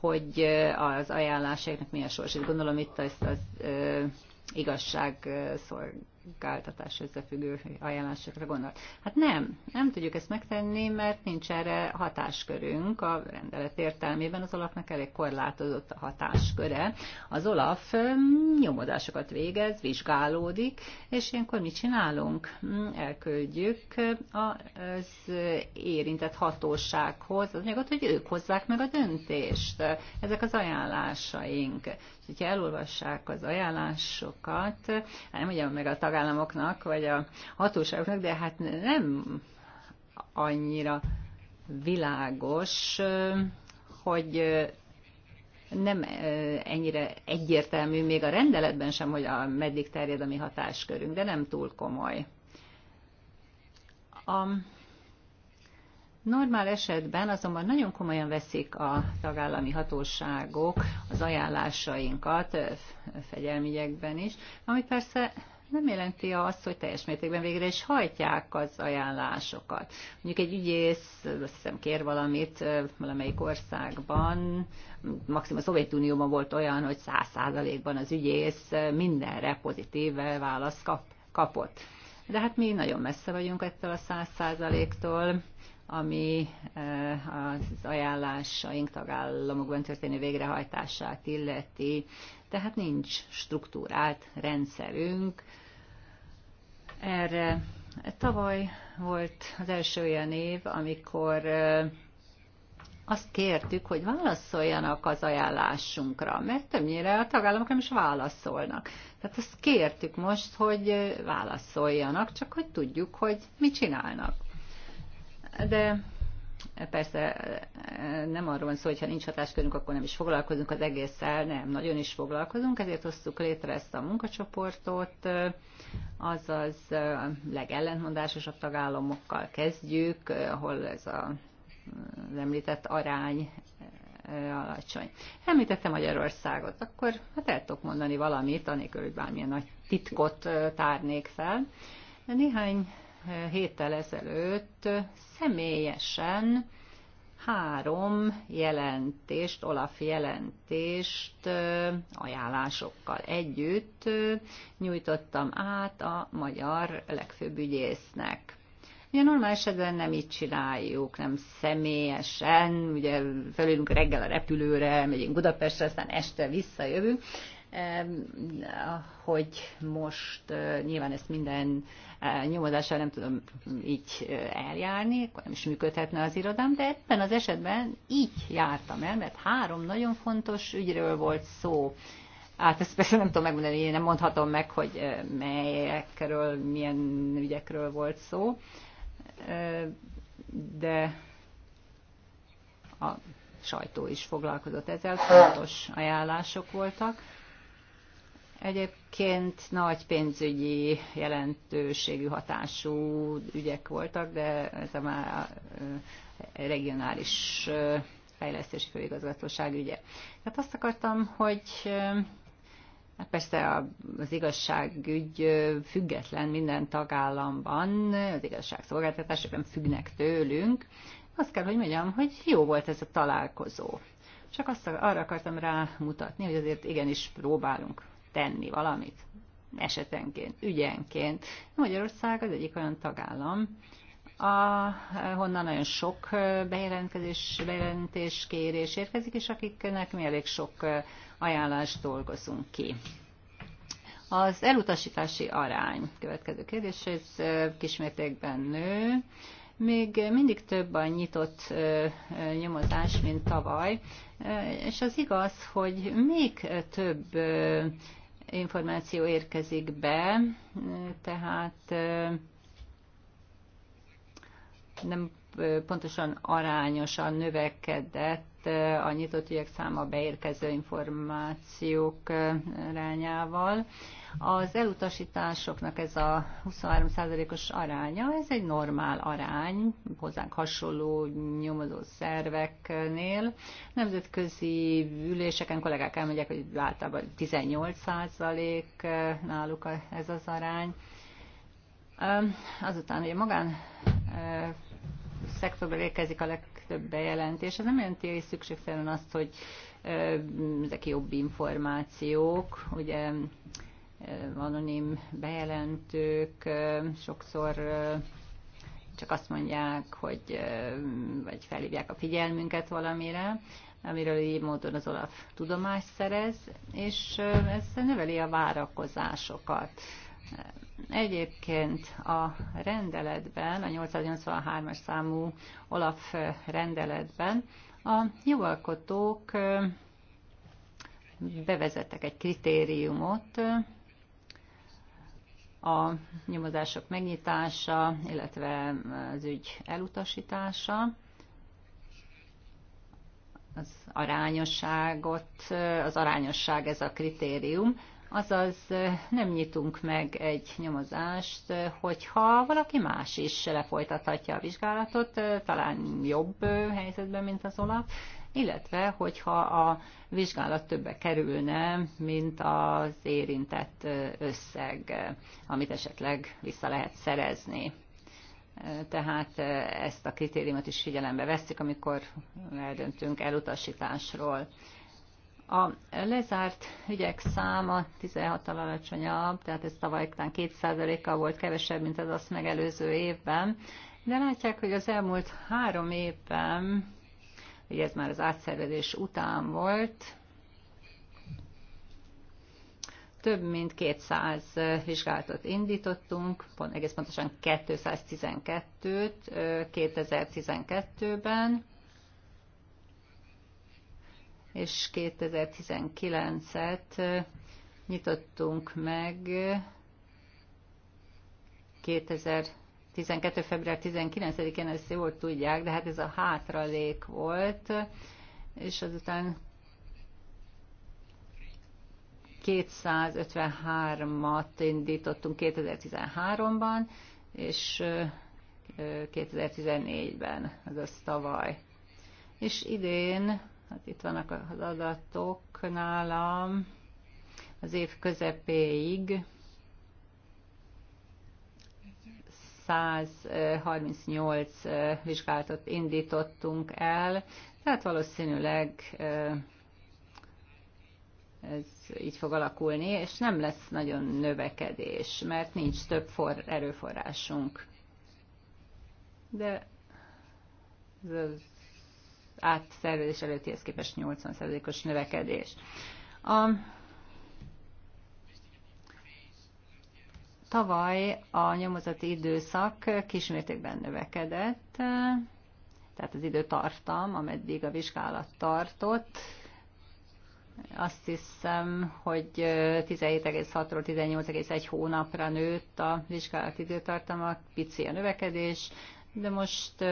hogy az ajánlásoknak milyen sors. Gondolom itt ezt az igazságszolgáltatás munkáltatás összefüggő ajánlásokra gondolt. Hát nem, nem tudjuk ezt megtenni, mert nincs erre hatáskörünk. A rendelet értelmében az Olafnak elég korlátozott a hatásköre. Az Olaf mm, nyomodásokat végez, vizsgálódik, és ilyenkor mit csinálunk? Mm, elküldjük az érintett hatósághoz az anyagot, hogy ők hozzák meg a döntést. Ezek az ajánlásaink hogyha elolvassák az ajánlásokat, hát nem mondjam meg a tagállamoknak, vagy a hatóságoknak, de hát nem annyira világos, hogy nem ennyire egyértelmű, még a rendeletben sem, hogy a, meddig terjed a mi hatáskörünk, de nem túl komoly. A Normál esetben azonban nagyon komolyan veszik a tagállami hatóságok az ajánlásainkat, fegyelmiekben is, ami persze nem jelenti azt, hogy teljes mértékben végre is hajtják az ajánlásokat. Mondjuk egy ügyész, azt hiszem, kér valamit valamelyik országban, maximum a Szovjetunióban volt olyan, hogy száz százalékban az ügyész mindenre pozitív választ kap, kapott. De hát mi nagyon messze vagyunk ettől a száz százaléktól, ami e, az ajánlásaink tagállamokban történő végrehajtását illeti. Tehát nincs struktúrált rendszerünk. Erre tavaly volt az első olyan év, amikor e, azt kértük, hogy válaszoljanak az ajánlásunkra, mert többnyire a tagállamok nem is válaszolnak. Tehát azt kértük most, hogy e, válaszoljanak, csak hogy tudjuk, hogy mit csinálnak de e, persze e, nem arról van szó, hogyha nincs hatáskörünk, akkor nem is foglalkozunk az egésszel, nem, nagyon is foglalkozunk, ezért hoztuk létre ezt a munkacsoportot, e, azaz legellentmondásosabb tagállamokkal kezdjük, ahol ez a az említett arány alacsony. Említette Magyarországot, akkor hát el tudok mondani valamit, anélkül, hogy bármilyen nagy titkot tárnék fel. Néhány héttel ezelőtt személyesen három jelentést, Olaf jelentést ajánlásokkal együtt nyújtottam át a magyar legfőbb ügyésznek. Ugye normál esetben nem így csináljuk, nem személyesen, ugye felülünk reggel a repülőre, megyünk Budapestre, aztán este visszajövünk hogy most nyilván ezt minden nyomozással nem tudom így eljárni, akkor nem is működhetne az irodám, de ebben az esetben így jártam el, mert három nagyon fontos ügyről volt szó. Hát ezt persze nem tudom megmondani, én nem mondhatom meg, hogy melyekről, milyen ügyekről volt szó, de a sajtó is foglalkozott ezzel, fontos ajánlások voltak. Egyébként nagy pénzügyi jelentőségű hatású ügyek voltak, de ez a már regionális fejlesztési főigazgatóság ügye. Tehát azt akartam, hogy hát persze az igazságügy független minden tagállamban, az igazságszolgáltatások nem függnek tőlünk. Azt kell, hogy mondjam, hogy jó volt ez a találkozó. Csak azt, arra akartam rámutatni, hogy azért igenis próbálunk tenni valamit esetenként, ügyenként. Magyarország az egyik olyan tagállam, a, honnan nagyon sok bejelentkezés, bejelentés, kérés érkezik, és akiknek mi elég sok ajánlást dolgozunk ki. Az elutasítási arány, következő kérdés, ez kismértékben nő. Még mindig több a nyitott nyomozás, mint tavaly, és az igaz, hogy még több információ érkezik be, tehát nem pontosan arányosan növekedett Eh, a nyitott ügyek száma beérkező információk arányával. Eh, az elutasításoknak ez a 23%-os aránya, ez egy normál arány, hozzánk hasonló nyomozó szerveknél. Nemzetközi üléseken kollégák elmondják, hogy általában 18% eh, náluk ez az arány. Azután a magán szektorból érkezik a legtöbb bejelentés. Ez nem tényleg szükségszerűen azt, hogy ezek jobb információk, ugye anonim bejelentők sokszor csak azt mondják, hogy vagy felhívják a figyelmünket valamire, amiről így módon az Olaf tudomást szerez, és ez növeli a várakozásokat. Egyébként a rendeletben, a 883-as számú Olaf rendeletben a jogalkotók bevezettek egy kritériumot, a nyomozások megnyitása, illetve az ügy elutasítása, az arányosságot, az arányosság ez a kritérium, Azaz nem nyitunk meg egy nyomozást, hogyha valaki más is lefolytathatja a vizsgálatot, talán jobb helyzetben, mint az olap, illetve hogyha a vizsgálat többe kerülne, mint az érintett összeg, amit esetleg vissza lehet szerezni. Tehát ezt a kritériumot is figyelembe veszik, amikor eldöntünk elutasításról. A lezárt ügyek száma 16-tal alacsonyabb, tehát ez tavaly 2%-kal volt kevesebb, mint az azt megelőző évben. De látják, hogy az elmúlt három évben, ugye ez már az átszervezés után volt, több mint 200 vizsgálatot indítottunk, pont egész pontosan 212-t 2012-ben, és 2019-et nyitottunk meg 2012. február 19-én, ezt jól tudják, de hát ez a hátralék volt, és azután 253-at indítottunk 2013-ban, és 2014-ben, azaz tavaly. És idén hát itt vannak az adatok nálam, az év közepéig 138 vizsgálatot indítottunk el, tehát valószínűleg ez így fog alakulni, és nem lesz nagyon növekedés, mert nincs több for erőforrásunk. De ez az átszervezés előttihez képest 80%-os növekedés. A Tavaly a nyomozati időszak kismértékben növekedett, tehát az időtartam, ameddig a vizsgálat tartott, azt hiszem, hogy 17,6-ról 18,1 hónapra nőtt a vizsgálat időtartama, pici a növekedés, de most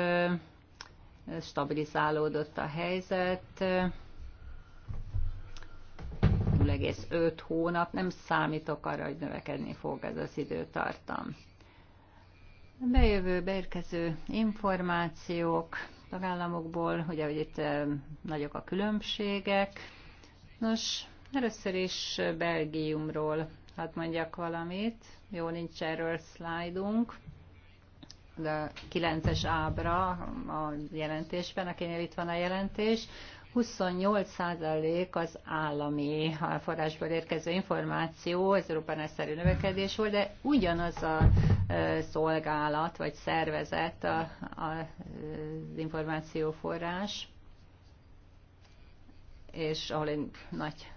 stabilizálódott a helyzet. 0,5 hónap, nem számítok arra, hogy növekedni fog ez az időtartam. Bejövő, beérkező információk tagállamokból, ugye, hogy itt eh, nagyok a különbségek. Nos, először is Belgiumról hát mondjak valamit. Jó, nincs erről szlájdunk. 9-es ábra a jelentésben, akinél itt van a jelentés, 28% az állami forrásból érkező információ, ez Európán növekedés volt, de ugyanaz a szolgálat vagy szervezet a, a, az információforrás, és ahol egy nagy,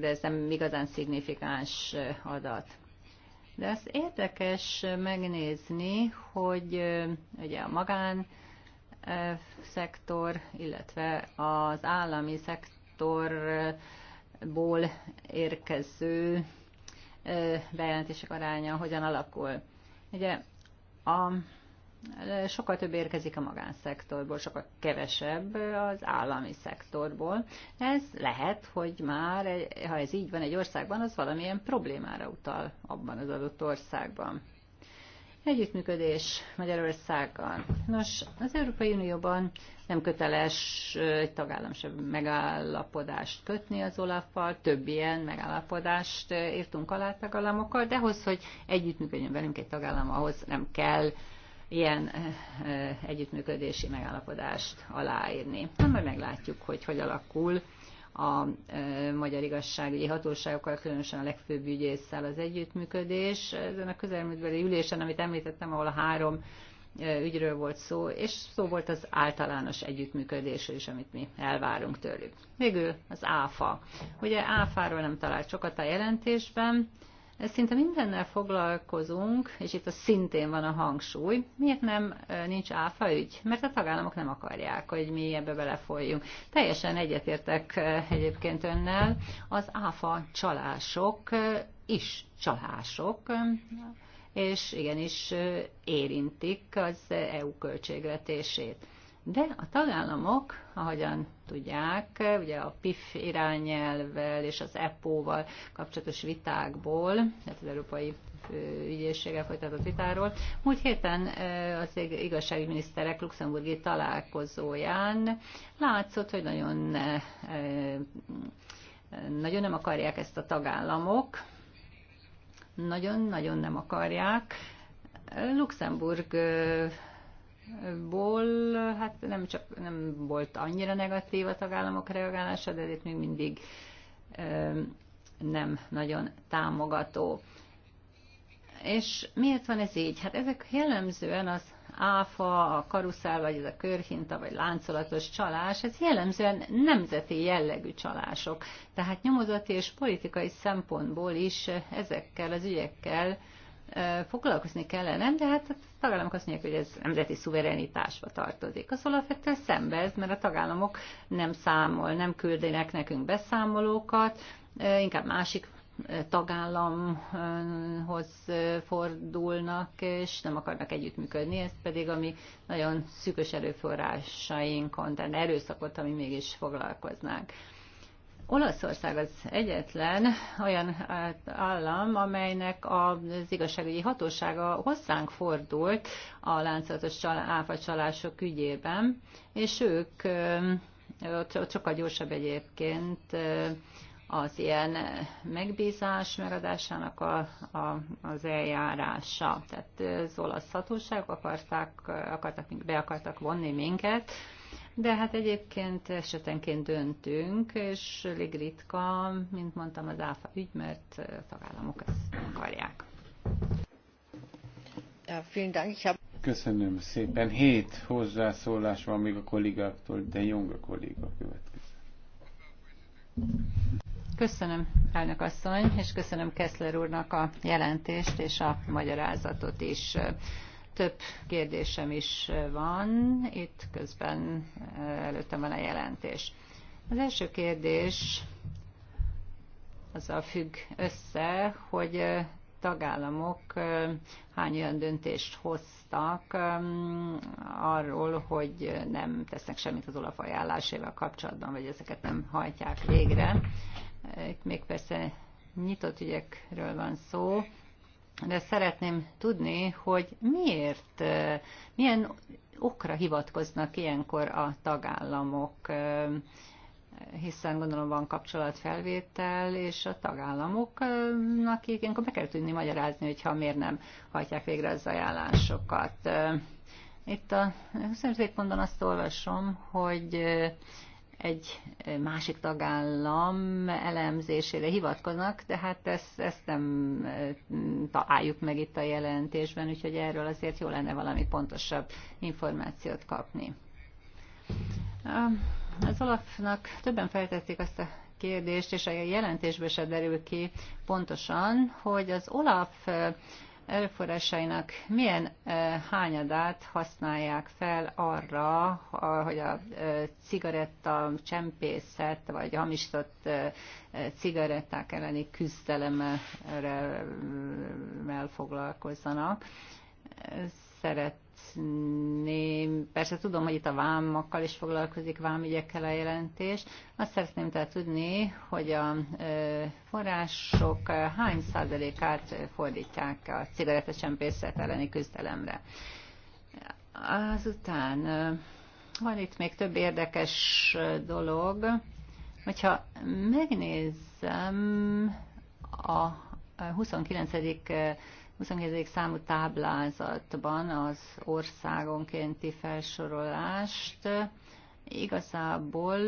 de ez nem igazán szignifikáns adat. De az érdekes megnézni, hogy ugye a magán szektor, illetve az állami szektorból érkező bejelentések aránya hogyan alakul. Ugye a sokkal több érkezik a magánszektorból, sokkal kevesebb az állami szektorból. Ez lehet, hogy már, ha ez így van egy országban, az valamilyen problémára utal abban az adott országban. Együttműködés Magyarországgal. Nos, az Európai Unióban nem köteles egy tagállam sem megállapodást kötni az Olaffal, több ilyen megállapodást írtunk alá tagállamokkal, de ahhoz, hogy együttműködjön velünk egy tagállam, ahhoz nem kell ilyen eh, eh, együttműködési megállapodást aláírni. Nem hát majd meglátjuk, hogy hogy alakul a eh, magyar igazságügyi hatóságokkal, különösen a legfőbb ügyészszel az együttműködés. Ezen a közelmúltbeli ülésen, amit említettem, ahol a három ügyről volt szó, és szó volt az általános együttműködésről is, amit mi elvárunk tőlük. Végül az ÁFA. Ugye ról nem talált sokat a jelentésben, ez Szinte mindennel foglalkozunk, és itt a szintén van a hangsúly. Miért nem nincs áfa ügy? Mert a tagállamok nem akarják, hogy mi ebbe belefolyjunk. Teljesen egyetértek egyébként önnel. Az áfa csalások is csalások, és igenis érintik az EU költségvetését. De a tagállamok, ahogyan tudják, ugye a PIF irányelvvel és az EPO-val kapcsolatos vitákból, tehát az Európai Ügyészséggel folytatott vitáról, múlt héten az igazságügyminiszterek luxemburgi találkozóján látszott, hogy nagyon nagyon nem akarják ezt a tagállamok, nagyon-nagyon nem akarják. Luxemburg ból, hát nem csak nem volt annyira negatív a tagállamok reagálása, de ezért még mindig nem nagyon támogató. És miért van ez így? Hát ezek jellemzően az áfa, a karuszál, vagy ez a körhinta, vagy láncolatos csalás, ez jellemzően nemzeti jellegű csalások. Tehát nyomozati és politikai szempontból is ezekkel az ügyekkel foglalkozni kellene, de hát a tagállamok azt mondják, hogy ez nemzeti szuverenitásba tartozik. Az alapvetően szembe ez, mert a tagállamok nem számol, nem küldenek nekünk beszámolókat, inkább másik tagállamhoz fordulnak, és nem akarnak együttműködni, ez pedig ami nagyon szűkös erőforrásainkon, tehát erőszakot, ami mégis foglalkoznánk. Olaszország az egyetlen olyan hát, állam, amelynek az igazságügyi hatósága hozzánk fordult a láncolatos áfacsalások ügyében, és ők ott, sokkal gyorsabb egyébként az ilyen megbízás megadásának a, a, az eljárása. Tehát az olasz hatóságok akarták, akartak, be akartak vonni minket, de hát egyébként esetenként döntünk, és elég ritka, mint mondtam, az ÁFA ügy, mert a tagállamok ezt akarják. Köszönöm szépen. Hét hozzászólás van még a kollégáktól, de Jong a kolléga következő. Köszönöm, elnök asszony, és köszönöm Keszler úrnak a jelentést és a magyarázatot is több kérdésem is van, itt közben eh, előttem van a jelentés. Az első kérdés azzal függ össze, hogy eh, tagállamok eh, hány olyan döntést hoztak arról, hogy nem tesznek semmit az olaf ajánlásával kapcsolatban, vagy ezeket nem hajtják végre. Itt még persze nyitott ügyekről van szó, de szeretném tudni, hogy miért, milyen okra hivatkoznak ilyenkor a tagállamok, hiszen gondolom van kapcsolatfelvétel, és a tagállamoknak ilyenkor be kell tudni magyarázni, hogyha miért nem hajtják végre az ajánlásokat. Itt a 25. ponton azt olvasom, hogy egy másik tagállam elemzésére hivatkoznak, hát ezt, ezt nem eh, találjuk meg itt a jelentésben, úgyhogy erről azért jó lenne valami pontosabb információt kapni. Eh, az Olafnak többen feltették azt a kérdést, és a jelentésből se derül ki pontosan, hogy az Olaf eh, erőforrásainak milyen e, hányadát használják fel arra, hogy a e, cigaretta csempészet vagy hamisított e, cigaretták elleni küzdelemmel foglalkozzanak. Szeret szeretném, persze tudom, hogy itt a vámakkal is foglalkozik, vámügyekkel a jelentés, azt szeretném tehát tudni, hogy a források hány százalékát fordítják a cigarettacsempészet elleni küzdelemre. Azután van itt még több érdekes dolog, hogyha megnézem a 29 22. számú táblázatban az országonkénti felsorolást. Igazából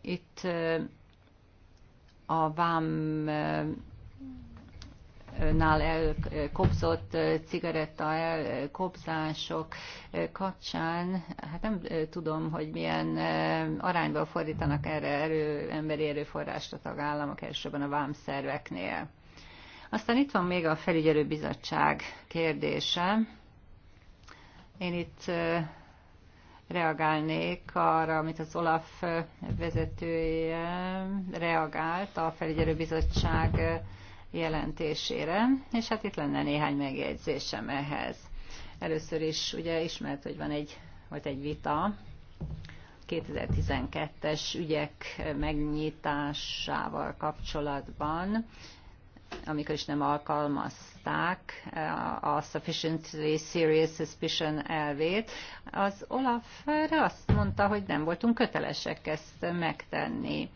itt a vám nál elkobzott cigaretta elkobzások kapcsán, hát nem tudom, hogy milyen arányban fordítanak erre erő, emberi erőforrást a tagállamok, elsősorban a vámszerveknél. Aztán itt van még a felügyelőbizottság kérdése. Én itt reagálnék arra, amit az Olaf vezetője reagált a felügyelőbizottság jelentésére, és hát itt lenne néhány megjegyzésem ehhez. Először is ugye ismert, hogy van egy, volt egy vita 2012-es ügyek megnyitásával kapcsolatban, amikor is nem alkalmazták eh, a sufficiently serious suspicion elvét, az Olaf azt mondta, hogy nem voltunk kötelesek ezt megtenni.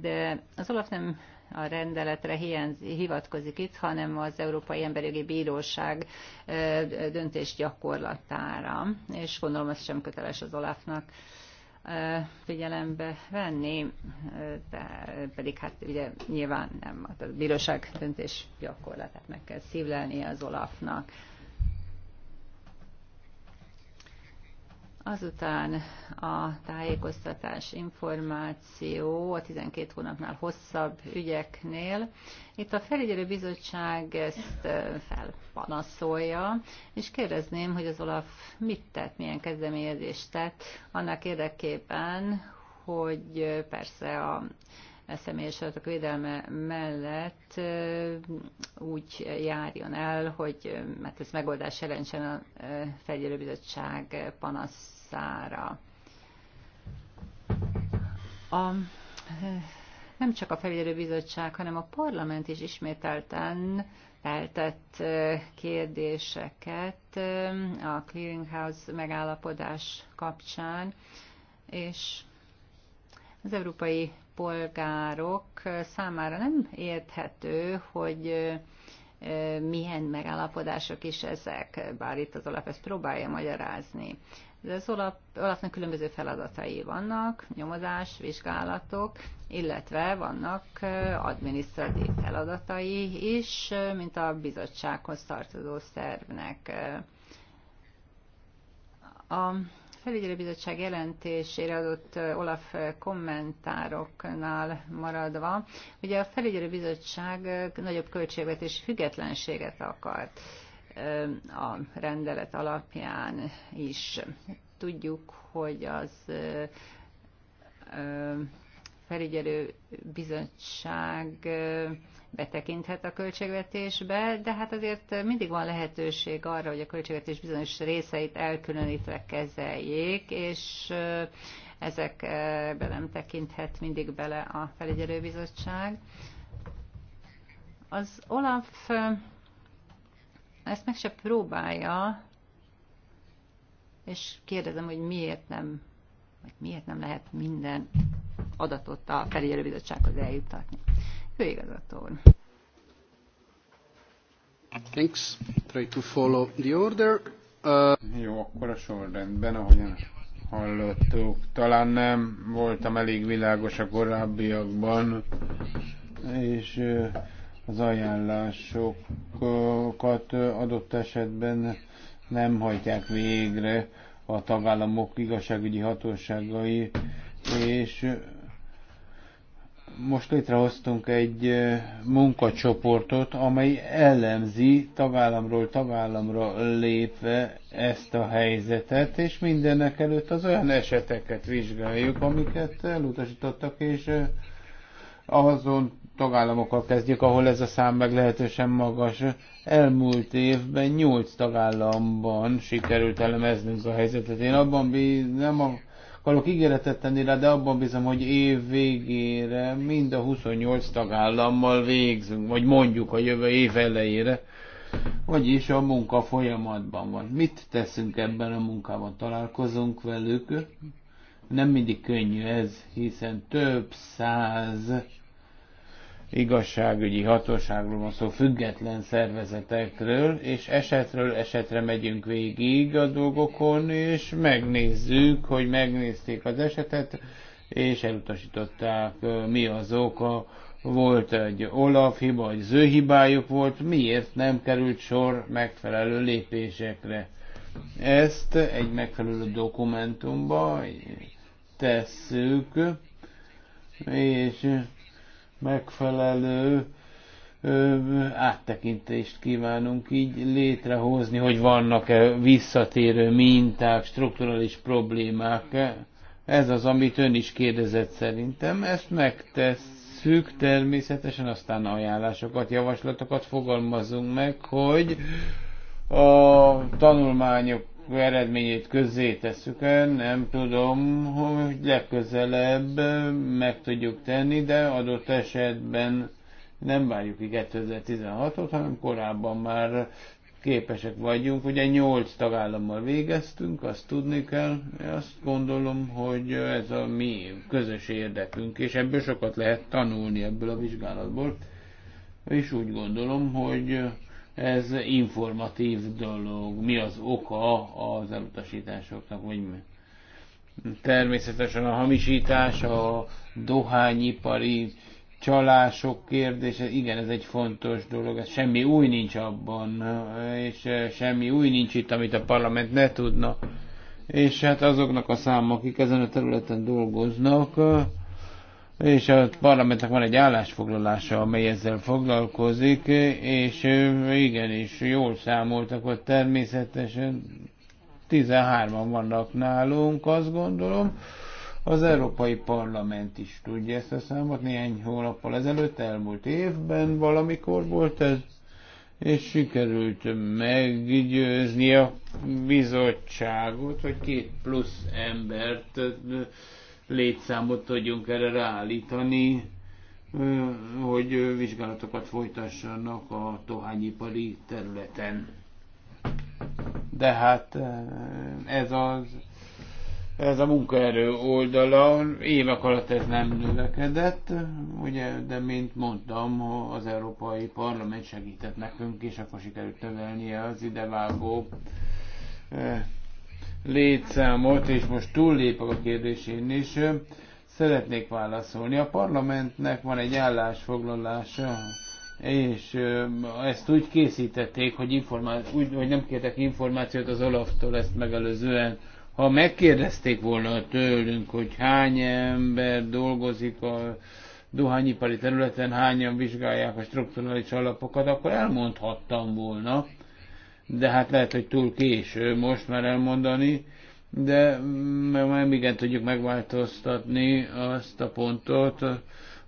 De az Olaf nem a rendeletre hivatkozik itt, hanem az Európai Jogi Bíróság eh, döntés gyakorlatára, és gondolom ez sem köteles az Olafnak figyelembe venni, de pedig hát ugye nyilván nem, a bíróság döntés gyakorlatát meg kell szívlelni az Olafnak. Azután a tájékoztatás, információ a 12 hónapnál hosszabb ügyeknél. Itt a felügyelő bizottság ezt felpanaszolja, és kérdezném, hogy az Olaf mit tett, milyen kezdeményezést tett annak érdekében, hogy persze a E személyes adatok védelme mellett e, úgy járjon el, hogy e, mert ez megoldás jelentsen a felügyelőbizottság panaszára. A nem csak a felügyelőbizottság, hanem a parlament is ismételten feltett kérdéseket a clearinghouse megállapodás kapcsán, és az európai polgárok számára nem érthető, hogy milyen megállapodások is ezek, bár itt az alap ezt próbálja magyarázni. De az Olaf, alapnak különböző feladatai vannak, nyomozás, vizsgálatok, illetve vannak adminisztratív feladatai is, mint a bizottsághoz tartozó szervnek. A felügyelőbizottság jelentésére adott Olaf kommentároknál maradva, ugye a felügyelőbizottság nagyobb költségvetés függetlenséget akart a rendelet alapján is. Tudjuk, hogy az felügyelő bizottság betekinthet a költségvetésbe, de hát azért mindig van lehetőség arra, hogy a költségvetés bizonyos részeit elkülönítve kezeljék, és ezekbe nem tekinthet mindig bele a felügyelő bizottság. Az Olaf ezt meg se próbálja, és kérdezem, hogy miért nem, miért nem lehet minden adatot a felügyelőbizottsághoz eljuttatni. Főigazgató úr. Thanks. Try to follow the order. Uh... Jó, akkor a sorrendben, ahogyan hallottuk. Talán nem voltam elég világos a korábbiakban, és uh, az ajánlásokat uh, adott esetben nem hajtják végre a tagállamok igazságügyi hatóságai, és uh, most létrehoztunk egy munkacsoportot, amely ellenzi tagállamról tagállamra lépve ezt a helyzetet, és mindenek előtt az olyan eseteket vizsgáljuk, amiket elutasítottak, és azon tagállamokkal kezdjük, ahol ez a szám meglehetősen magas. Elmúlt évben nyolc tagállamban sikerült elemeznünk a helyzetet. Én abban bíz, nem a akarok ígéretet tenni rá, de abban bizom, hogy év végére mind a 28 tagállammal végzünk, vagy mondjuk a jövő év elejére, vagyis a munka folyamatban van. Mit teszünk ebben a munkában? Találkozunk velük? Nem mindig könnyű ez, hiszen több száz igazságügyi hatóságról van szó, független szervezetekről, és esetről esetre megyünk végig a dolgokon, és megnézzük, hogy megnézték az esetet, és elutasították, mi az oka, volt egy Olaf hiba, vagy zőhibájuk volt, miért nem került sor megfelelő lépésekre. Ezt egy megfelelő dokumentumba tesszük, és megfelelő ö, áttekintést kívánunk így létrehozni, hogy vannak-e visszatérő minták, strukturális problémák. Ez az, amit ön is kérdezett szerintem. Ezt megtesszük természetesen, aztán ajánlásokat, javaslatokat fogalmazunk meg, hogy a tanulmányok eredményét közzé tesszük, nem tudom, hogy legközelebb meg tudjuk tenni, de adott esetben nem várjuk ki 2016-ot, hanem korábban már képesek vagyunk. Ugye 8 tagállammal végeztünk, azt tudni kell, azt gondolom, hogy ez a mi közös érdekünk, és ebből sokat lehet tanulni ebből a vizsgálatból. És úgy gondolom, hogy ez informatív dolog. Mi az oka az elutasításoknak, vagy mi? Természetesen a hamisítás, a dohányipari csalások kérdése, igen, ez egy fontos dolog, ez semmi új nincs abban, és semmi új nincs itt, amit a parlament ne tudna. És hát azoknak a számok, akik ezen a területen dolgoznak, és a parlamentnek van egy állásfoglalása, amely ezzel foglalkozik, és igenis jól számoltak ott természetesen. 13-an vannak nálunk, azt gondolom. Az Európai Parlament is tudja ezt a számot, néhány hónappal ezelőtt, elmúlt évben valamikor volt ez, és sikerült meggyőzni a bizottságot, hogy két plusz embert létszámot tudjunk erre ráállítani, hogy vizsgálatokat folytassanak a tohányipari területen. De hát ez az ez a munkaerő oldala, évek alatt ez nem növekedett, ugye, de mint mondtam, az Európai Parlament segített nekünk, és akkor sikerült növelnie az idevágó létszámot, és most túllépek a kérdésén is, szeretnék válaszolni. A parlamentnek van egy állásfoglalása, és ezt úgy készítették, hogy, úgy, hogy nem kértek információt az Olaftól ezt megelőzően. Ha megkérdezték volna tőlünk, hogy hány ember dolgozik a dohányipari területen, hányan vizsgálják a strukturális alapokat, akkor elmondhattam volna de hát lehet, hogy túl késő most már elmondani, de már igen tudjuk megváltoztatni azt a pontot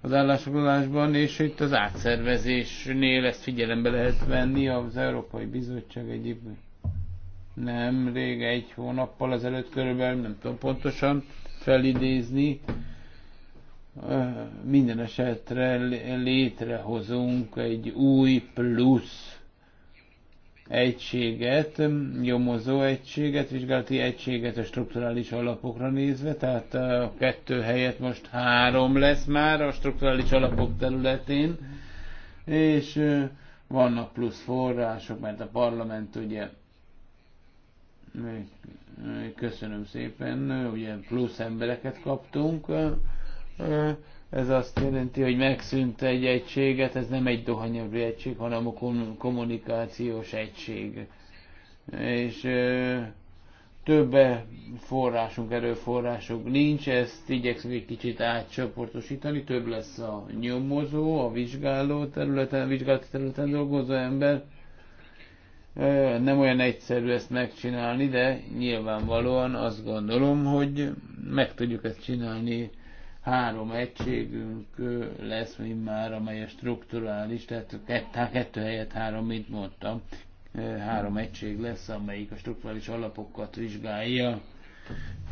az állásfoglalásban, és itt az átszervezésnél ezt figyelembe lehet venni az Európai Bizottság egyik nem rég, egy hónappal ezelőtt körülbelül, nem tudom pontosan felidézni, minden esetre létrehozunk egy új plusz egységet, nyomozó egységet, vizsgálati egységet a strukturális alapokra nézve, tehát eh, a kettő helyett most három lesz már a strukturális alapok területén, és eh, vannak plusz források, mert a parlament ugye eh, köszönöm szépen, ugye plusz embereket kaptunk, ez azt jelenti, hogy megszűnt egy egységet, ez nem egy dohanyagú egység, hanem a kommunikációs egység. És ö, több forrásunk, erőforrásunk nincs, ezt igyekszünk egy kicsit átcsoportosítani, több lesz a nyomozó, a vizsgáló területen, a vizsgálati területen dolgozó ember. Nem olyan egyszerű ezt megcsinálni, de nyilvánvalóan azt gondolom, hogy meg tudjuk ezt csinálni három egységünk lesz, mint már, amely a strukturális, tehát kettő, kettő helyett három, mint mondtam, három egység lesz, amelyik a strukturális alapokat vizsgálja.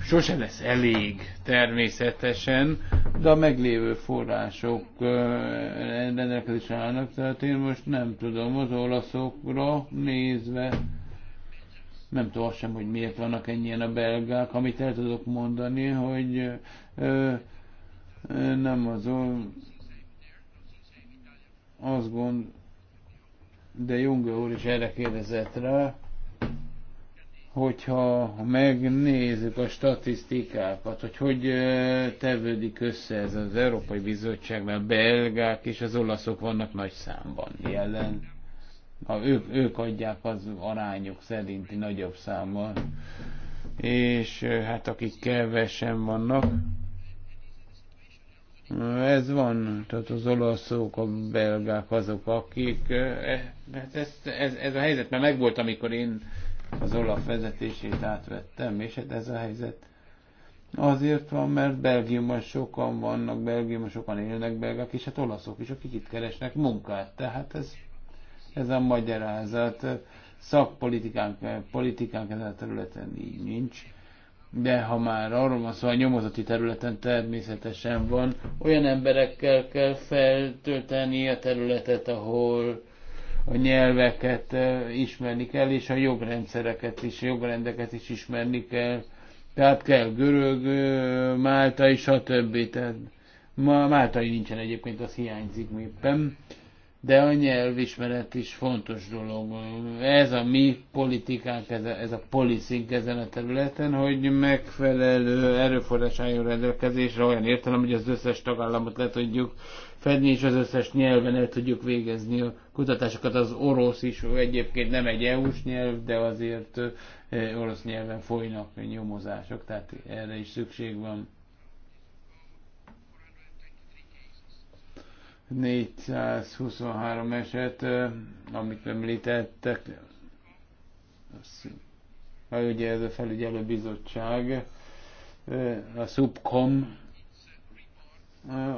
Sose lesz elég természetesen, de a meglévő források rendelkezésre állnak, tehát én most nem tudom az olaszokra nézve, nem tudom sem, hogy miért vannak ennyien a belgák, amit el tudok mondani, hogy ö, nem azon, az gond, de Junge úr is erre kérdezett rá, hogyha megnézzük a statisztikákat, hogy hogy tevődik össze ez az Európai Bizottságnál, a belgák és az olaszok vannak nagy számban jelen. Ha ők, ők adják az arányok szerinti nagyobb számban, és hát akik kevesen vannak, ez van, tehát az olaszok, a belgák azok, akik... Eh, hát ez, ez, ez a helyzet már megvolt, amikor én az olaf vezetését átvettem, és hát ez a helyzet azért van, mert Belgiumban sokan vannak, Belgiumban sokan élnek belgák, és hát olaszok is, akik itt keresnek munkát. Tehát ez, ez a magyarázat. Szakpolitikánk, politikánk ezen a területen így nincs de ha már arról van szó, a nyomozati területen természetesen van, olyan emberekkel kell feltölteni a területet, ahol a nyelveket ismerni kell, és a jogrendszereket is, jogrendeket is ismerni kell. Tehát kell görög, máltai, stb. Tehát Máltai nincsen egyébként, az hiányzik éppen de a nyelvismeret is fontos dolog. Ez a mi politikánk, ez a, ez a policing ezen a területen, hogy megfelelő erőforrás álljon rendelkezésre olyan értelem, hogy az összes tagállamot le tudjuk fedni, és az összes nyelven el tudjuk végezni a kutatásokat. Az orosz is egyébként nem egy EU-s nyelv, de azért orosz nyelven folynak nyomozások, tehát erre is szükség van. 423 eset, amit említettek, ha ugye ez a felügyelő bizottság, a Subcom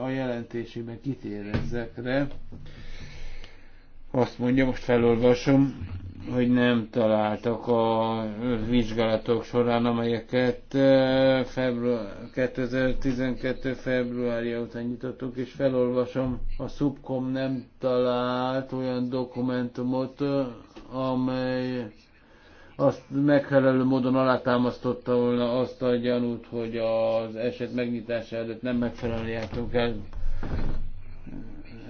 a jelentésében kitér ezekre. Azt mondja, most felolvasom, hogy nem találtak a vizsgálatok során, amelyeket eh, február, 2012. februárja után nyitottuk, és felolvasom, a Subcom nem talált olyan dokumentumot, eh, amely azt megfelelő módon alátámasztotta volna azt a gyanút, hogy az eset megnyitása előtt nem megfelelően jártunk el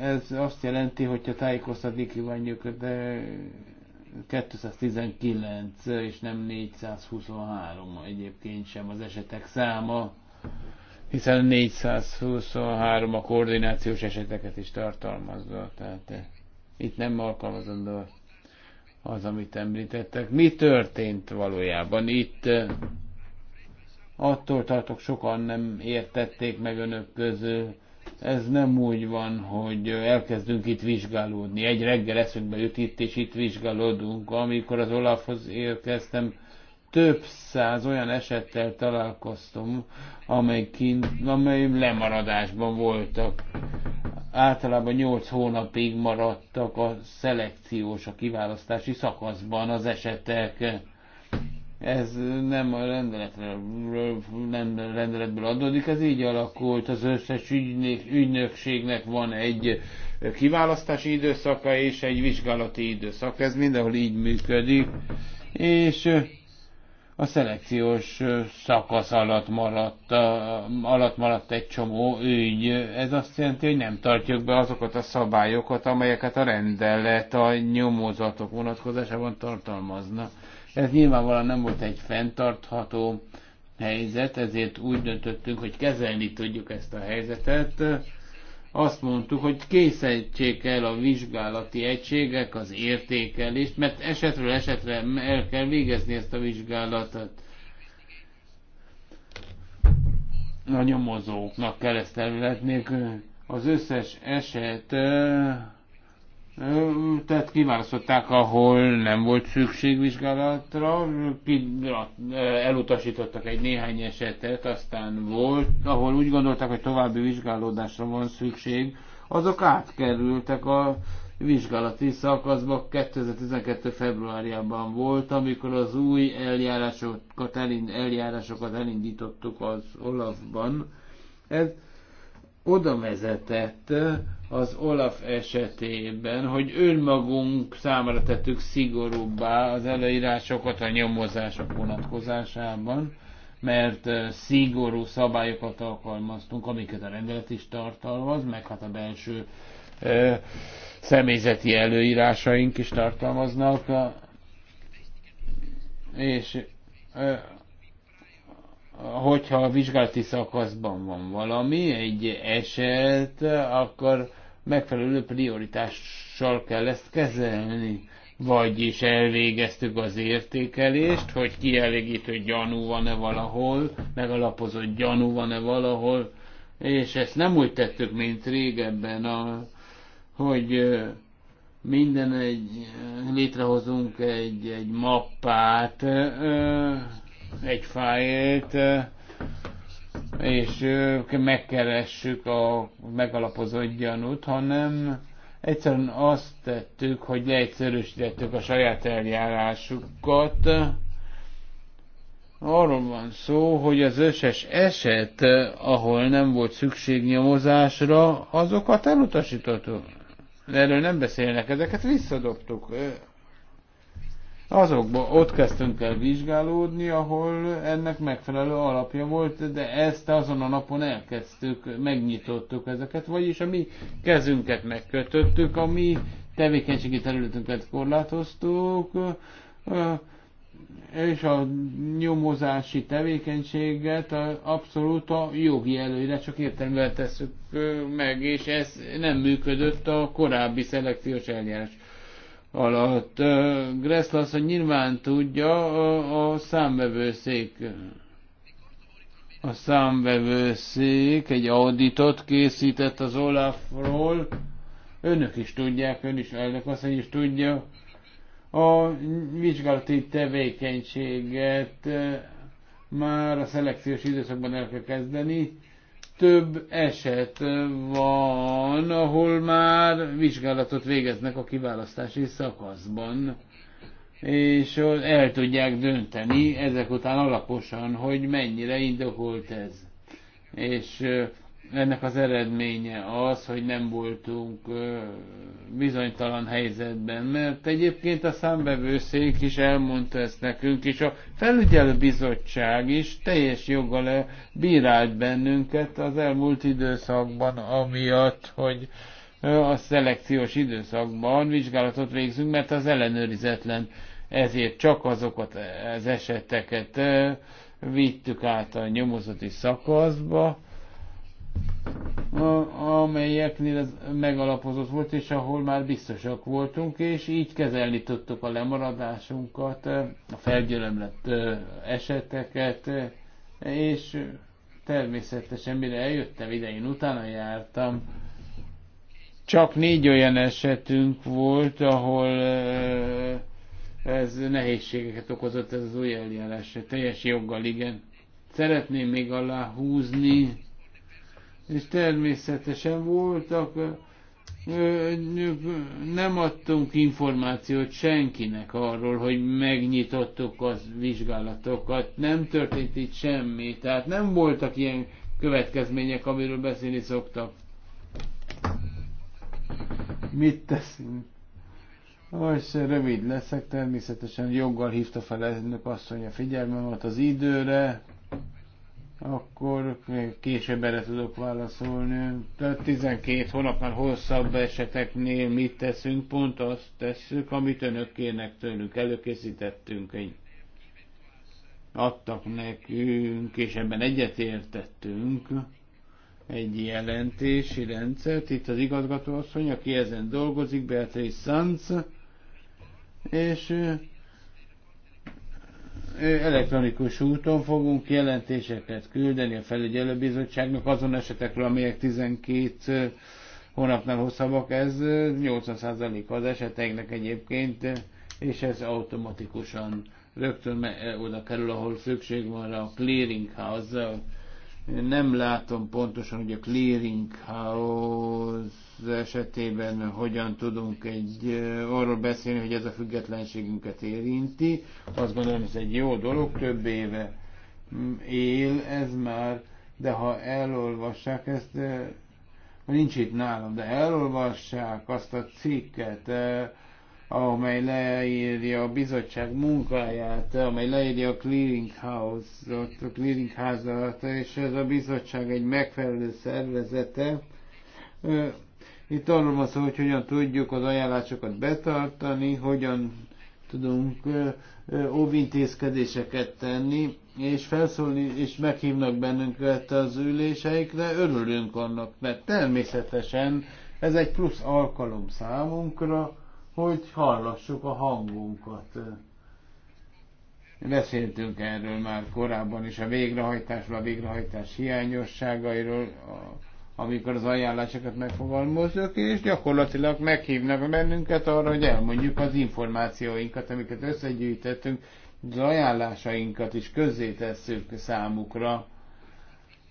ez azt jelenti, hogyha tájékoztatni kívánjuk, de 219 és nem 423 egyébként sem az esetek száma, hiszen 423 a koordinációs eseteket is tartalmazza, tehát itt nem alkalmazandó az, amit említettek. Mi történt valójában itt? Attól tartok, sokan nem értették meg önök közül, ez nem úgy van, hogy elkezdünk itt vizsgálódni. Egy reggel eszünkbe jut itt, és itt vizsgálódunk. Amikor az Olafhoz érkeztem, több száz olyan esettel találkoztam, amely, kint, amely lemaradásban voltak. Általában 8 hónapig maradtak a szelekciós, a kiválasztási szakaszban az esetek ez nem a nem rendeletből adódik, ez így alakult, az összes ügynökségnek van egy kiválasztási időszaka és egy vizsgálati időszak, ez mindenhol így működik, és a szelekciós szakasz alatt maradt, alatt maradt egy csomó ügy. Ez azt jelenti, hogy nem tartjuk be azokat a szabályokat, amelyeket a rendelet a nyomozatok vonatkozásában tartalmazna ez nyilvánvalóan nem volt egy fenntartható helyzet, ezért úgy döntöttünk, hogy kezelni tudjuk ezt a helyzetet. Azt mondtuk, hogy készítsék el a vizsgálati egységek az értékelést, mert esetről esetre el kell végezni ezt a vizsgálatot. A nyomozóknak kell ezt területnék. Az összes eset tehát kiválasztották, ahol nem volt szükség vizsgálatra, e, elutasítottak egy néhány esetet, aztán volt, ahol úgy gondolták, hogy további vizsgálódásra van szükség, azok átkerültek a vizsgálati szakaszba 2012. februárjában volt, amikor az új eljárásokat, elind, eljárásokat elindítottuk az Olafban. Ez oda vezetett, az Olaf esetében, hogy önmagunk számára tettük szigorúbbá az előírásokat a nyomozások vonatkozásában, mert szigorú szabályokat alkalmaztunk, amiket a rendelet is tartalmaz, meg hát a belső ö, személyzeti előírásaink is tartalmaznak, és ö, hogyha a vizsgálati szakaszban van valami, egy eset, akkor megfelelő prioritással kell ezt kezelni. Vagyis elvégeztük az értékelést, hogy kielégítő gyanú van-e valahol, megalapozott gyanú van-e valahol, és ezt nem úgy tettük, mint régebben, a, hogy minden egy, létrehozunk egy, egy mappát, egy fájlt, és megkeressük a megalapozott gyanút, hanem egyszerűen azt tettük, hogy leegyszerűsítettük a saját eljárásukat. Arról van szó, hogy az összes eset, ahol nem volt szükség nyomozásra, azokat elutasítottuk. Erről nem beszélnek, ezeket visszadobtuk azokba ott kezdtünk el vizsgálódni, ahol ennek megfelelő alapja volt, de ezt azon a napon elkezdtük, megnyitottuk ezeket, vagyis a mi kezünket megkötöttük, a mi tevékenységi területünket korlátoztuk, és a nyomozási tevékenységet abszolút a jogi előre csak értelművel tesszük meg, és ez nem működött a korábbi szelekciós eljárás alatt. Gressler az, hogy nyilván tudja a, a számvevőszék. A számvevőszék egy auditot készített az Olafról. Önök is tudják, ön is, elnök azt is tudja. A vizsgálati tevékenységet már a szelekciós időszakban el kell kezdeni több eset van, ahol már vizsgálatot végeznek a kiválasztási szakaszban, és el tudják dönteni ezek után alaposan, hogy mennyire indokolt ez. És ennek az eredménye az, hogy nem voltunk bizonytalan helyzetben, mert egyébként a számbevőszék is elmondta ezt nekünk, és a bizottság is teljes joggal bírált bennünket az elmúlt időszakban, amiatt, hogy a szelekciós időszakban vizsgálatot végzünk, mert az ellenőrizetlen, ezért csak azokat az eseteket vittük át a nyomozati szakaszba, amelyeknél ez megalapozott volt, és ahol már biztosak voltunk, és így kezelni tudtuk a lemaradásunkat, a felgyelemlett eseteket, és természetesen mire eljöttem ide, én utána jártam, csak négy olyan esetünk volt, ahol ez nehézségeket okozott ez az új eljárás. Teljes joggal, igen. Szeretném még alá húzni, és természetesen voltak, nem adtunk információt senkinek arról, hogy megnyitottuk az vizsgálatokat, nem történt itt semmi, tehát nem voltak ilyen következmények, amiről beszélni szoktak. Mit teszünk? se rövid leszek, természetesen joggal hívta fel elnök asszony a figyelmemet az időre akkor később erre tudok válaszolni. Tehát 12 hónapnál hosszabb eseteknél mit teszünk, pont azt tesszük, amit önök kérnek tőlünk. Előkészítettünk egy adtak nekünk, és ebben egyetértettünk egy jelentési rendszert. Itt az igazgatóasszony, aki ezen dolgozik, Beatrice Sanz, és elektronikus úton fogunk jelentéseket küldeni a felügyelőbizottságnak azon esetekről, amelyek 12 hónapnál hosszabbak, ez 80% az eseteknek egyébként, és ez automatikusan rögtön oda kerül, ahol szükség van a clearinghouse nem látom pontosan, hogy a clearing house esetében hogyan tudunk egy, arról beszélni, hogy ez a függetlenségünket érinti. Azt gondolom, ez egy jó dolog, több éve mm, él ez már, de ha elolvassák ezt, nincs itt nálam, de elolvassák azt a cikket, amely leírja a bizottság munkáját, amely leírja a clearinghouse-ot, a clearingházat, és ez a bizottság egy megfelelő szervezete. Itt arról van szó, hogy hogyan tudjuk az ajánlásokat betartani, hogyan tudunk óvintézkedéseket tenni, és felszólni, és meghívnak bennünket az üléseikre, örülünk annak, mert természetesen ez egy plusz alkalom számunkra, hogy hallassuk a hangunkat. Beszéltünk erről már korábban is, a végrehajtásról, a végrehajtás hiányosságairól, amikor az ajánlásokat megfogalmazzuk, és gyakorlatilag meghívnak bennünket arra, hogy elmondjuk az információinkat, amiket összegyűjtettünk, az ajánlásainkat is közzétesszük számukra,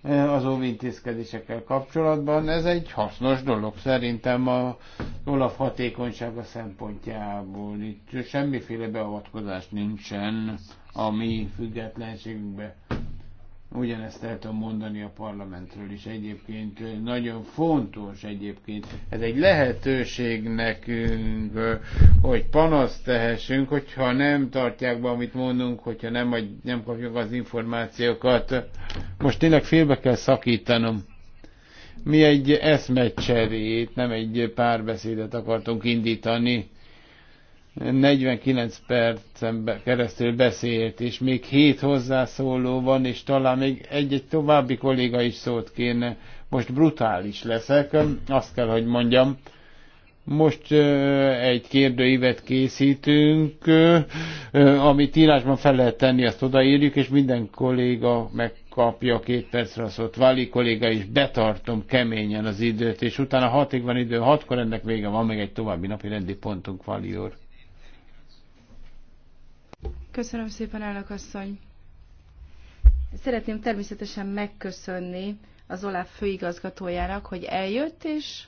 az óvintézkedésekkel kapcsolatban. Ez egy hasznos dolog szerintem a Olaf hatékonysága szempontjából. Itt semmiféle beavatkozás nincsen a mi függetlenségünkbe. Ugyanezt el tudom mondani a parlamentről is egyébként. Nagyon fontos egyébként. Ez egy lehetőség nekünk, hogy panaszt tehessünk, hogyha nem tartják be, amit mondunk, hogyha nem, vagy nem kapjuk az információkat. Most tényleg félbe kell szakítanom. Mi egy eszmecserét, nem egy párbeszédet akartunk indítani 49 percen keresztül beszélt, és még hét hozzászóló van, és talán még egy-egy további kolléga is szót kéne. Most brutális leszek, azt kell, hogy mondjam. Most egy kérdőívet készítünk, amit írásban fel lehet tenni, azt odaírjuk, és minden kolléga megkapja két percre a szót. Vali kolléga is betartom keményen az időt, és utána hatig van idő, hatkor ennek vége van, még egy további napi rendi pontunk, Vali úr. Köszönöm szépen, elnök asszony. Szeretném természetesen megköszönni az OLAF főigazgatójának, hogy eljött, és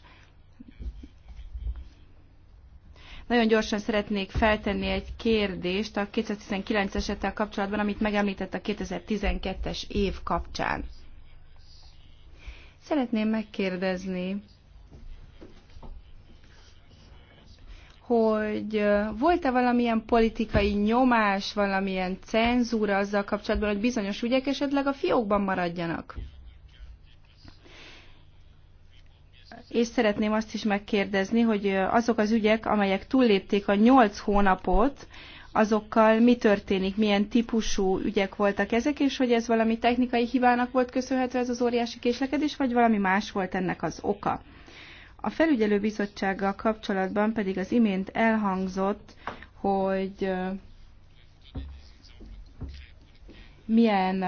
nagyon gyorsan szeretnék feltenni egy kérdést a 2019 esettel kapcsolatban, amit megemlített a 2012-es év kapcsán. Szeretném megkérdezni, hogy volt-e valamilyen politikai nyomás, valamilyen cenzúra azzal kapcsolatban, hogy bizonyos ügyek esetleg a fiókban maradjanak? És szeretném azt is megkérdezni, hogy azok az ügyek, amelyek túllépték a nyolc hónapot, azokkal mi történik, milyen típusú ügyek voltak ezek, és hogy ez valami technikai hibának volt köszönhető ez az óriási késlekedés, vagy valami más volt ennek az oka. A felügyelőbizottsággal kapcsolatban pedig az imént elhangzott, hogy milyen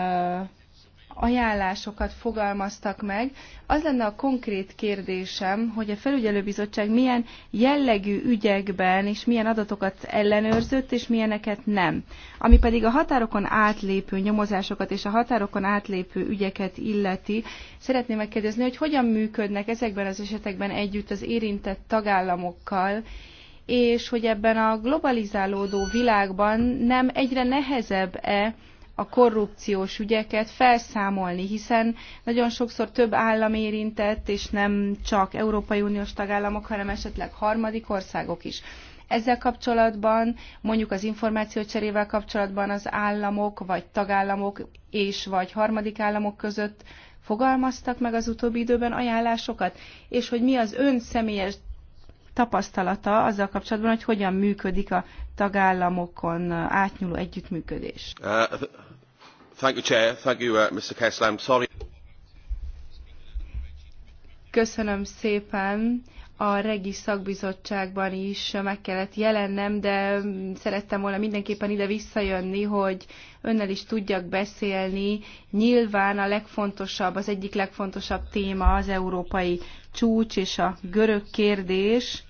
ajánlásokat fogalmaztak meg. Az lenne a konkrét kérdésem, hogy a felügyelőbizottság milyen jellegű ügyekben és milyen adatokat ellenőrzött, és milyeneket nem. Ami pedig a határokon átlépő nyomozásokat és a határokon átlépő ügyeket illeti, szeretném megkérdezni, hogy hogyan működnek ezekben az esetekben együtt az érintett tagállamokkal, és hogy ebben a globalizálódó világban nem egyre nehezebb-e a korrupciós ügyeket felszámolni, hiszen nagyon sokszor több állam érintett, és nem csak Európai Uniós tagállamok, hanem esetleg harmadik országok is. Ezzel kapcsolatban, mondjuk az információcserével kapcsolatban az államok, vagy tagállamok és vagy harmadik államok között fogalmaztak meg az utóbbi időben ajánlásokat, és hogy mi az ön személyes tapasztalata azzal kapcsolatban, hogy hogyan működik a tagállamokon átnyúló együttműködés. Uh, Uh, Köszönöm szépen. A regi szakbizottságban is meg kellett jelennem, de szerettem volna mindenképpen ide visszajönni, hogy önnel is tudjak beszélni. Nyilván a legfontosabb, az egyik legfontosabb téma az európai csúcs és a görög kérdés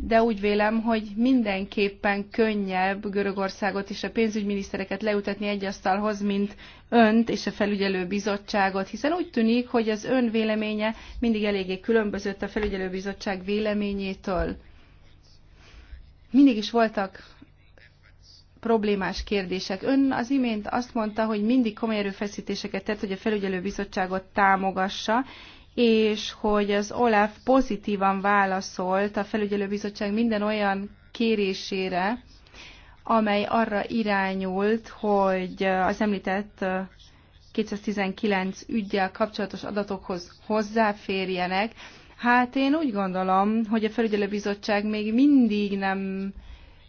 de úgy vélem, hogy mindenképpen könnyebb Görögországot és a pénzügyminisztereket leutatni egy asztalhoz, mint önt és a felügyelő bizottságot, hiszen úgy tűnik, hogy az ön véleménye mindig eléggé különbözött a felügyelő bizottság véleményétől. Mindig is voltak problémás kérdések. Ön az imént azt mondta, hogy mindig komoly erőfeszítéseket tett, hogy a bizottságot támogassa, és hogy az OLAF pozitívan válaszolt a felügyelőbizottság minden olyan kérésére, amely arra irányult, hogy az említett 219 ügyjel kapcsolatos adatokhoz hozzáférjenek. Hát én úgy gondolom, hogy a felügyelőbizottság még mindig nem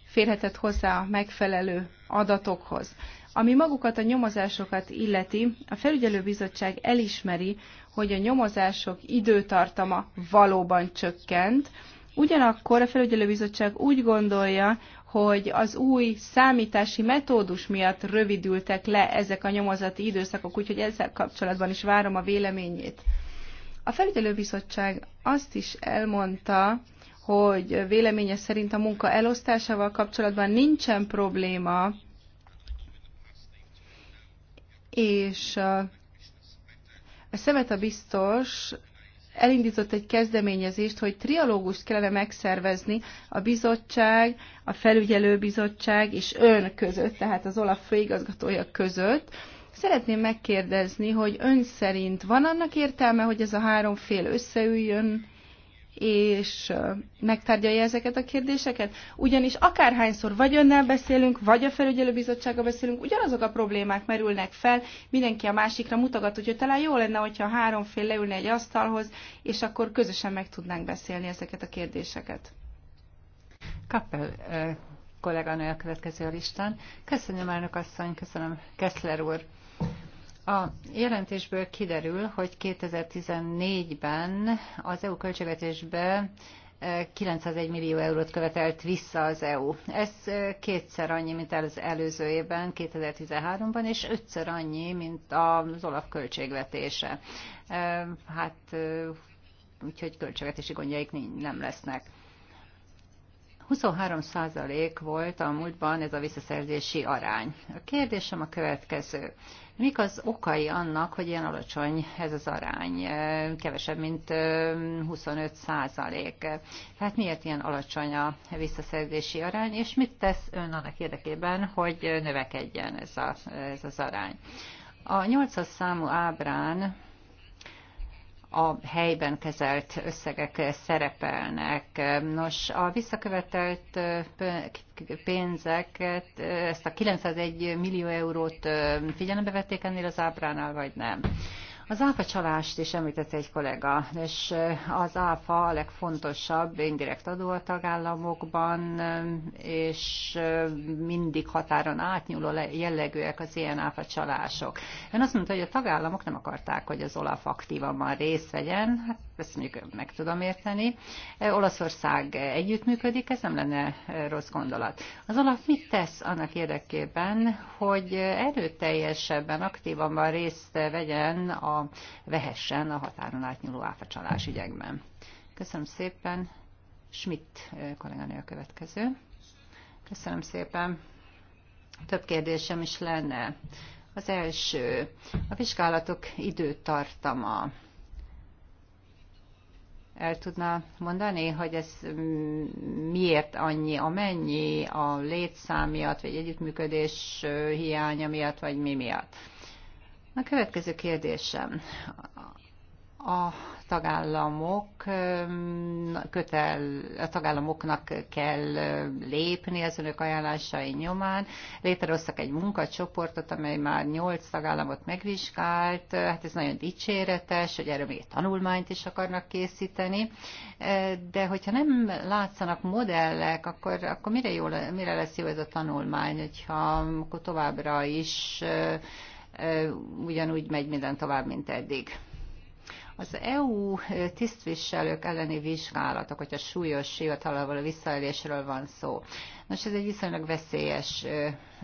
férhetett hozzá a megfelelő adatokhoz. Ami magukat a nyomozásokat illeti, a felügyelőbizottság elismeri, hogy a nyomozások időtartama valóban csökkent, ugyanakkor a felügyelőbizottság úgy gondolja, hogy az új számítási metódus miatt rövidültek le ezek a nyomozati időszakok, úgyhogy ezzel kapcsolatban is várom a véleményét. A felügyelőbizottság azt is elmondta, hogy véleménye szerint a munka elosztásával kapcsolatban nincsen probléma, és a Szemeta biztos elindított egy kezdeményezést, hogy trialógust kellene megszervezni a bizottság, a felügyelőbizottság és ön között, tehát az OLAF főigazgatója között. Szeretném megkérdezni, hogy ön szerint van annak értelme, hogy ez a három fél összeüljön, és megtárgyalja ezeket a kérdéseket? Ugyanis akárhányszor vagy önnel beszélünk, vagy a felügyelőbizottsággal beszélünk, ugyanazok a problémák merülnek fel, mindenki a másikra mutogat, hogy talán jó lenne, hogyha három fél leülne egy asztalhoz, és akkor közösen meg tudnánk beszélni ezeket a kérdéseket. Kappel kolléganő a következő a listán. Köszönöm, elnök asszony, köszönöm, Keszler úr. A jelentésből kiderül, hogy 2014-ben az EU költségvetésbe 901 eh, millió eurót követelt vissza az EU. Ez eh, kétszer annyi, mint az előző évben, 2013-ban, és ötször annyi, mint az olaf költségvetése. Eh, hát úgyhogy költségvetési gondjaik nem lesznek. 23% százalék volt a múltban ez a visszaszerzési arány. A kérdésem a következő. Mik az okai annak, hogy ilyen alacsony ez az arány? Kevesebb, mint 25 százalék. Tehát miért ilyen alacsony a visszaszerzési arány, és mit tesz ön annak érdekében, hogy növekedjen ez, a, ez az arány? A 8 számú ábrán a helyben kezelt összegek szerepelnek. Nos, a visszakövetelt pénzeket, ezt a 901 millió eurót figyelembe vették ennél az ábránál, vagy nem? Az áfa csalást is említette egy kollega, és az áfa a legfontosabb indirekt adó a tagállamokban, és mindig határon átnyúló jellegűek az ilyen áfa csalások. Ön azt mondta, hogy a tagállamok nem akarták, hogy az OLAF aktívabban részt vegyen, hát ezt mondjuk meg tudom érteni. E, Olaszország együttműködik, ez nem lenne e, rossz gondolat. Az alap mit tesz annak érdekében, hogy erőteljesebben, aktívanban részt vegyen, a, vehessen a határon átnyúló áfacsalás ügyekben? Köszönöm szépen. Schmidt e, kolléganő a következő. Köszönöm szépen. Több kérdésem is lenne. Az első, a vizsgálatok időtartama. El tudná mondani, hogy ez mm, miért annyi, amennyi a létszám miatt, vagy együttműködés hiánya miatt, vagy mi miatt? A következő kérdésem. A tagállamok kötel, a tagállamoknak kell lépni az önök ajánlásai nyomán. Létrehoztak egy munkacsoportot, amely már nyolc tagállamot megvizsgált. Hát ez nagyon dicséretes, hogy erről még tanulmányt is akarnak készíteni. De hogyha nem látszanak modellek, akkor, akkor mire, jó, mire lesz jó ez a tanulmány, hogyha akkor továbbra is ugyanúgy megy minden tovább, mint eddig. Az EU tisztviselők elleni vizsgálatok, hogyha súlyos hivatalával visszaélésről van szó. Nos, ez egy viszonylag veszélyes,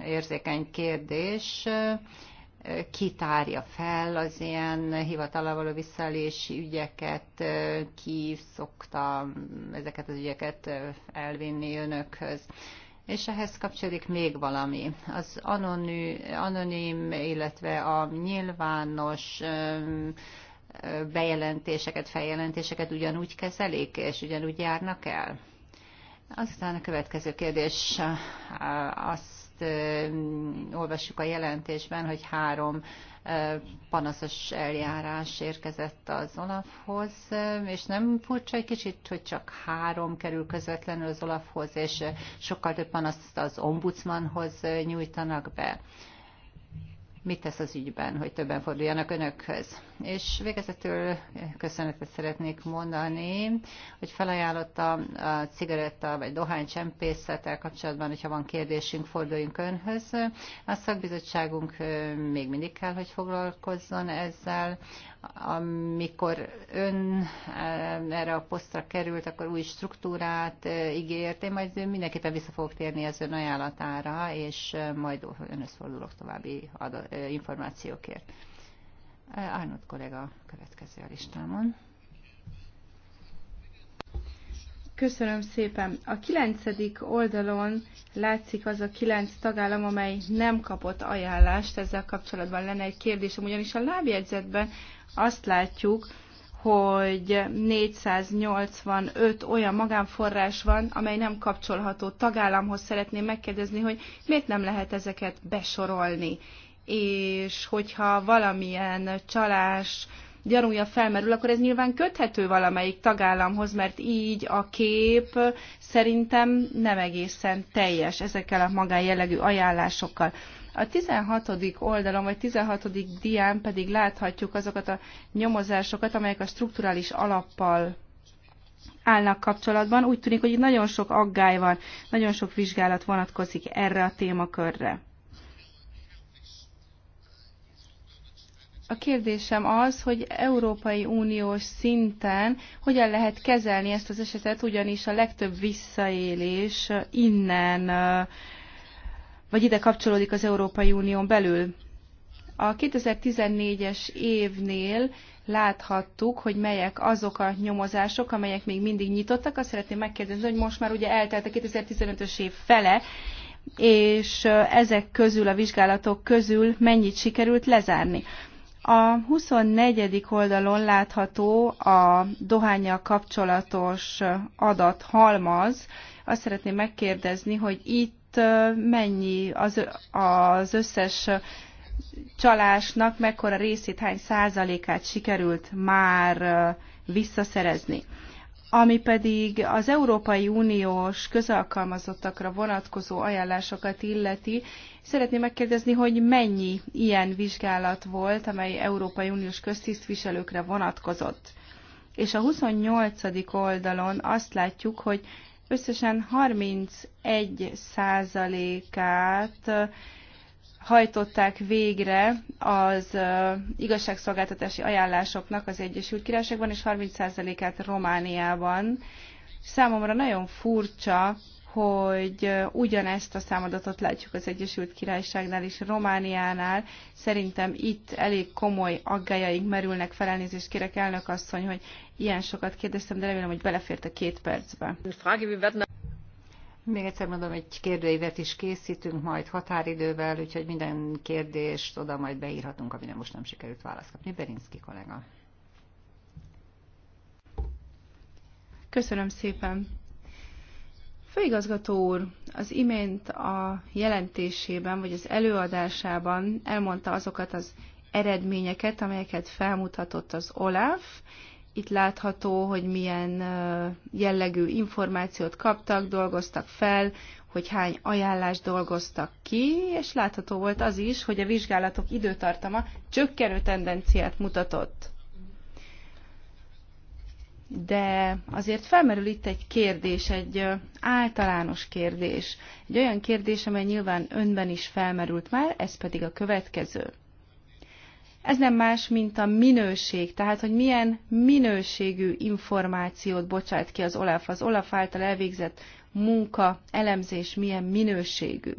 érzékeny kérdés ki tárja fel az ilyen hivatalavaló visszaélési ügyeket, ki szokta ezeket az ügyeket elvinni önökhöz. És ehhez kapcsolódik még valami. Az anonim, anonim illetve a nyilvános bejelentéseket, feljelentéseket ugyanúgy kezelik, és ugyanúgy járnak el? Aztán a következő kérdés, azt olvassuk a jelentésben, hogy három panaszos eljárás érkezett az Olafhoz, és nem furcsa egy kicsit, hogy csak három kerül közvetlenül az Olafhoz, és sokkal több panaszt az ombudsmanhoz nyújtanak be. Mit tesz az ügyben, hogy többen forduljanak önökhöz? És végezetül eh, köszönetet szeretnék mondani, hogy felajánlotta a cigaretta vagy csempészettel kapcsolatban, hogyha van kérdésünk, forduljunk önhöz. A szakbizottságunk eh, még mindig kell, hogy foglalkozzon ezzel. Amikor ön eh, erre a posztra került, akkor új struktúrát ígért. Én majd mindenképpen vissza fogok térni az ön ajánlatára, és majd önhöz fordulok további információkért. Arnold kollega következő a listámon. Köszönöm szépen. A kilencedik oldalon látszik az a kilenc tagállam, amely nem kapott ajánlást. Ezzel kapcsolatban lenne egy kérdésem, ugyanis a lábjegyzetben azt látjuk, hogy 485 olyan magánforrás van, amely nem kapcsolható tagállamhoz. Szeretném megkérdezni, hogy miért nem lehet ezeket besorolni és hogyha valamilyen csalás gyanúja felmerül, akkor ez nyilván köthető valamelyik tagállamhoz, mert így a kép szerintem nem egészen teljes ezekkel a magánjellegű ajánlásokkal. A 16. oldalon, vagy 16. dián pedig láthatjuk azokat a nyomozásokat, amelyek a strukturális alappal állnak kapcsolatban. Úgy tűnik, hogy nagyon sok aggály van, nagyon sok vizsgálat vonatkozik erre a témakörre. A kérdésem az, hogy Európai Uniós szinten hogyan lehet kezelni ezt az esetet, ugyanis a legtöbb visszaélés innen, vagy ide kapcsolódik az Európai Unión belül. A 2014-es évnél láthattuk, hogy melyek azok a nyomozások, amelyek még mindig nyitottak. Azt szeretném megkérdezni, hogy most már ugye eltelt a 2015-ös év fele, és ezek közül, a vizsgálatok közül mennyit sikerült lezárni. A 24. oldalon látható a Dohánya kapcsolatos adat halmaz. Azt szeretném megkérdezni, hogy itt mennyi az, az összes csalásnak, mekkora részét, hány százalékát sikerült már visszaszerezni ami pedig az Európai Uniós közalkalmazottakra vonatkozó ajánlásokat illeti. Szeretném megkérdezni, hogy mennyi ilyen vizsgálat volt, amely Európai Uniós köztisztviselőkre vonatkozott. És a 28. oldalon azt látjuk, hogy összesen 31 százalékát hajtották végre az igazságszolgáltatási ajánlásoknak az Egyesült Királyságban, és 30%-át Romániában. Számomra nagyon furcsa, hogy ugyanezt a számadatot látjuk az Egyesült Királyságnál és Romániánál. Szerintem itt elég komoly aggájaink merülnek fel, elnézést kérek elnök asszony, hogy ilyen sokat kérdeztem, de remélem, hogy belefért a két percbe. Még egyszer mondom, egy kérdőívet is készítünk majd határidővel, úgyhogy minden kérdést oda majd beírhatunk, amire most nem sikerült választ kapni. Berinszki kollega. Köszönöm szépen. Főigazgató úr, az imént a jelentésében, vagy az előadásában elmondta azokat az eredményeket, amelyeket felmutatott az OLAF, itt látható, hogy milyen jellegű információt kaptak, dolgoztak fel, hogy hány ajánlást dolgoztak ki, és látható volt az is, hogy a vizsgálatok időtartama csökkenő tendenciát mutatott. De azért felmerül itt egy kérdés, egy általános kérdés. Egy olyan kérdés, amely nyilván önben is felmerült már, ez pedig a következő. Ez nem más, mint a minőség, tehát hogy milyen minőségű információt bocsát ki az OLAF. Az OLAF által elvégzett munka, elemzés milyen minőségű.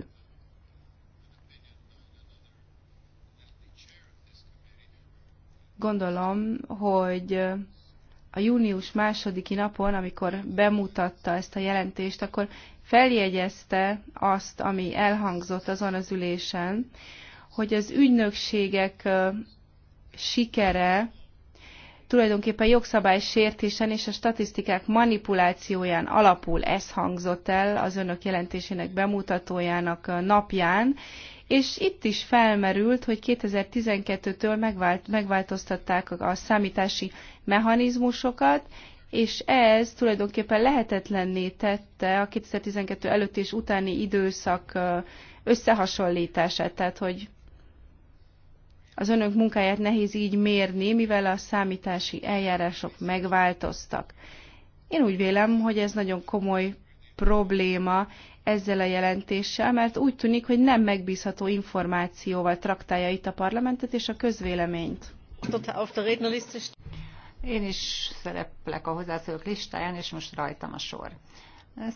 Gondolom, hogy a június másodiki napon, amikor bemutatta ezt a jelentést, akkor feljegyezte azt, ami elhangzott azon az ülésen, hogy az ügynökségek sikere tulajdonképpen sértésen és a statisztikák manipulációján alapul. Ez hangzott el az önök jelentésének bemutatójának napján, és itt is felmerült, hogy 2012-től megvált, megváltoztatták a számítási mechanizmusokat, és ez tulajdonképpen lehetetlenné tette a 2012 előtt és utáni időszak összehasonlítását, tehát hogy az önök munkáját nehéz így mérni, mivel a számítási eljárások megváltoztak. Én úgy vélem, hogy ez nagyon komoly probléma ezzel a jelentéssel, mert úgy tűnik, hogy nem megbízható információval traktálja itt a parlamentet és a közvéleményt. Én is szereplek a hozzászólók listáján, és most rajtam a sor.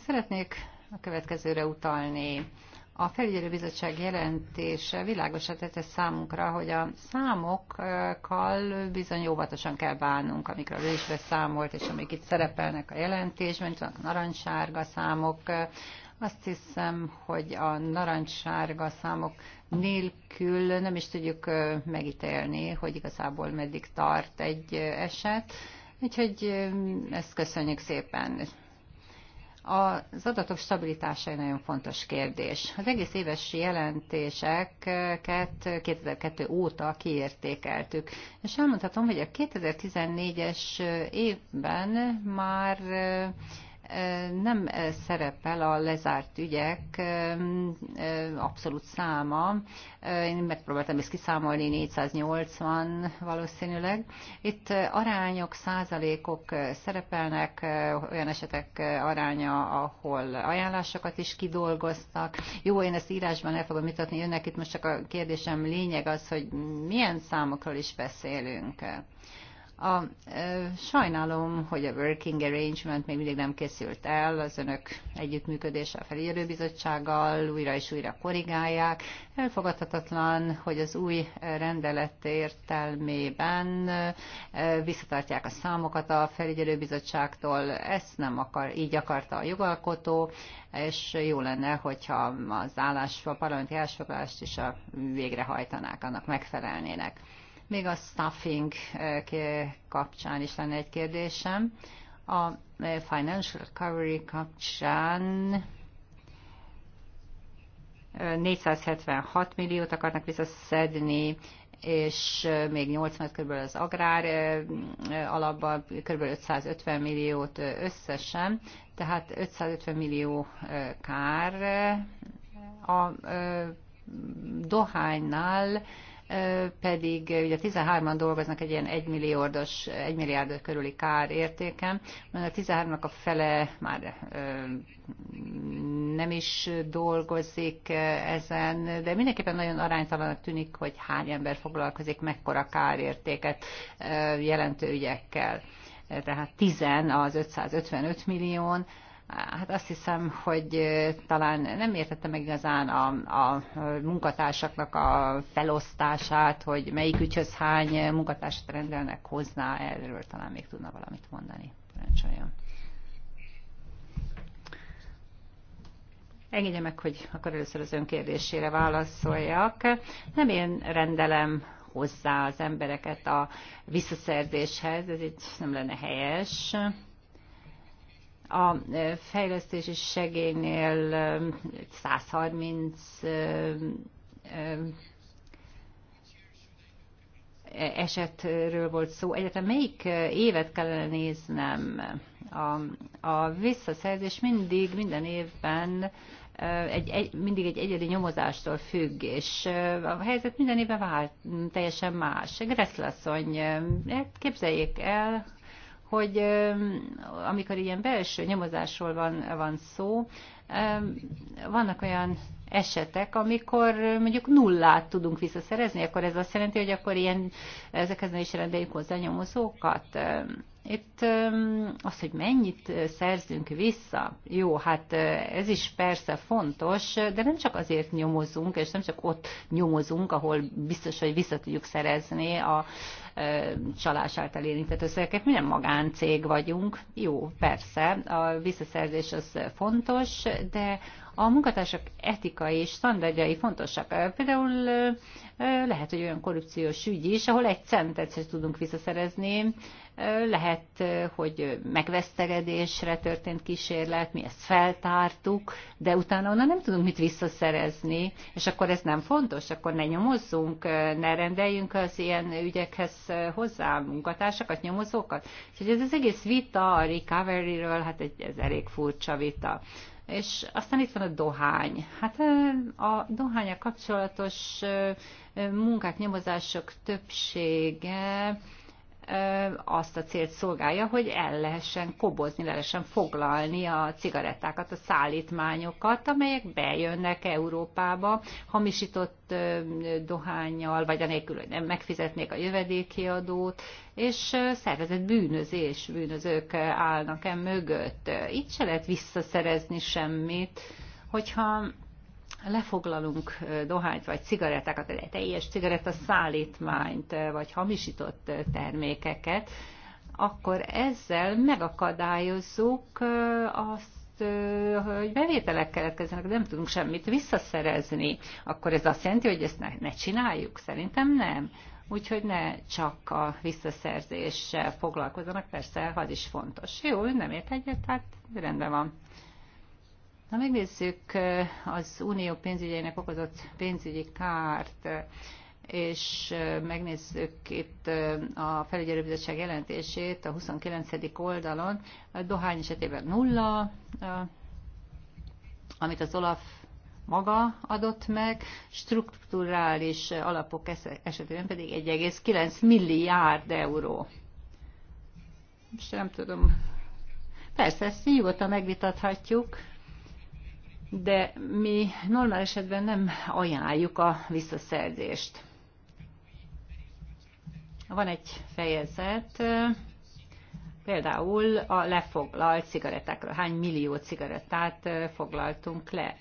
Szeretnék a következőre utalni. A felügyelőbizottság jelentése világosan tette számunkra, hogy a számokkal bizony óvatosan kell bánnunk, amikről ő is beszámolt, és amik itt szerepelnek a jelentésben, itt vannak narancssárga számok, azt hiszem, hogy a narancssárga számok nélkül nem is tudjuk megítélni, hogy igazából meddig tart egy eset. Úgyhogy ezt köszönjük szépen. Az adatok stabilitása egy nagyon fontos kérdés. Az egész éves jelentéseket 2002 óta kiértékeltük, és elmondhatom, hogy a 2014-es évben már nem szerepel a lezárt ügyek abszolút száma. Én megpróbáltam ezt kiszámolni, 480 valószínűleg. Itt arányok, százalékok szerepelnek, olyan esetek aránya, ahol ajánlásokat is kidolgoztak. Jó, én ezt írásban el fogom mutatni önnek, itt most csak a kérdésem lényeg az, hogy milyen számokról is beszélünk. A, ö, sajnálom, hogy a working arrangement még mindig nem készült el, az önök együttműködése a felírőbizottsággal újra és újra korrigálják. Elfogadhatatlan, hogy az új rendelet értelmében ö, visszatartják a számokat a felügyelőbizottságtól, ezt nem akar, így akarta a jogalkotó, és jó lenne, hogyha az állás, a parlamenti állásfoglalást is a végrehajtanák, annak megfelelnének. Még a staffing kapcsán is lenne egy kérdésem. A Financial Recovery kapcsán 476 milliót akarnak visszaszedni, és még 80 kb. az agrár alapban kb. 550 milliót összesen, tehát 550 millió kár a dohánynál pedig ugye 13-an dolgoznak egy ilyen 1 milliárdos, 1 milliárd körüli kár értéken, mert a 13-nak a fele már nem is dolgozik ezen, de mindenképpen nagyon aránytalanak tűnik, hogy hány ember foglalkozik mekkora kárértéket jelentő ügyekkel. Tehát 10 az 555 millión, Hát azt hiszem, hogy talán nem értette meg igazán a, a munkatársaknak a felosztását, hogy melyik ügyhöz hány munkatársat rendelnek hozzá, erről talán még tudna valamit mondani. Rencsoljon. Engedje meg, hogy akkor először az ön kérdésére válaszoljak. Nem én rendelem hozzá az embereket a visszaszerzéshez, ez itt nem lenne helyes a fejlesztési segélynél 130 e, esetről volt szó. Egyetem melyik évet kellene néznem? A, a visszaszerzés mindig, minden évben egy, egy, mindig egy egyedi nyomozástól függ, és a helyzet minden évben vált teljesen más. Greszlasszony, hát képzeljék el, hogy amikor ilyen belső nyomozásról van, van szó, vannak olyan esetek, amikor mondjuk nullát tudunk visszaszerezni, akkor ez azt jelenti, hogy akkor ilyen, ezekhez is rendeljük hozzá nyomozókat. Itt az, hogy mennyit szerzünk vissza, jó, hát ez is persze fontos, de nem csak azért nyomozunk, és nem csak ott nyomozunk, ahol biztos, hogy vissza tudjuk szerezni a által érintett összegeket. Mi nem magáncég vagyunk. Jó, persze, a visszaszerzés az fontos, de a munkatársak etikai és standardjai fontosak. Például lehet, hogy olyan korrupciós ügy is, ahol egy centet sem tudunk visszaszerezni, lehet, hogy megveszteredésre történt kísérlet, mi ezt feltártuk, de utána onnan nem tudunk mit visszaszerezni, és akkor ez nem fontos, akkor ne nyomozzunk, ne rendeljünk az ilyen ügyekhez hozzá munkatársakat, nyomozókat. Úgyhogy ez az egész vita a recovery-ről, hát egy, ez elég furcsa vita. És aztán itt van a dohány. Hát a dohánya kapcsolatos munkák, nyomozások többsége azt a célt szolgálja, hogy el lehessen kobozni, le lehessen foglalni a cigarettákat, a szállítmányokat, amelyek bejönnek Európába hamisított dohányjal, vagy anélkül, hogy nem megfizetnék a jövedéki adót, és szervezett bűnözés, bűnözők állnak e mögött. Itt se lehet visszaszerezni semmit, hogyha lefoglalunk dohányt vagy cigarettákat, egy teljes cigarettaszállítmányt, vagy hamisított termékeket, akkor ezzel megakadályozzuk azt, hogy bevételek keletkeznek, de nem tudunk semmit visszaszerezni, akkor ez azt jelenti, hogy ezt ne, ne csináljuk? Szerintem nem. Úgyhogy ne csak a visszaszerzéssel foglalkozzanak, persze az is fontos. Jó, nem ért egyet, tehát rendben van. Ha megnézzük az unió pénzügyeinek okozott pénzügyi kárt, és megnézzük itt a felügyelőbizottság jelentését a 29. oldalon. A dohány esetében nulla, amit az Olaf maga adott meg, strukturális alapok esetében pedig 1,9 milliárd euró. Most nem tudom. Persze, ezt nyugodtan megvitathatjuk de mi normál esetben nem ajánljuk a visszaszerzést. Van egy fejezet, például a lefoglalt cigarettákról. Hány millió cigarettát foglaltunk le?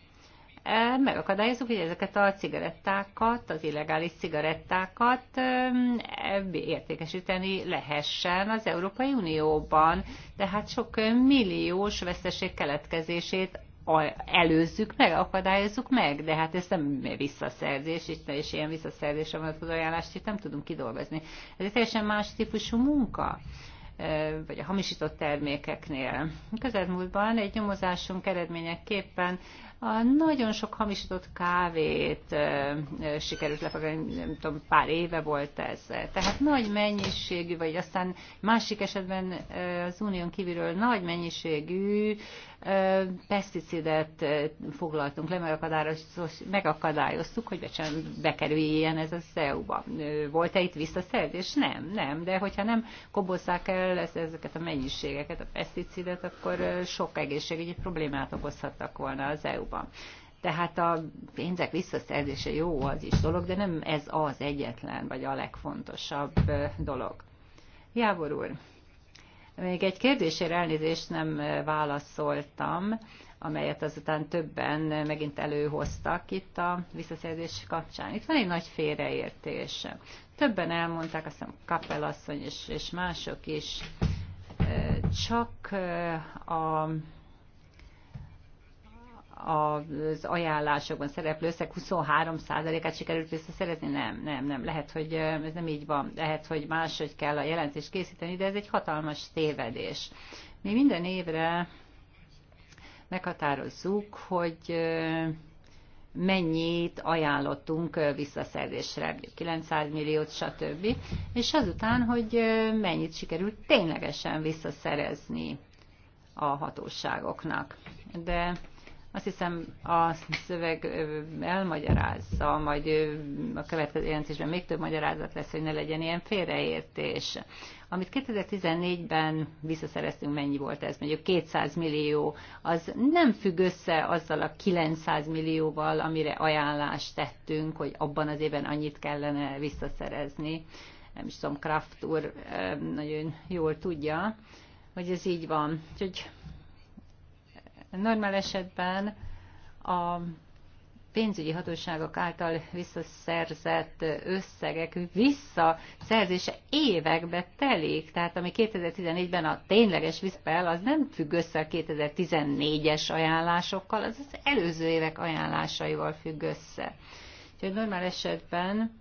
E, megakadályozunk, hogy ezeket a cigarettákat, az illegális cigarettákat e, értékesíteni lehessen az Európai Unióban. Tehát sok milliós veszteség keletkezését előzzük meg, akadályozzuk meg, de hát ez nem visszaszerzés, és ilyen visszaszerzésre az ajánlást itt nem tudunk kidolgozni. Ez egy teljesen más típusú munka vagy a hamisított termékeknél. Közelmúltban egy nyomozásunk eredményeképpen a nagyon sok hamisított kávét sikerült lefoglalni, nem tudom, pár éve volt ez. Tehát nagy mennyiségű, vagy aztán másik esetben az unión kívülről nagy mennyiségű peszticidet foglaltunk le, megakadályoztuk, hogy be bekerüljen ez az EU-ba. Volt-e itt visszaszerzés? Nem, nem, de hogyha nem kobozzák el ezeket a mennyiségeket, a peszticidet, akkor sok egészségügyi problémát okozhattak volna az EU-ban. Tehát a pénzek visszaszerzése jó az is dolog, de nem ez az egyetlen, vagy a legfontosabb dolog. Jávor úr, még egy kérdésére elnézést nem válaszoltam, amelyet azután többen megint előhoztak itt a visszaszerzés kapcsán. Itt van egy nagy félreértés. Többen elmondták, azt hiszem Kapelasszony és, és mások is, csak a az ajánlásokban szereplő összeg 23%-át sikerült visszaszerezni? Nem, nem, nem. Lehet, hogy ez nem így van. Lehet, hogy máshogy kell a jelentést készíteni, de ez egy hatalmas tévedés. Mi minden évre meghatározzuk, hogy mennyit ajánlottunk visszaszerzésre, 900 milliót, stb. És azután, hogy mennyit sikerült ténylegesen visszaszerezni a hatóságoknak. De azt hiszem a szöveg elmagyarázza, majd a következő jelentésben még több magyarázat lesz, hogy ne legyen ilyen félreértés. Amit 2014-ben visszaszereztünk, mennyi volt ez? Mondjuk 200 millió, az nem függ össze azzal a 900 millióval, amire ajánlást tettünk, hogy abban az évben annyit kellene visszaszerezni. Nem is tudom, Kraft úr nagyon jól tudja, hogy ez így van. Úgyhogy Normál esetben a pénzügyi hatóságok által visszaszerzett összegek visszaszerzése évekbe telik. Tehát ami 2014-ben a tényleges visszapel, az nem függ össze a 2014-es ajánlásokkal, az az előző évek ajánlásaival függ össze. Úgyhogy normál esetben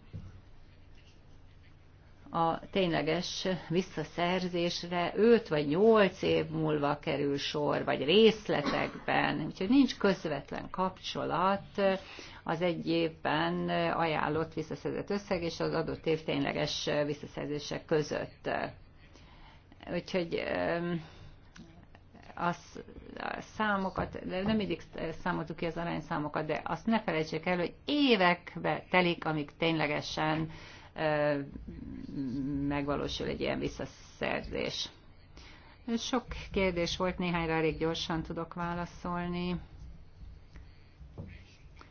a tényleges visszaszerzésre 5 vagy 8 év múlva kerül sor, vagy részletekben, úgyhogy nincs közvetlen kapcsolat az egy évben ajánlott visszaszerzett összeg és az adott év tényleges visszaszerzése között. Úgyhogy az számokat, de nem mindig számoltuk ki az arányszámokat, de azt ne felejtsék el, hogy évekbe telik, amíg ténylegesen megvalósul egy ilyen visszaszerzés. Sok kérdés volt, néhányra elég gyorsan tudok válaszolni.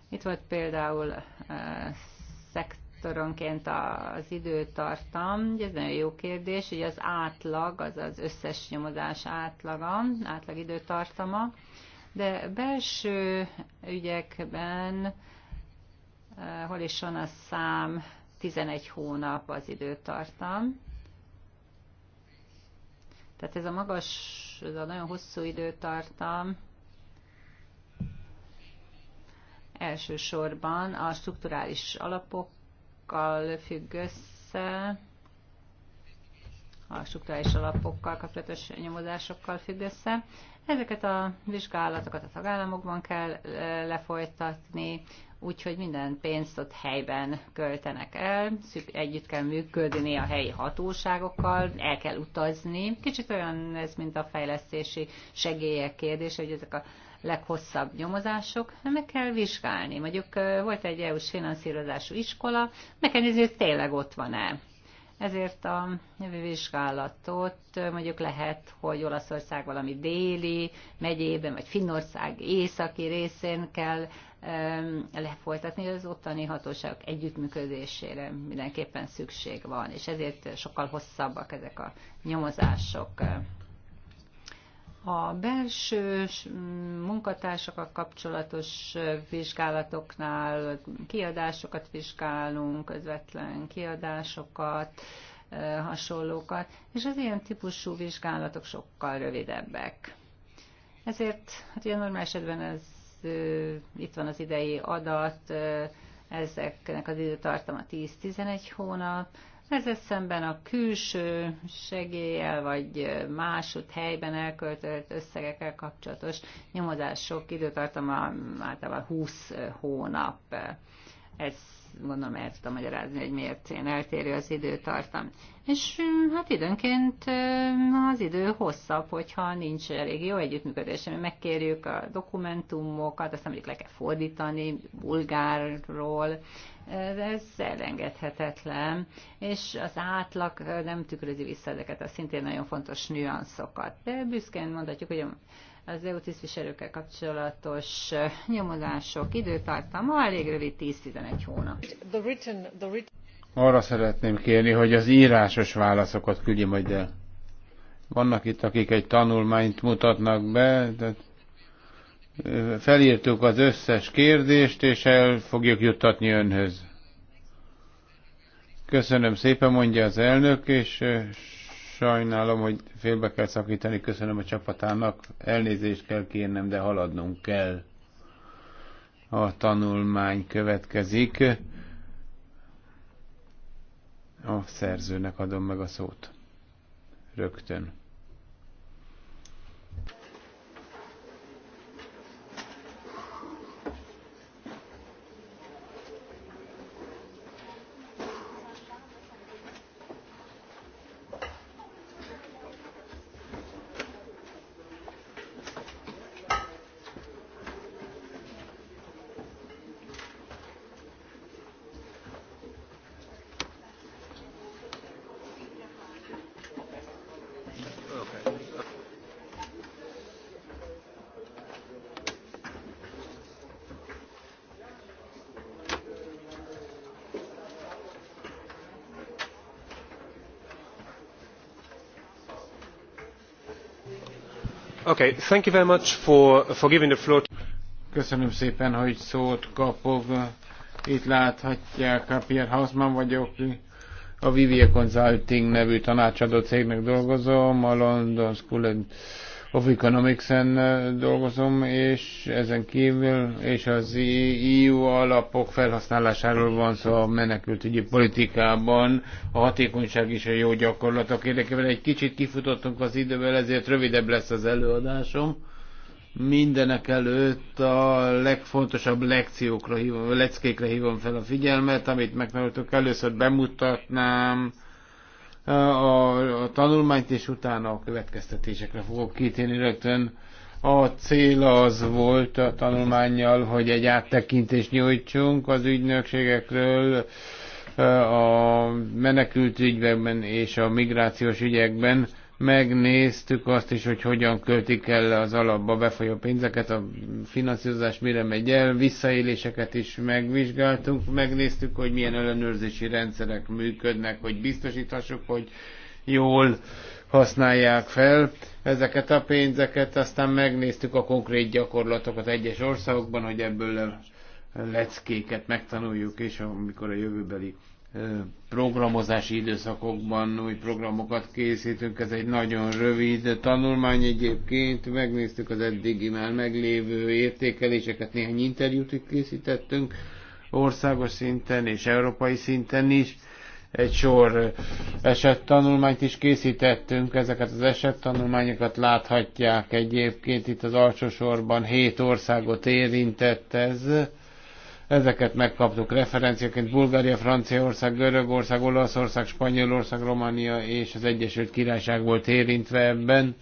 Itt volt például uh, szektoronként az időtartam, ugye ez nagyon jó kérdés, hogy az átlag, az az összes nyomozás átlaga, átlag időtartama, de belső ügyekben eh, hol is van a szám, 11 hónap az időtartam. Tehát ez a magas, ez a nagyon hosszú időtartam elsősorban a strukturális alapokkal függ össze, a strukturális alapokkal kapcsolatos nyomozásokkal függ össze. Ezeket a vizsgálatokat a tagállamokban kell eh, lefolytatni, úgyhogy minden pénzt ott helyben költenek el, együtt kell működni a helyi hatóságokkal, el kell utazni. Kicsit olyan ez, mint a fejlesztési segélyek kérdése, hogy ezek a leghosszabb nyomozások, hát meg kell vizsgálni. Mondjuk volt egy EU-s finanszírozású iskola, meg kell nézni, hogy tényleg ott van-e. Ezért a jövő vizsgálatot mondjuk lehet, hogy Olaszország valami déli megyében, vagy Finnország északi részén kell lefolytatni, az ottani hatóságok együttműködésére mindenképpen szükség van, és ezért sokkal hosszabbak ezek a nyomozások. A belső mm, munkatársakkal kapcsolatos vizsgálatoknál kiadásokat vizsgálunk, közvetlen kiadásokat, hasonlókat, és az ilyen típusú vizsgálatok sokkal rövidebbek. Ezért, hát ugye normál esetben ez, itt van az idei adat, ezeknek az időtartama 10-11 hónap, ezzel szemben a külső segéllyel vagy másod helyben elköltött összegekkel kapcsolatos nyomozások időtartama általában 20 hónap. Ez gondolom el tudom magyarázni, hogy miért én eltérő az időtartam. És hát időnként az idő hosszabb, hogyha nincs elég jó együttműködés. Mi megkérjük a dokumentumokat, azt mondjuk le kell fordítani bulgárról, ez elengedhetetlen, és az átlag nem tükrözi vissza ezeket a szintén nagyon fontos nüanszokat. De büszkén mondhatjuk, hogy az EU tisztviselőkkel kapcsolatos nyomozások időtartama elég rövid 10-11 hónap. Arra szeretném kérni, hogy az írásos válaszokat küldje majd el. Vannak itt, akik egy tanulmányt mutatnak be, tehát Felírtuk az összes kérdést, és el fogjuk juttatni önhöz. Köszönöm szépen, mondja az elnök, és sajnálom, hogy félbe kell szakítani, köszönöm a csapatának, elnézést kell kérnem, de haladnunk kell. A tanulmány következik. A szerzőnek adom meg a szót. Rögtön. Köszönöm szépen, hogy szót kapok. Itt láthatják, Pierre Hausmann vagyok, a Vivier Consulting nevű tanácsadó cégnek dolgozom, a London School of Economics-en dolgozom, és ezen kívül, és az EU alapok felhasználásáról van szó a menekültügyi politikában, a hatékonyság is a jó gyakorlatok érdekében. Egy kicsit kifutottunk az idővel, ezért rövidebb lesz az előadásom. Mindenek előtt a legfontosabb lekciókra hívom, leckékre hívom fel a figyelmet, amit megtanultuk. Először bemutatnám, a, a tanulmányt, és utána a következtetésekre fogok kitérni rögtön. A cél az volt a tanulmányjal, hogy egy áttekintést nyújtsunk az ügynökségekről, a menekült ügyekben és a migrációs ügyekben, megnéztük azt is, hogy hogyan költik el az alapba befolyó pénzeket, a finanszírozás mire megy el, visszaéléseket is megvizsgáltunk, megnéztük, hogy milyen ellenőrzési rendszerek működnek, hogy biztosíthassuk, hogy jól használják fel ezeket a pénzeket, aztán megnéztük a konkrét gyakorlatokat egyes országokban, hogy ebből leckéket megtanuljuk, és amikor a jövőbeli programozási időszakokban új programokat készítünk. Ez egy nagyon rövid tanulmány egyébként. Megnéztük az eddigi már meglévő értékeléseket, néhány interjút is készítettünk országos szinten és európai szinten is. Egy sor esettanulmányt is készítettünk, ezeket az esettanulmányokat láthatják egyébként itt az alsó sorban, hét országot érintett ez Ezeket megkaptuk referenciaként Bulgária, Franciaország, Görögország, Olaszország, Spanyolország, Románia és az Egyesült Királyság volt érintve ebben.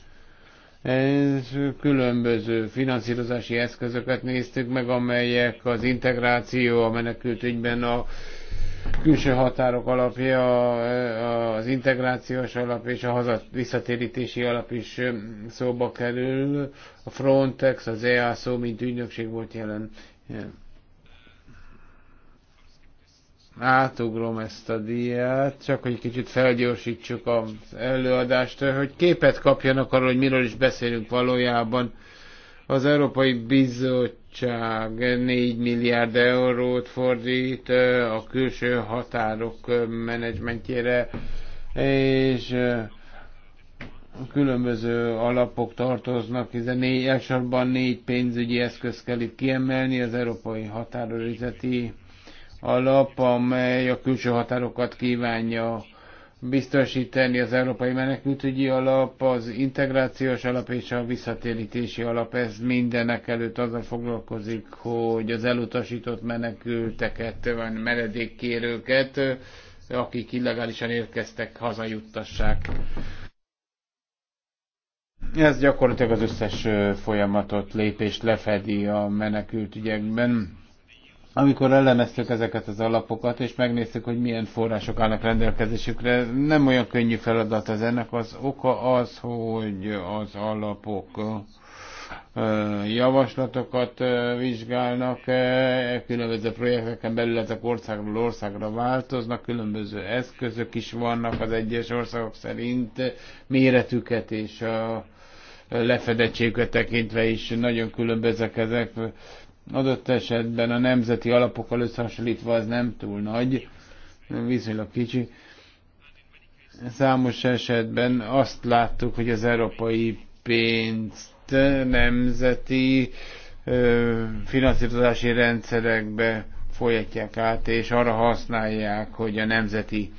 Ez különböző finanszírozási eszközöket néztük meg, amelyek az integráció a menekült ügyben a külső határok alapja, az integrációs alap és a hazat visszatérítési alap is szóba kerül. A Frontex, az EASO, mint ügynökség volt jelen átugrom ezt a diát, csak hogy kicsit felgyorsítsuk az előadást, hogy képet kapjanak arról, hogy miről is beszélünk valójában. Az Európai Bizottság 4 milliárd eurót fordít a külső határok menedzsmentjére, és különböző alapok tartoznak, hiszen négy, elsősorban négy pénzügyi eszköz kell itt kiemelni, az Európai Határőrizeti lap, amely a külső határokat kívánja biztosítani az Európai Menekültügyi Alap, az integrációs alap és a visszatérítési alap. Ez mindenek előtt azzal foglalkozik, hogy az elutasított menekülteket, vagy meredékkérőket, akik illegálisan érkeztek, hazajuttassák. Ez gyakorlatilag az összes folyamatot, lépést lefedi a menekült ügyekben amikor elemeztük ezeket az alapokat, és megnéztük, hogy milyen források állnak rendelkezésükre, nem olyan könnyű feladat az ennek. Az oka az, hogy az alapok javaslatokat vizsgálnak, különböző projekteken belül ezek országról országra változnak, különböző eszközök is vannak az egyes országok szerint, méretüket és a lefedettségüket tekintve is nagyon különbözek ezek Adott esetben a nemzeti alapokkal összehasonlítva az nem túl nagy, viszonylag kicsi. Számos esetben azt láttuk, hogy az európai pénzt nemzeti ö, finanszírozási rendszerekbe folyatják át, és arra használják, hogy a nemzeti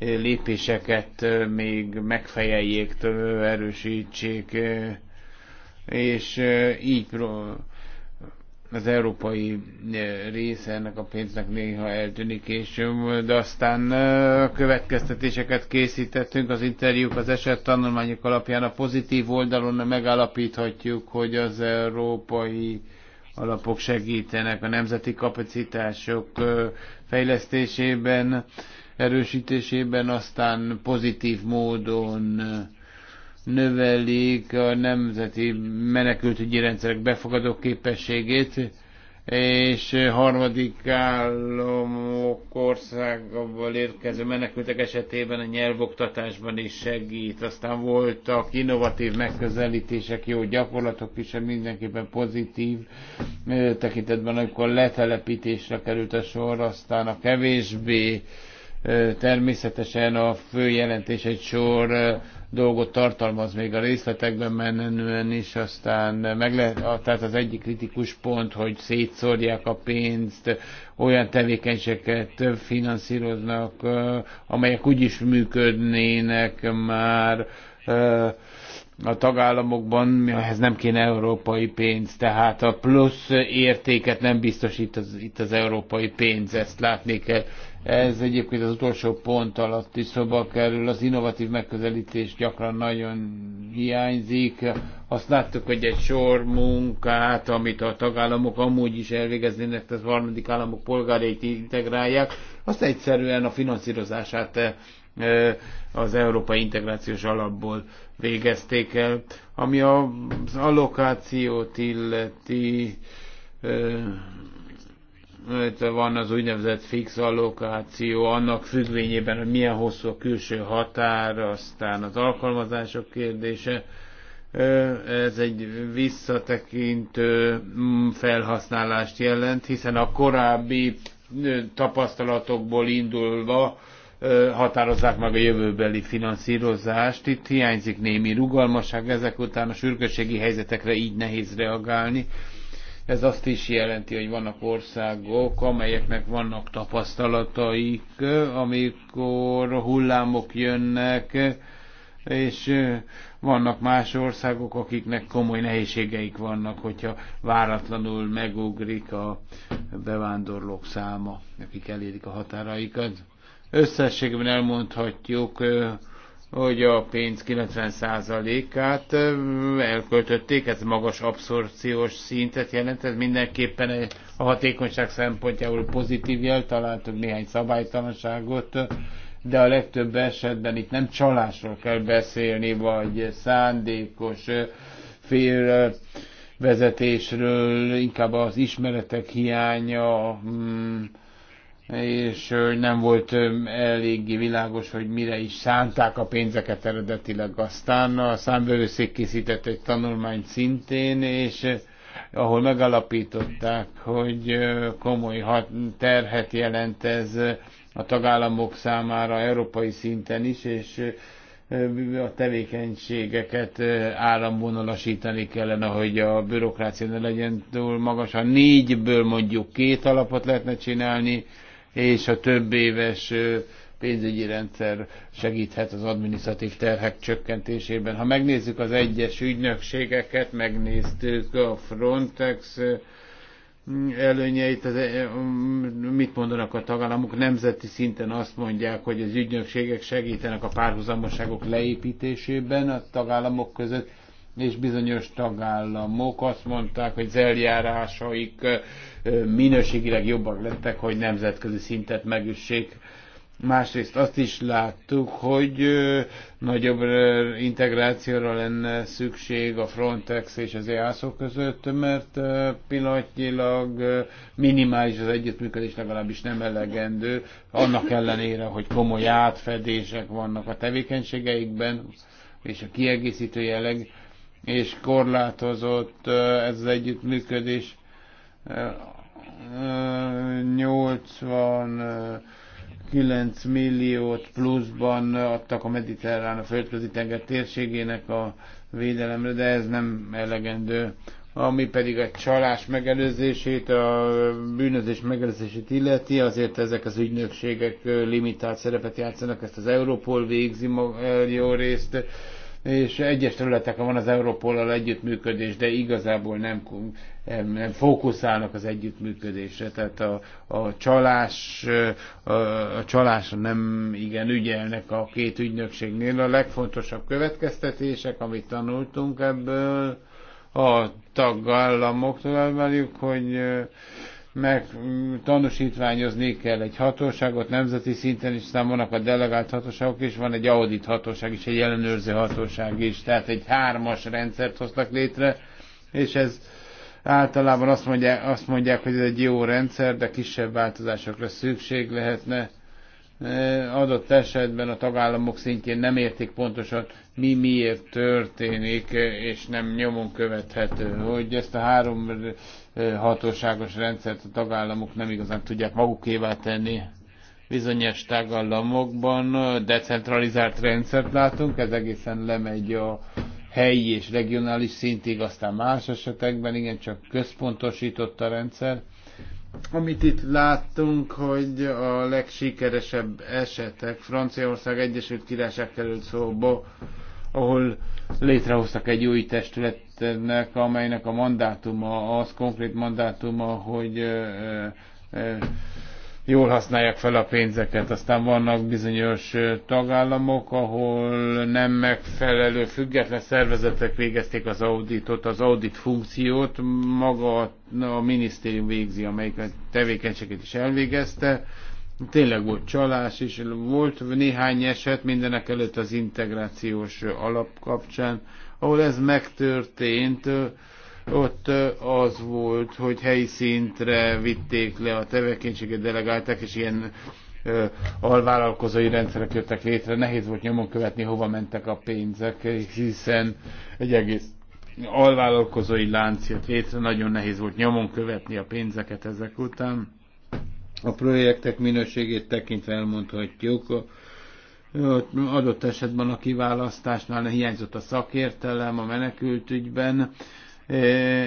lépéseket még megfejeljék, erősítsék, és így az európai eh, része ennek a pénznek néha eltűnik, és de aztán eh, következtetéseket készítettünk az interjúk, az eset tanulmányok alapján a pozitív oldalon megállapíthatjuk, hogy az európai alapok segítenek a nemzeti kapacitások eh, fejlesztésében, erősítésében, aztán pozitív módon növelik a nemzeti menekültügyi rendszerek befogadó képességét, és harmadik államok országokból érkező menekültek esetében a nyelvoktatásban is segít. Aztán voltak innovatív megközelítések, jó gyakorlatok is, mindenképpen pozitív tekintetben, amikor letelepítésre került a sor, aztán a kevésbé természetesen a fő jelentés egy sor dolgot tartalmaz még a részletekben menően is, aztán meg lehet, tehát az egyik kritikus pont, hogy szétszórják a pénzt, olyan tevékenységeket finanszíroznak, amelyek úgy is működnének már, a tagállamokban ehhez nem kéne európai pénz, tehát a plusz értéket nem biztosít az, itt az európai pénz, ezt látni kell. Ez egyébként az utolsó pont alatti szoba kerül, az innovatív megközelítés gyakran nagyon hiányzik. Azt láttuk, hogy egy sor munkát, amit a tagállamok amúgy is elvégeznének, tehát a harmadik államok polgárait integrálják, azt egyszerűen a finanszírozását eh, eh, az Európai Integrációs Alapból végezték el. Ami az allokációt illeti, eh, itt van az úgynevezett fix allokáció, annak függvényében, hogy milyen hosszú a külső határ, aztán az alkalmazások kérdése. Ez egy visszatekintő mm, felhasználást jelent, hiszen a korábbi tapasztalatokból indulva határozzák meg a jövőbeli finanszírozást. Itt hiányzik némi rugalmasság, ezek után a sürgősségi helyzetekre így nehéz reagálni. Ez azt is jelenti, hogy vannak országok, amelyeknek vannak tapasztalataik, amikor hullámok jönnek, és vannak más országok, akiknek komoly nehézségeik vannak, hogyha váratlanul megugrik a bevándorlók száma, akik elérik a határaikat. Összességben elmondhatjuk, hogy a pénz 90%-át elköltötték, ez magas abszorciós szintet jelent, ez mindenképpen a hatékonyság szempontjából pozitív jel, találtunk néhány szabálytalanságot, de a legtöbb esetben itt nem csalásról kell beszélni, vagy szándékos fél vezetésről, inkább az ismeretek hiánya, mm, és hogy nem volt eléggé világos, hogy mire is szánták a pénzeket eredetileg. Aztán a számbőrőszék készített egy tanulmány szintén, és ahol megalapították, hogy komoly terhet jelent ez a tagállamok számára európai szinten is, és a tevékenységeket áramvonalasítani kellene, hogy a bürokrácia ne legyen túl magas. A négyből mondjuk két alapot lehetne csinálni, és a több éves pénzügyi rendszer segíthet az adminisztratív terhek csökkentésében. Ha megnézzük az egyes ügynökségeket, megnéztük a Frontex előnyeit, az, mit mondanak a tagállamok? Nemzeti szinten azt mondják, hogy az ügynökségek segítenek a párhuzamoságok leépítésében a tagállamok között, és bizonyos tagállamok azt mondták, hogy az eljárásaik minőségileg jobbak lettek, hogy nemzetközi szintet megüssék. Másrészt azt is láttuk, hogy nagyobb integrációra lenne szükség a Frontex és az EASO között, mert pillanatnyilag minimális az együttműködés, legalábbis nem elegendő, annak ellenére, hogy komoly átfedések vannak a tevékenységeikben, és a kiegészítő jelleg és korlátozott ez az együttműködés. 89 milliót pluszban adtak a mediterrán, a földközi tenger térségének a védelemre, de ez nem elegendő. Ami pedig a csalás megelőzését, a bűnözés megelőzését illeti, azért ezek az ügynökségek limitált szerepet játszanak, ezt az Európol végzi jó részt, és egyes területeken van az Európollal együttműködés, de igazából nem, nem fókuszálnak az együttműködésre, tehát a, a, csalás, a, a csalás nem igen ügyelnek a két ügynökségnél. A legfontosabb következtetések, amit tanultunk ebből, a tagállamoktól elvárjuk, hogy meg mm, tanúsítványozni kell egy hatóságot, nemzeti szinten is vannak a delegált hatóságok, és van egy audit hatóság is, egy ellenőrző hatóság is, tehát egy hármas rendszert hoztak létre, és ez általában azt mondják, azt mondják, hogy ez egy jó rendszer, de kisebb változásokra szükség lehetne adott esetben a tagállamok szintjén nem értik pontosan, mi miért történik, és nem nyomon követhető, hogy ezt a három hatóságos rendszert a tagállamok nem igazán tudják magukévá tenni. Bizonyos tagállamokban decentralizált rendszert látunk, ez egészen lemegy a helyi és regionális szintig, aztán más esetekben igen, csak központosított a rendszer amit itt láttunk, hogy a legsikeresebb esetek Franciaország Egyesült Királyság került szóba, ahol létrehoztak egy új testületnek, amelynek a mandátuma, az konkrét mandátuma, hogy jól használják fel a pénzeket. Aztán vannak bizonyos tagállamok, ahol nem megfelelő független szervezetek végezték az auditot, az audit funkciót, maga a minisztérium végzi, amelyik a tevékenységet is elvégezte. Tényleg volt csalás is, volt néhány eset mindenek előtt az integrációs alap kapcsán, ahol ez megtörtént, ott az volt, hogy helyi szintre vitték le a tevékenységet, delegálták, és ilyen alvállalkozói rendszerek jöttek létre. Nehéz volt nyomon követni, hova mentek a pénzek, hiszen egy egész alvállalkozói lánc jött létre, nagyon nehéz volt nyomon követni a pénzeket ezek után. A projektek minőségét tekintve elmondhatjuk, adott esetben a kiválasztásnál hiányzott a szakértelem a menekültügyben, E,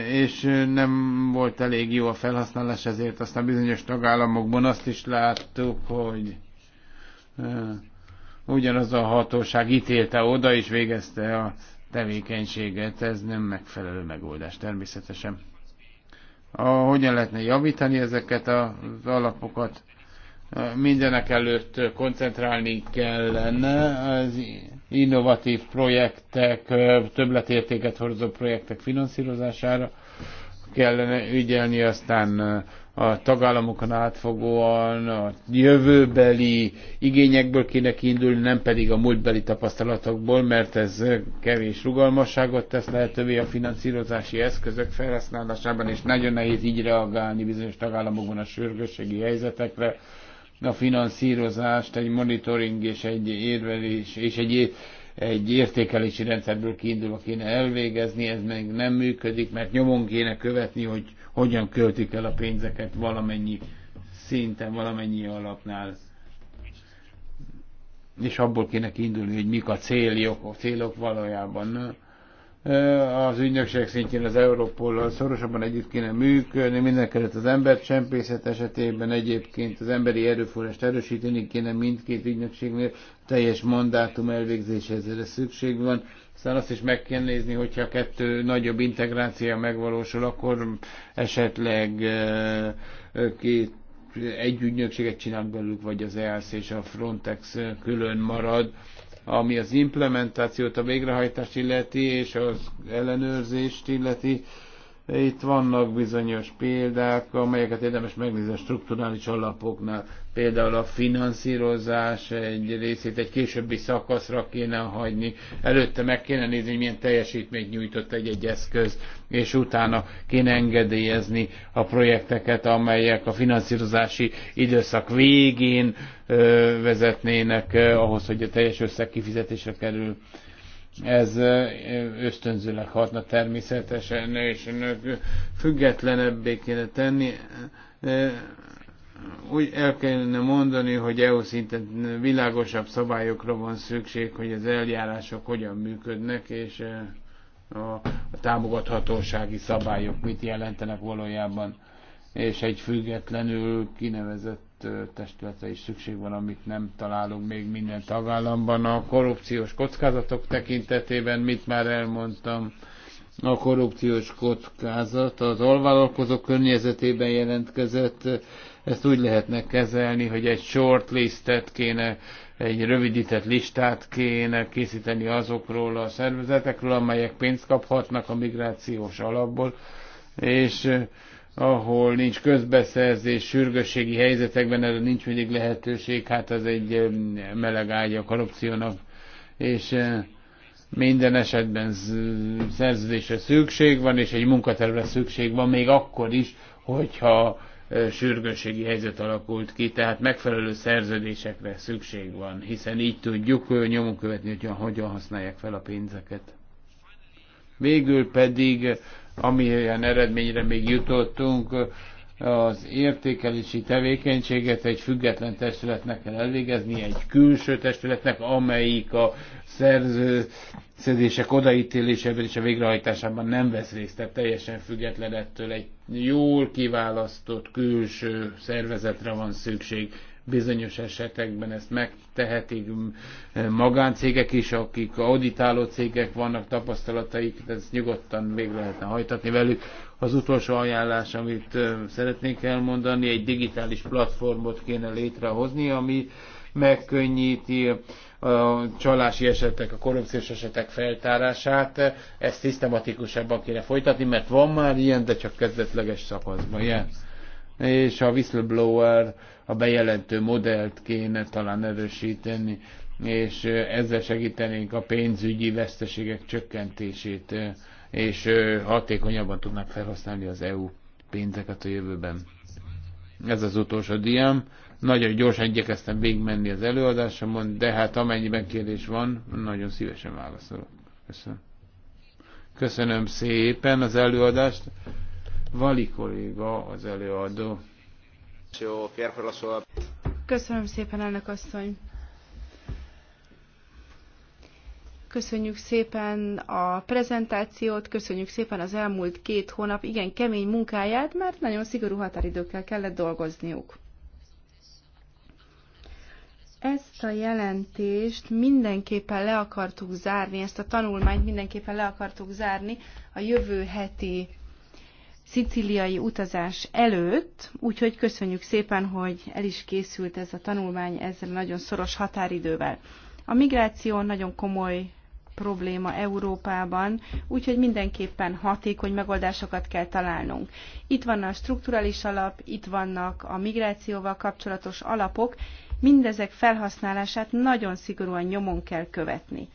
és nem volt elég jó a felhasználás, ezért aztán bizonyos tagállamokban azt is láttuk, hogy e, ugyanaz a hatóság ítélte oda, és végezte a tevékenységet. Ez nem megfelelő megoldás természetesen. A, hogyan lehetne javítani ezeket az alapokat? mindenek előtt koncentrálni kellene az innovatív projektek, többletértéket hordozó projektek finanszírozására kellene ügyelni, aztán a tagállamokon átfogóan a jövőbeli igényekből kéne kiindulni, nem pedig a múltbeli tapasztalatokból, mert ez kevés rugalmasságot tesz lehetővé a finanszírozási eszközök felhasználásában, és nagyon nehéz így reagálni bizonyos tagállamokban a sürgősségi helyzetekre, a finanszírozást egy monitoring és egy érvelés és egy, egy értékelési rendszerből kiindulva kéne elvégezni, ez még nem működik, mert nyomon kéne követni, hogy hogyan költik el a pénzeket valamennyi szinten, valamennyi alapnál. És abból kéne kiindulni, hogy mik a célok a célok valójában az ügynökség szintjén az Európol szorosabban együtt kéne működni, mindenkelőtt az embercsempészet esetében egyébként az emberi erőforrást erősíteni kéne mindkét ügynökségnél, teljes mandátum elvégzéshez erre szükség van. Aztán azt is meg kell nézni, hogyha kettő nagyobb integráció megvalósul, akkor esetleg két egy ügynökséget csinál belőlük, vagy az EASZ és a Frontex külön marad ami az implementációt, a végrehajtást illeti, és az ellenőrzést illeti. Itt vannak bizonyos példák, amelyeket érdemes megnézni a strukturális alapoknál. Például a finanszírozás egy részét egy későbbi szakaszra kéne hagyni, előtte meg kéne nézni, hogy milyen teljesítményt nyújtott egy-egy eszköz, és utána kéne engedélyezni a projekteket, amelyek a finanszírozási időszak végén ö, vezetnének ö, ahhoz, hogy a teljes összeg kifizetésre kerül ez ösztönzőleg hatna természetesen, és önök függetlenebbé kéne tenni úgy el kellene mondani, hogy EU szinten világosabb szabályokra van szükség, hogy az eljárások hogyan működnek, és eh, a támogathatósági szabályok mit jelentenek valójában, és egy függetlenül kinevezett eh, testületre is szükség van, amit nem találunk még minden tagállamban. A korrupciós kockázatok tekintetében, mit már elmondtam, a korrupciós kockázat az alvállalkozók környezetében jelentkezett, ezt úgy lehetne kezelni, hogy egy short listet kéne, egy rövidített listát kéne készíteni azokról a szervezetekről, amelyek pénzt kaphatnak a migrációs alapból, és ahol nincs közbeszerzés, sürgősségi helyzetekben erre nincs mindig lehetőség, hát az egy meleg ágy a korrupciónak, és minden esetben szerződésre szükség van, és egy munkatervre szükség van, még akkor is, hogyha sürgősségi helyzet alakult ki, tehát megfelelő szerződésekre szükség van, hiszen így tudjuk nyomon követni, hogy hogyan használják fel a pénzeket. Végül pedig, amilyen eredményre még jutottunk, az értékelési tevékenységet egy független testületnek kell elvégezni, egy külső testületnek, amelyik a szerződések odaítélésében és a végrehajtásában nem vesz részt, tehát teljesen független ettől egy jól kiválasztott külső szervezetre van szükség bizonyos esetekben ezt megtehetik e, magáncégek is, akik auditáló cégek vannak, tapasztalataik, ezt nyugodtan még lehetne hajtatni velük. Az utolsó ajánlás, amit e, szeretnék elmondani, egy digitális platformot kéne létrehozni, ami megkönnyíti a csalási esetek, a korrupciós esetek feltárását. Ezt szisztematikusabban kéne folytatni, mert van már ilyen, de csak kezdetleges szakaszban. Ilyen. És a whistleblower a bejelentő modellt kéne talán erősíteni, és ezzel segítenénk a pénzügyi veszteségek csökkentését, és hatékonyabban tudnak felhasználni az EU pénzeket a jövőben. Ez az utolsó diám. Nagyon gyorsan igyekeztem végigmenni az előadásomon, de hát amennyiben kérdés van, nagyon szívesen válaszolok. Köszönöm. Köszönöm szépen az előadást. Vali kolléga az előadó. Köszönöm szépen, elnök asszony. Köszönjük szépen a prezentációt, köszönjük szépen az elmúlt két hónap igen kemény munkáját, mert nagyon szigorú határidőkkel kellett dolgozniuk. Ezt a jelentést mindenképpen le akartuk zárni, ezt a tanulmányt mindenképpen le akartuk zárni a jövő heti szicíliai utazás előtt, úgyhogy köszönjük szépen, hogy el is készült ez a tanulmány ezzel nagyon szoros határidővel. A migráció nagyon komoly probléma Európában, úgyhogy mindenképpen hatékony megoldásokat kell találnunk. Itt van a strukturális alap, itt vannak a migrációval kapcsolatos alapok, mindezek felhasználását nagyon szigorúan nyomon kell követni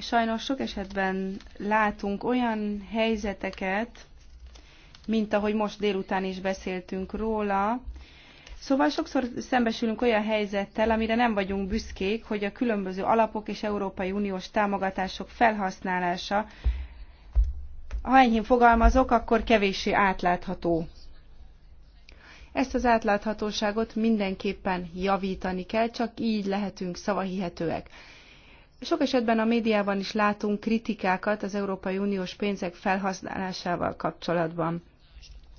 sajnos sok esetben látunk olyan helyzeteket, mint ahogy most délután is beszéltünk róla. Szóval sokszor szembesülünk olyan helyzettel, amire nem vagyunk büszkék, hogy a különböző alapok és Európai Uniós támogatások felhasználása, ha enyhén fogalmazok, akkor kevéssé átlátható. Ezt az átláthatóságot mindenképpen javítani kell, csak így lehetünk szavahihetőek. Sok esetben a médiában is látunk kritikákat az Európai Uniós pénzek felhasználásával kapcsolatban.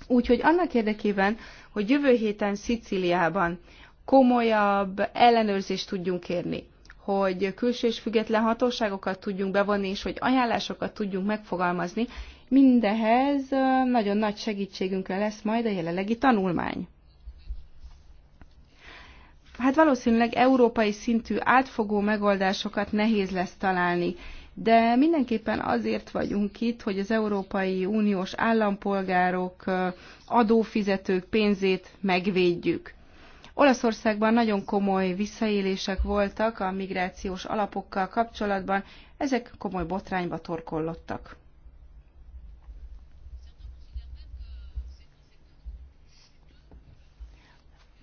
Úgyhogy annak érdekében, hogy jövő héten Szicíliában komolyabb ellenőrzést tudjunk kérni, hogy külső és független hatóságokat tudjunk bevonni, és hogy ajánlásokat tudjunk megfogalmazni, mindehez nagyon nagy segítségünkre lesz majd a jelenlegi tanulmány hát valószínűleg európai szintű átfogó megoldásokat nehéz lesz találni. De mindenképpen azért vagyunk itt, hogy az Európai Uniós állampolgárok, adófizetők pénzét megvédjük. Olaszországban nagyon komoly visszaélések voltak a migrációs alapokkal kapcsolatban, ezek komoly botrányba torkollottak.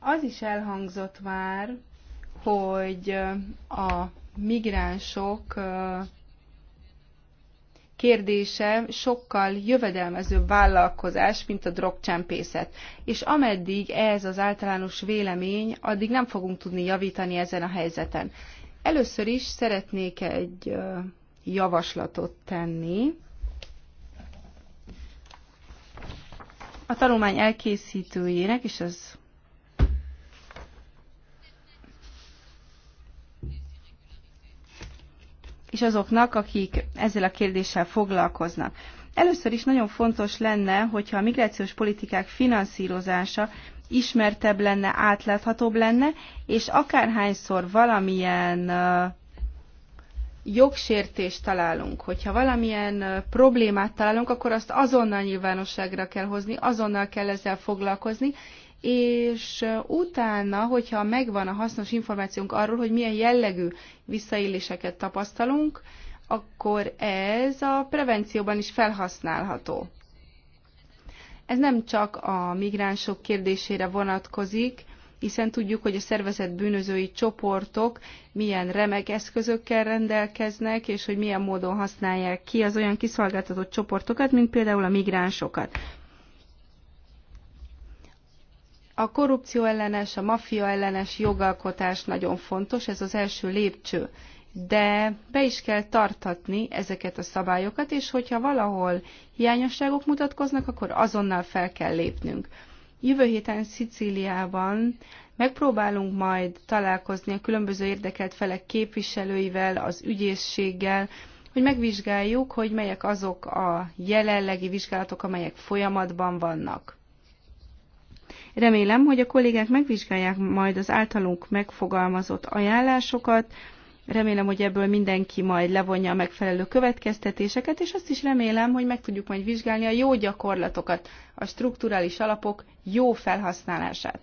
Az is elhangzott már, hogy a migránsok kérdése sokkal jövedelmezőbb vállalkozás, mint a drogcsempészet. És ameddig ez az általános vélemény, addig nem fogunk tudni javítani ezen a helyzeten. Először is szeretnék egy javaslatot tenni. A tanulmány elkészítőjének, és az és azoknak, akik ezzel a kérdéssel foglalkoznak. Először is nagyon fontos lenne, hogyha a migrációs politikák finanszírozása ismertebb lenne, átláthatóbb lenne, és akárhányszor valamilyen jogsértést találunk, hogyha valamilyen problémát találunk, akkor azt azonnal nyilvánosságra kell hozni, azonnal kell ezzel foglalkozni, és utána, hogyha megvan a hasznos információnk arról, hogy milyen jellegű visszaéléseket tapasztalunk, akkor ez a prevencióban is felhasználható. Ez nem csak a migránsok kérdésére vonatkozik, hiszen tudjuk, hogy a szervezet bűnözői csoportok milyen remek eszközökkel rendelkeznek, és hogy milyen módon használják ki az olyan kiszolgáltatott csoportokat, mint például a migránsokat. A korrupció ellenes, a maffia ellenes jogalkotás nagyon fontos, ez az első lépcső. De be is kell tartatni ezeket a szabályokat, és hogyha valahol hiányosságok mutatkoznak, akkor azonnal fel kell lépnünk. Jövő héten Szicíliában megpróbálunk majd találkozni a különböző érdekelt felek képviselőivel, az ügyészséggel, hogy megvizsgáljuk, hogy melyek azok a jelenlegi vizsgálatok, amelyek folyamatban vannak. Remélem, hogy a kollégák megvizsgálják majd az általunk megfogalmazott ajánlásokat, Remélem, hogy ebből mindenki majd levonja a megfelelő következtetéseket, és azt is remélem, hogy meg tudjuk majd vizsgálni a jó gyakorlatokat, a strukturális alapok jó felhasználását.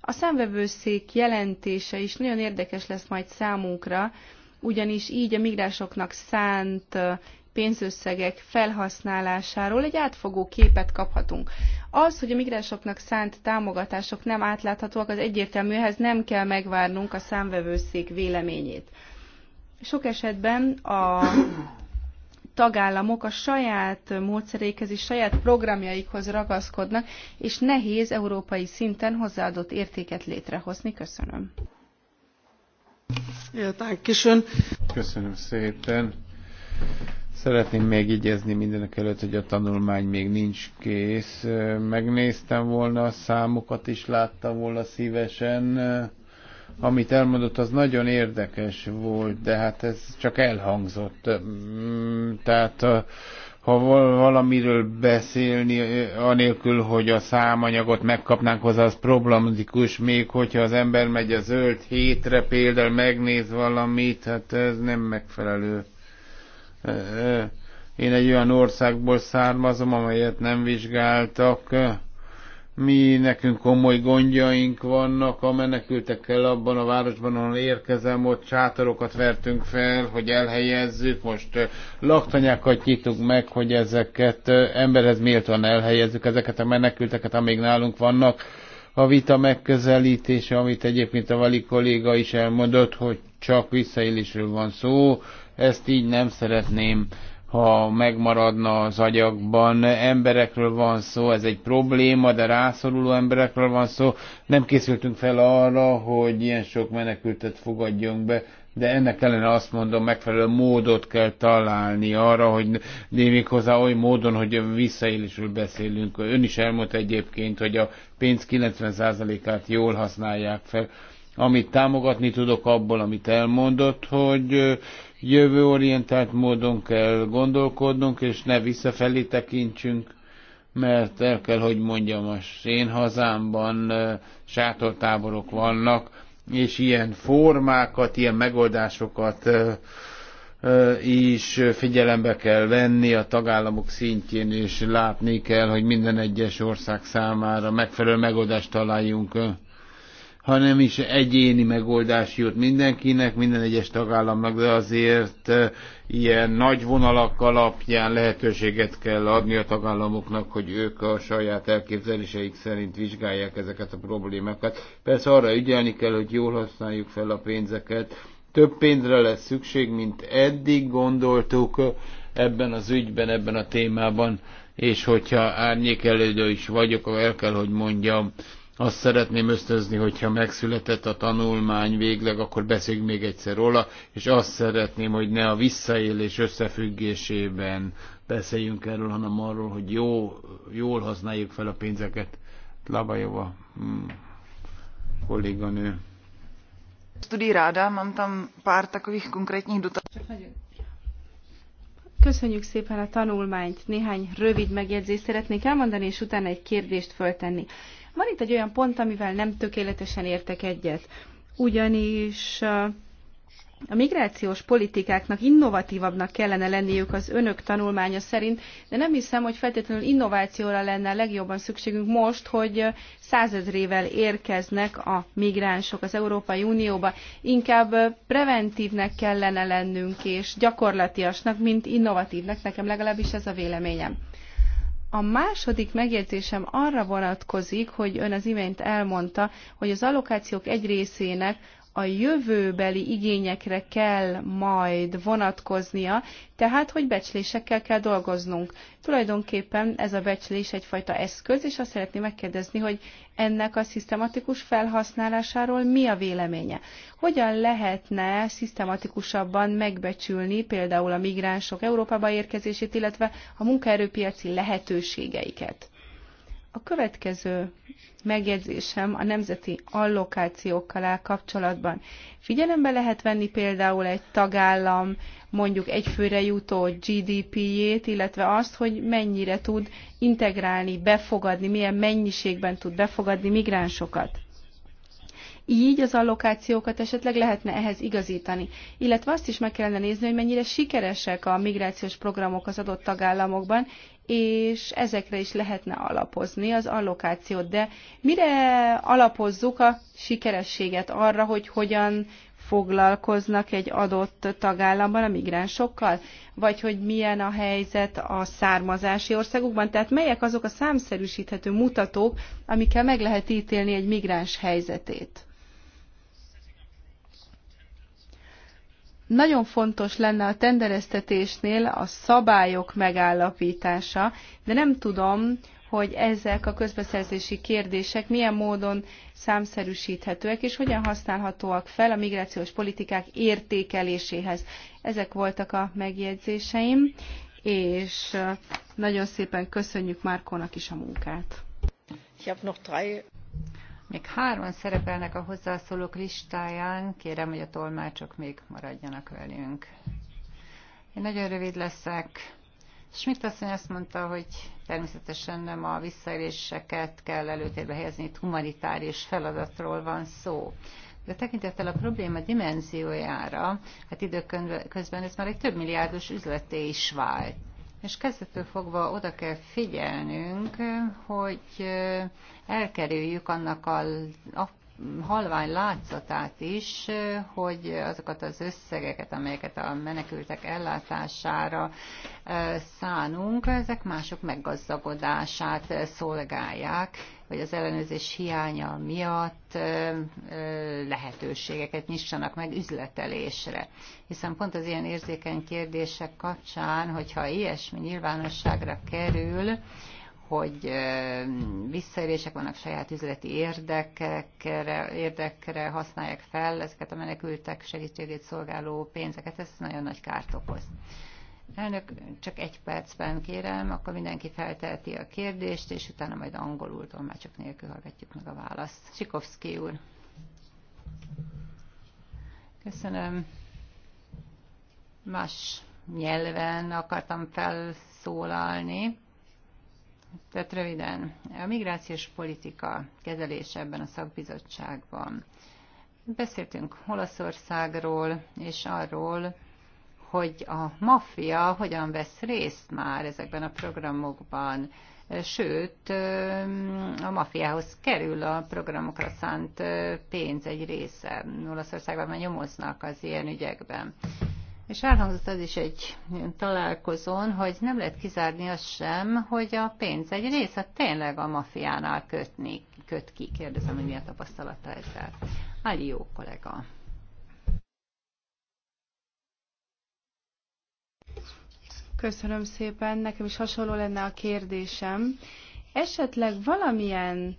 A számvevőszék jelentése is nagyon érdekes lesz majd számunkra, ugyanis így a migránsoknak szánt pénzösszegek felhasználásáról egy átfogó képet kaphatunk. Az, hogy a migránsoknak szánt támogatások nem átláthatóak, az egyértelmű, ehhez nem kell megvárnunk a számvevőszék véleményét. Sok esetben a tagállamok a saját módszerékhez és saját programjaikhoz ragaszkodnak, és nehéz európai szinten hozzáadott értéket létrehozni. Köszönöm. Ja, Köszönöm szépen. Szeretném megjegyezni mindenek előtt, hogy a tanulmány még nincs kész. Megnéztem volna a számokat is, láttam volna szívesen. Amit elmondott, az nagyon érdekes volt, de hát ez csak elhangzott. Mm, tehát ha valamiről beszélni, anélkül, hogy a számanyagot megkapnánk hozzá, az problematikus, még hogyha az ember megy a zöld hétre például megnéz valamit, hát ez nem megfelelő. Én egy olyan országból származom, amelyet nem vizsgáltak. Mi nekünk komoly gondjaink vannak a menekültekkel abban a városban, ahol érkezem, ott sátorokat vertünk fel, hogy elhelyezzük, most laktanyákat nyitunk meg, hogy ezeket emberhez méltóan elhelyezzük, ezeket a menekülteket, amíg nálunk vannak a vita megközelítése, amit egyébként a Vali kolléga is elmondott, hogy csak visszaélésről van szó, ezt így nem szeretném, ha megmaradna az agyakban. Emberekről van szó, ez egy probléma, de rászoruló emberekről van szó. Nem készültünk fel arra, hogy ilyen sok menekültet fogadjunk be de ennek ellen azt mondom, megfelelő módot kell találni arra, hogy hozzá oly módon, hogy visszaélésről beszélünk. Ön is elmondta egyébként, hogy a pénz 90%-át jól használják fel. Amit támogatni tudok abból, amit elmondott, hogy jövőorientált módon kell gondolkodnunk, és ne visszafelé tekintsünk, mert el kell, hogy mondjam, a én hazámban sátortáborok vannak, és ilyen formákat, ilyen megoldásokat is figyelembe kell venni a tagállamok szintjén, és látni kell, hogy minden egyes ország számára megfelelő megoldást találjunk hanem is egyéni megoldás jut mindenkinek, minden egyes tagállamnak, de azért eh, ilyen nagy vonalak alapján lehetőséget kell adni a tagállamoknak, hogy ők a saját elképzeléseik szerint vizsgálják ezeket a problémákat. Persze arra ügyelni kell, hogy jól használjuk fel a pénzeket. Több pénzre lesz szükség, mint eddig gondoltuk ebben az ügyben, ebben a témában, és hogyha árnyékelődő is vagyok, el kell, hogy mondjam, azt szeretném ösztözni, hogyha megszületett a tanulmány végleg, akkor beszéljünk még egyszer róla, és azt szeretném, hogy ne a visszaélés összefüggésében beszéljünk erről, hanem arról, hogy jó, jól használjuk fel a pénzeket. Labajova hmm. kolléganő. Studii ráda, mám tam pár takových konkrétních dotazů. Köszönjük szépen a tanulmányt. Néhány rövid megjegyzést szeretnék elmondani, és utána egy kérdést föltenni. Van itt egy olyan pont, amivel nem tökéletesen értek egyet. Ugyanis a migrációs politikáknak innovatívabbnak kellene lenniük az önök tanulmánya szerint, de nem hiszem, hogy feltétlenül innovációra lenne a legjobban szükségünk most, hogy százezrével érkeznek a migránsok az Európai Unióba. Inkább preventívnek kellene lennünk és gyakorlatiasnak, mint innovatívnak, nekem legalábbis ez a véleményem. A második megértésem arra vonatkozik, hogy ön az imént elmondta, hogy az allokációk egy részének a jövőbeli igényekre kell majd vonatkoznia, tehát hogy becslésekkel kell dolgoznunk. Tulajdonképpen ez a becslés egyfajta eszköz, és azt szeretném megkérdezni, hogy ennek a szisztematikus felhasználásáról mi a véleménye? Hogyan lehetne szisztematikusabban megbecsülni például a migránsok Európába érkezését, illetve a munkaerőpiaci lehetőségeiket? A következő megjegyzésem a nemzeti allokációkkal áll kapcsolatban. Figyelembe lehet venni például egy tagállam mondjuk főre jutó GDP-jét, illetve azt, hogy mennyire tud integrálni, befogadni, milyen mennyiségben tud befogadni migránsokat. Így az allokációkat esetleg lehetne ehhez igazítani. Illetve azt is meg kellene nézni, hogy mennyire sikeresek a migrációs programok az adott tagállamokban, és ezekre is lehetne alapozni az allokációt. De mire alapozzuk a sikerességet arra, hogy hogyan foglalkoznak egy adott tagállamban a migránsokkal, vagy hogy milyen a helyzet a származási országokban, tehát melyek azok a számszerűsíthető mutatók, amikkel meg lehet ítélni egy migráns helyzetét. Nagyon fontos lenne a tendereztetésnél a szabályok megállapítása, de nem tudom, hogy ezek a közbeszerzési kérdések milyen módon számszerűsíthetőek, és hogyan használhatóak fel a migrációs politikák értékeléséhez. Ezek voltak a megjegyzéseim, és nagyon szépen köszönjük Márkónak is a munkát. Még hárman szerepelnek a hozzászólók listáján, kérem, hogy a tolmácsok még maradjanak velünk. Én nagyon rövid leszek. Schmidt asszony azt mondta, hogy természetesen nem a visszaéléseket kell előtérbe helyezni, itt humanitárius feladatról van szó. De tekintettel a probléma dimenziójára, hát időközben ez már egy több milliárdos üzleté is vált és kezdettől fogva oda kell figyelnünk, hogy eh, elkerüljük annak a, halvány látszatát is, hogy azokat az összegeket, amelyeket a menekültek ellátására e, szánunk, ezek mások meggazdagodását szolgálják, vagy az ellenőrzés hiánya miatt e, e, lehetőségeket nyissanak meg üzletelésre. Hiszen pont az ilyen érzékeny kérdések kapcsán, hogyha ilyesmi nyilvánosságra kerül, hogy visszaérések vannak saját üzleti érdekekre, érdekre használják fel ezeket a menekültek segítségét szolgáló pénzeket, ez nagyon nagy kárt okoz. Elnök, csak egy percben kérem, akkor mindenki felteheti a kérdést, és utána majd angolul tolmácsok nélkül hallgatjuk meg a választ. Sikovszki úr. Köszönöm. Más nyelven akartam felszólalni. Tehát röviden, a migrációs politika kezelése ebben a szakbizottságban. Beszéltünk Olaszországról és arról, hogy a maffia hogyan vesz részt már ezekben a programokban, sőt, a maffiához kerül a programokra szánt pénz egy része. Olaszországban már nyomoznak az ilyen ügyekben. És elhangzott az is egy találkozón, hogy nem lehet kizárni azt sem, hogy a pénz egy része tényleg a mafiánál kötni, köt ki. Kérdezem, hogy mi a tapasztalata ezzel. Ali jó kollega. Köszönöm szépen, nekem is hasonló lenne a kérdésem. Esetleg valamilyen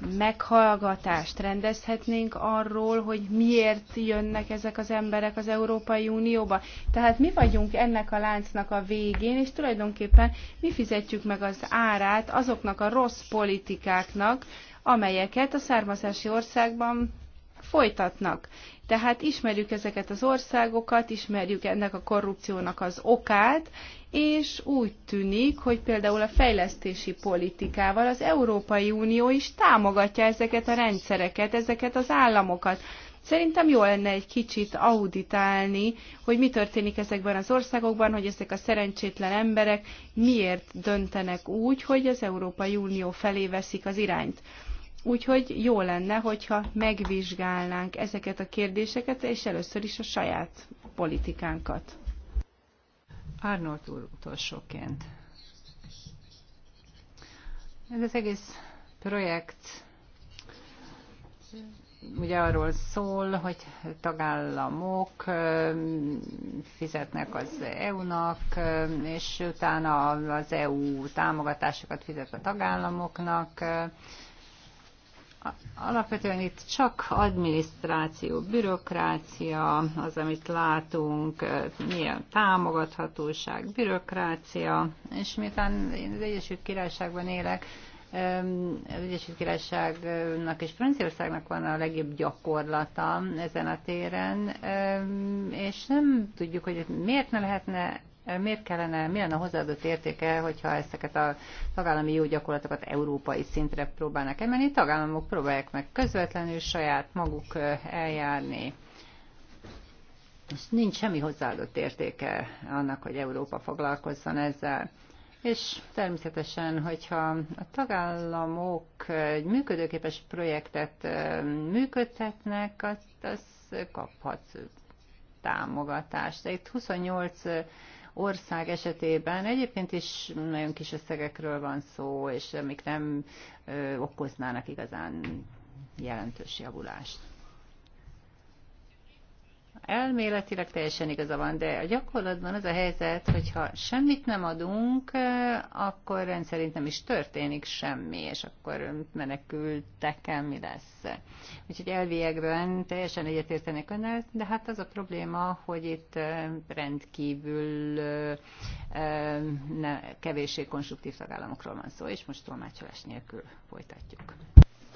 meghallgatást rendezhetnénk arról, hogy miért jönnek ezek az emberek az Európai Unióba. Tehát mi vagyunk ennek a láncnak a végén, és tulajdonképpen mi fizetjük meg az árát azoknak a rossz politikáknak, amelyeket a származási országban folytatnak. Tehát ismerjük ezeket az országokat, ismerjük ennek a korrupciónak az okát, és úgy tűnik, hogy például a fejlesztési politikával az Európai Unió is támogatja ezeket a rendszereket, ezeket az államokat. Szerintem jó lenne egy kicsit auditálni, hogy mi történik ezekben az országokban, hogy ezek a szerencsétlen emberek miért döntenek úgy, hogy az Európai Unió felé veszik az irányt. Úgyhogy jó lenne, hogyha megvizsgálnánk ezeket a kérdéseket, és először is a saját politikánkat. Arnold úr utolsóként. Ez az egész projekt ugye arról szól, hogy tagállamok fizetnek az EU-nak, és utána az EU támogatásokat fizet a tagállamoknak, Alapvetően itt csak adminisztráció, bürokrácia, az, amit látunk, milyen támogathatóság, bürokrácia, és miután én az Egyesült Királyságban élek, az Egyesült Királyságnak és Franciaországnak van a legjobb gyakorlata ezen a téren, és nem tudjuk, hogy miért ne lehetne miért kellene, mi lenne a hozzáadott értéke, hogyha ezeket a tagállami jó gyakorlatokat európai szintre próbálnak emelni, tagállamok próbálják meg közvetlenül saját maguk eljárni. És nincs semmi hozzáadott értéke annak, hogy Európa foglalkozzon ezzel. És természetesen, hogyha a tagállamok egy működőképes projektet működtetnek, az, az kaphat támogatást. Itt 28 ország esetében egyébként is nagyon kis összegekről van szó, és amik nem okoznának igazán jelentős javulást elméletileg teljesen igaza van, de a gyakorlatban az a helyzet, hogyha semmit nem adunk, akkor rendszerint nem is történik semmi, és akkor menekültekkel mi lesz. Úgyhogy elviekben teljesen egyetértenek önnel, de hát az a probléma, hogy itt rendkívül kevéssé konstruktív tagállamokról van szó, és most tolmácsolás nélkül folytatjuk.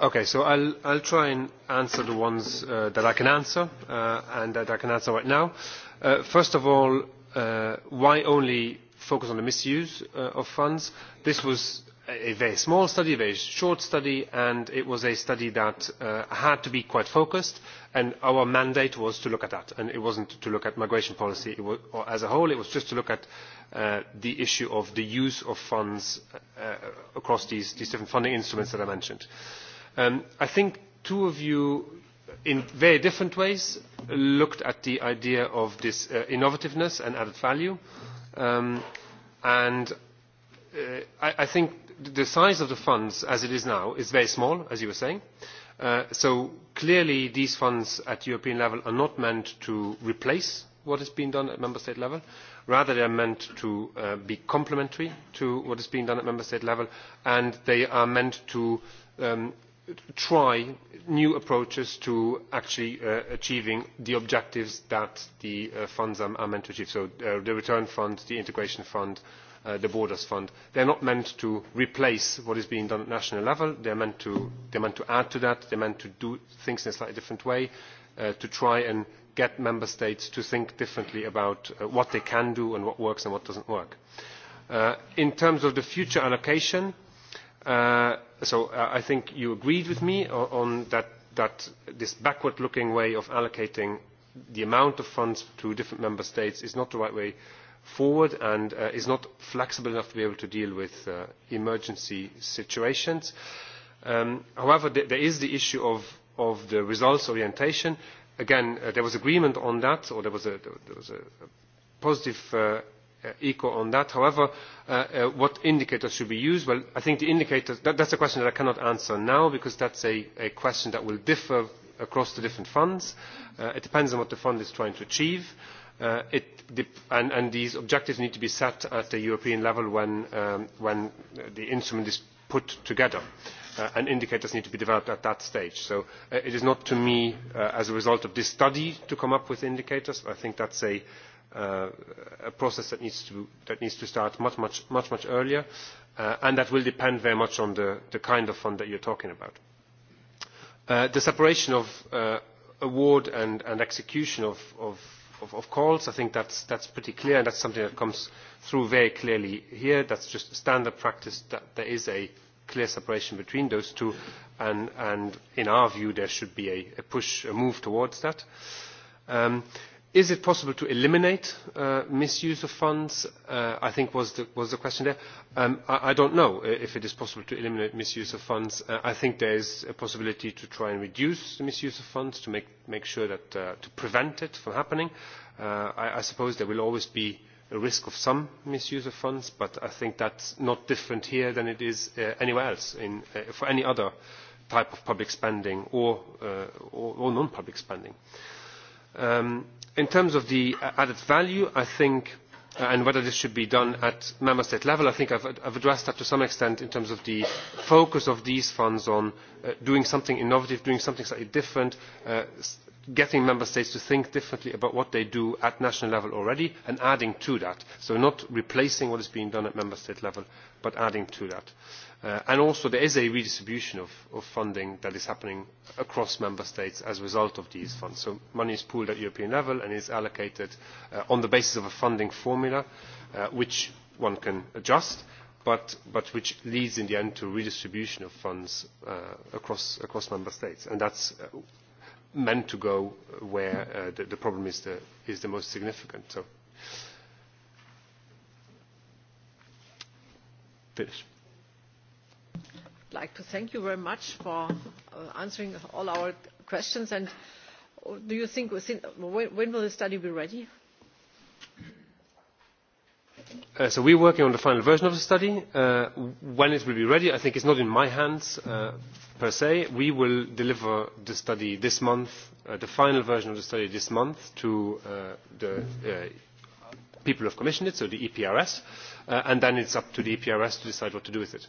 Okay, so I'll, I'll try and answer the ones uh, that I can answer uh, and that I can answer right now. Uh, first of all, uh, why only focus on the misuse uh, of funds? This was a very small study, a very short study, and it was a study that uh, had to be quite focused, and our mandate was to look at that, and it wasn't to look at migration policy it was, or as a whole, it was just to look at uh, the issue of the use of funds uh, across these, these different funding instruments that I mentioned. Uh, Um, I think two of you, in very different ways, looked at the idea of this uh, innovativeness and added value. Um, and uh, I, think the size of the funds as it is now is very small, as you were saying. Uh, so clearly these funds at European level are not meant to replace what is being done at member state level. Rather, they are meant to be complementary to what is being done at member state level, and they are meant to um, try new approaches to actually uh, achieving the objectives that the uh, funds are, meant to achieve. So uh, the return fund, the integration fund, the borders fund, they are not meant to replace what is being done at national level. they are meant to add to that. they are meant to do things in a slightly different way to try and get member states to think differently about what they can do and what works and what does not work. in terms of the future allocation, Uh, so uh, I think you agreed with me on, this backward-looking way of allocating the amount of funds to different member states is not the right way forward and uh, is not flexible enough to be able to deal with emergency situations. Um, however, there is the issue of, the results orientation. Again, there was agreement on that, or there was a, positive eco on that. However, uh, uh, what indicators should be used? Well, I think the indicators, that, that's a question that I cannot answer now because that's a, a question that will differ across the different funds. Uh, it depends on what the fund is trying to achieve. Uh, it, and, and these objectives need to be set at the European level when, um, when the instrument is put together. Uh, and indicators need to be developed at that stage. So uh, it is not to me, uh, as a result of this study, to come up with indicators. I think that's a, uh, a process that needs to that needs to start much much much much earlier uh, and that will depend very much on the the kind of fund that you're talking about uh, the separation of uh, award and and execution of of of, of calls. I think that's, that's pretty clear, and that's something that comes through very clearly here. That's just standard practice that there is a clear separation between those two, and, and in our view, there should be a, a push, a move towards that. Um, is it possible to eliminate uh, misuse of funds? Uh, I think was the, was the question there. Um, I, I don't know if it is possible to eliminate misuse of funds. Uh, I think there is a possibility to try and reduce the misuse of funds to make, make sure that uh, to prevent it from happening. Uh, I, I suppose there will always be a risk of some misuse of funds, but I think that's not different here than it is uh, anywhere else in, uh, for any other type of public spending or, uh, or, or non-public spending. Uh, Um, in terms of the added value, I think, uh, and whether this should be done at member state level, I think I've, I've addressed that to some extent in terms of the focus of these funds on uh, doing something innovative, doing something slightly different, uh, getting member states to think differently about what they do at national level already and adding to that. So not replacing what is being done at member state level, but adding to that. Uh, Uh, and also there is a redistribution of, of funding that is happening across member states as a result of these funds. So money is pooled at European level and is allocated uh, on the basis of a funding formula uh, which one can adjust but, but which leads in the end to redistribution of funds uh, across, across member states. And that's uh, meant to go where uh, the, the problem is the, is the most significant. So. Finish like to thank you very much for uh, answering all our questions. And uh, do you think when, will the study be ready? Uh, so we are working on the final version of the study. Uh, when it will be ready i think is not in my hands uh, per se. we will deliver the study this month uh, the final version of the study this month to the people who have commissioned it so the eprs and then it is up to the eprs to decide what to do with it.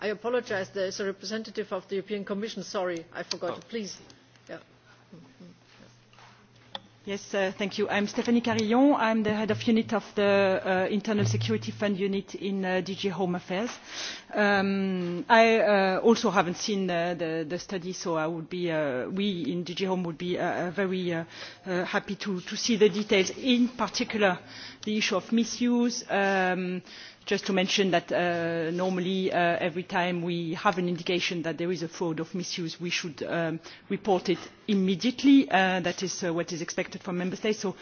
I apologize. There is a representative of the European Commission. Sorry, I forgot. Oh. Please. Yeah. Yes, uh, thank you. am Stephanie Carillon. I'm the head of unit of the uh, Internal Security Fund unit in uh, DG Home Affairs. Um, I uh, also haven't seen the, study, so uh, we in DG Home would be very happy to, see the details, in particular the issue of misuse, um, just to mention that uh, normally uh, every time we have an indication that there is a fraud or misuse we should um, report it immediately uh, that is what is expected from member states so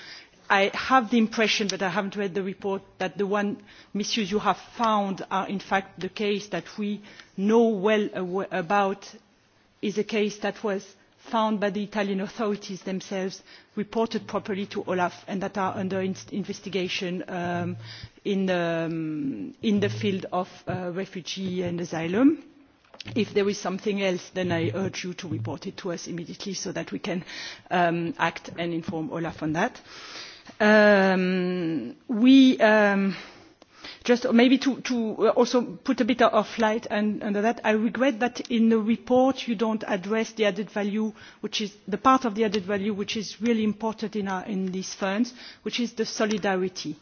i have the impression but i have not read the report that the one misuse you have found is in fact the case that we know well about is a case that was found by the italian authorities themselves reported properly to olaf and that are under investigation um, um, in, the, field of uh, refugee and asylum if there is something else then i urge you to report it to us immediately so that we can um, act and inform olaf on that. we just maybe to, uh, also put a bit of light under that i regret that in the report you do not address the added value which is the part of the added value which is really important in, these funds which is the solidarity.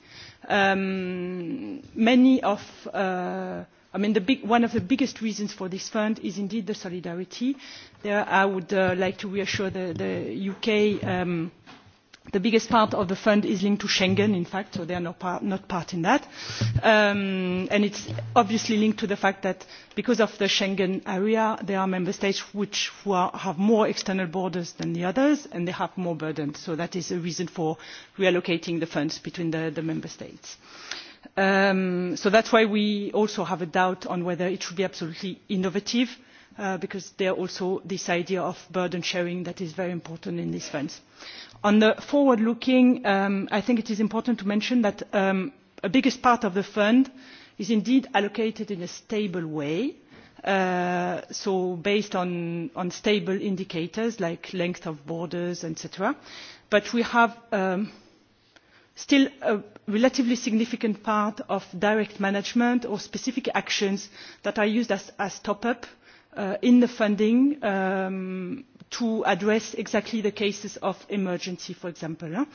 Um, many of uh, I mean, one of the biggest reasons for this fund is indeed the solidarity. there i would uh, like to reassure the, uk um, the biggest part of the fund is linked to schengen in fact so they are not part, not part in that um, and it's obviously linked to the fact that because of the schengen area there are member states which who are, have more external borders than the others and they have more burden so that is a reason for reallocating the funds between the, the member states. Um, so that's why we also have a doubt on whether it should be absolutely innovative Uh, because there is also this idea of burden sharing that is very important in this sense. on the forward looking um, i think it is important to mention that um, the biggest part of the fund is indeed allocated in a stable way uh, so based on, on stable indicators like length of borders etc. but we have um, still a relatively significant part of direct management or specific actions that are used as, as top up uh, in the funding um, to address exactly the cases of emergency for example.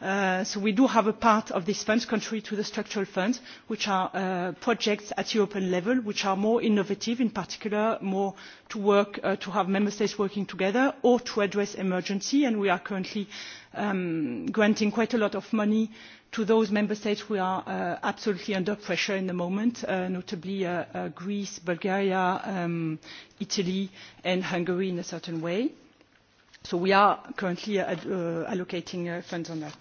Uh, so we do have a part of this fund contrary to the structural funds which are uh, projects at european level which are more innovative in particular more to work uh, to have member states working together or to address emergency and we are currently um, granting quite a lot of money to those member states who are uh, absolutely under pressure at the moment uh, notably uh, uh, greece bulgaria um, italy and hungary in a certain way so we are currently uh, allocating uh, funds on that.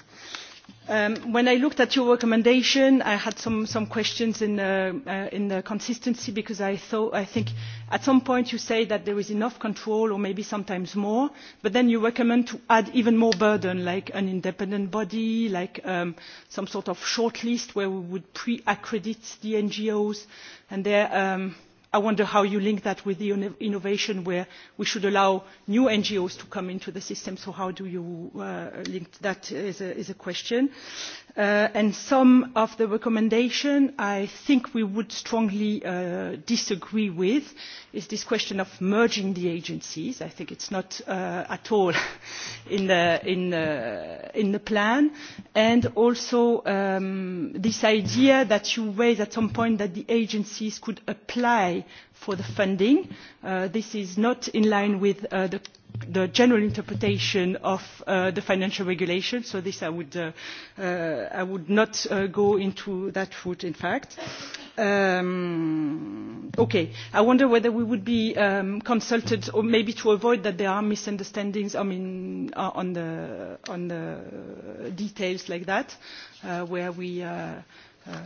Um, when I looked at your recommendation, I had some, some questions in, uh, in the consistency because I, thought, I think at some point you say that there is enough control or maybe sometimes more, but then you recommend to add even more burden like an independent body, like um, some sort of short list where we would pre-accredit the NGOs and their um, – i wonder how you link that with innovation where we should allow new ngos to come into the system so how do you uh, link that is is a question. Uh, and some of the recommendations i think we would strongly uh, disagree with is this question of merging the agencies. i think it is not uh, at all (laughs) in the, plan and also um, this idea that you raised at some point that the agencies could apply for the funding. this is not in line with the the general interpretation of uh, the financial regulation so this i would, uh, uh, I would not uh, go into that route in fact. Um, okay. i wonder whether we would be um, consulted or maybe to avoid that there are misunderstandings I mean, uh, on, the, on the details like that uh, where we Uh,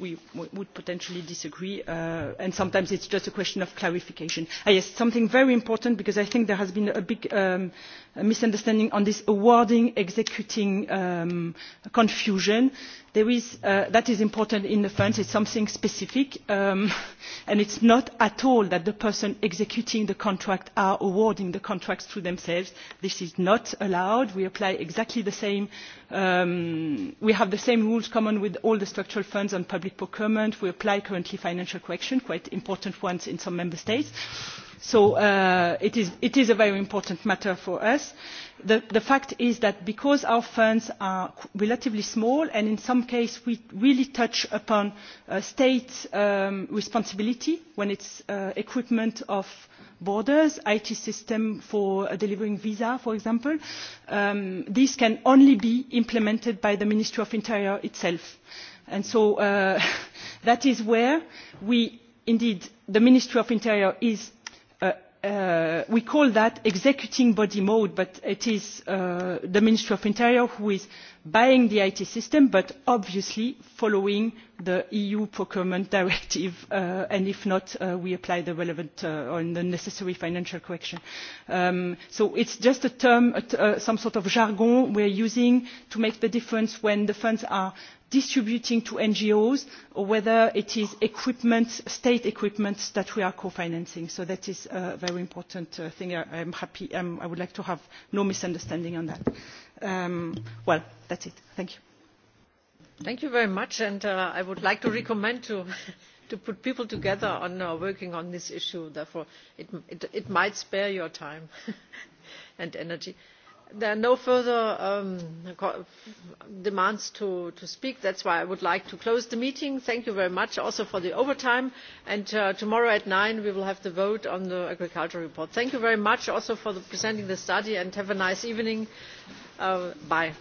we would potentially disagree uh, and sometimes it is just a question of clarification. Ah, yes, something very important because i think there has been a big um, misunderstanding on this awarding executing um, confusion is, uh, that is important in the funds it is something specific um, (laughs) and it is not at all that the person executing the contract is awarding the contracts to themselves. this is not allowed. we apply exactly the same um, we have the same rules common with all the structural funds on public procurement. we apply currently financial correction quite important ones in some member states so uh, it, is, a very important matter for us. The, fact is that because our funds are relatively small and in some cases we really touch upon uh, state um, responsibility when it is uh, equipment of borders it systems for delivering visas for example um, these can only be implemented by the ministry of the interior itself so (laughs) that is where we, indeed the ministry of the interior Uh, we call that executing body mode but it is uh, the ministry of the interior who is buying the it system but obviously following the eu procurement (laughs) directive uh, and if not uh, we apply the relevant and uh, the necessary financial correction. Um, so it is just a term some sort of jargon we are using to make the difference when the funds are distributed to ngos or whether it is equipment, state equipment that we are co financing. so that is a very important thing. I, I'm happy, um, i would like to have no misunderstanding on that um, well that's it thank you thank you very much and uh, i would like to recommend to to put people together on uh, working on this issue therefore it, it, it might spare your time (laughs) and energy there are no further um, demands to, speak that is why i would like to close the meeting. thank you very much also for the overtime and uh, tomorrow at nine we will have the vote on the agriculture report. thank you very much also for presenting the study and have a nice evening. Uh, bye.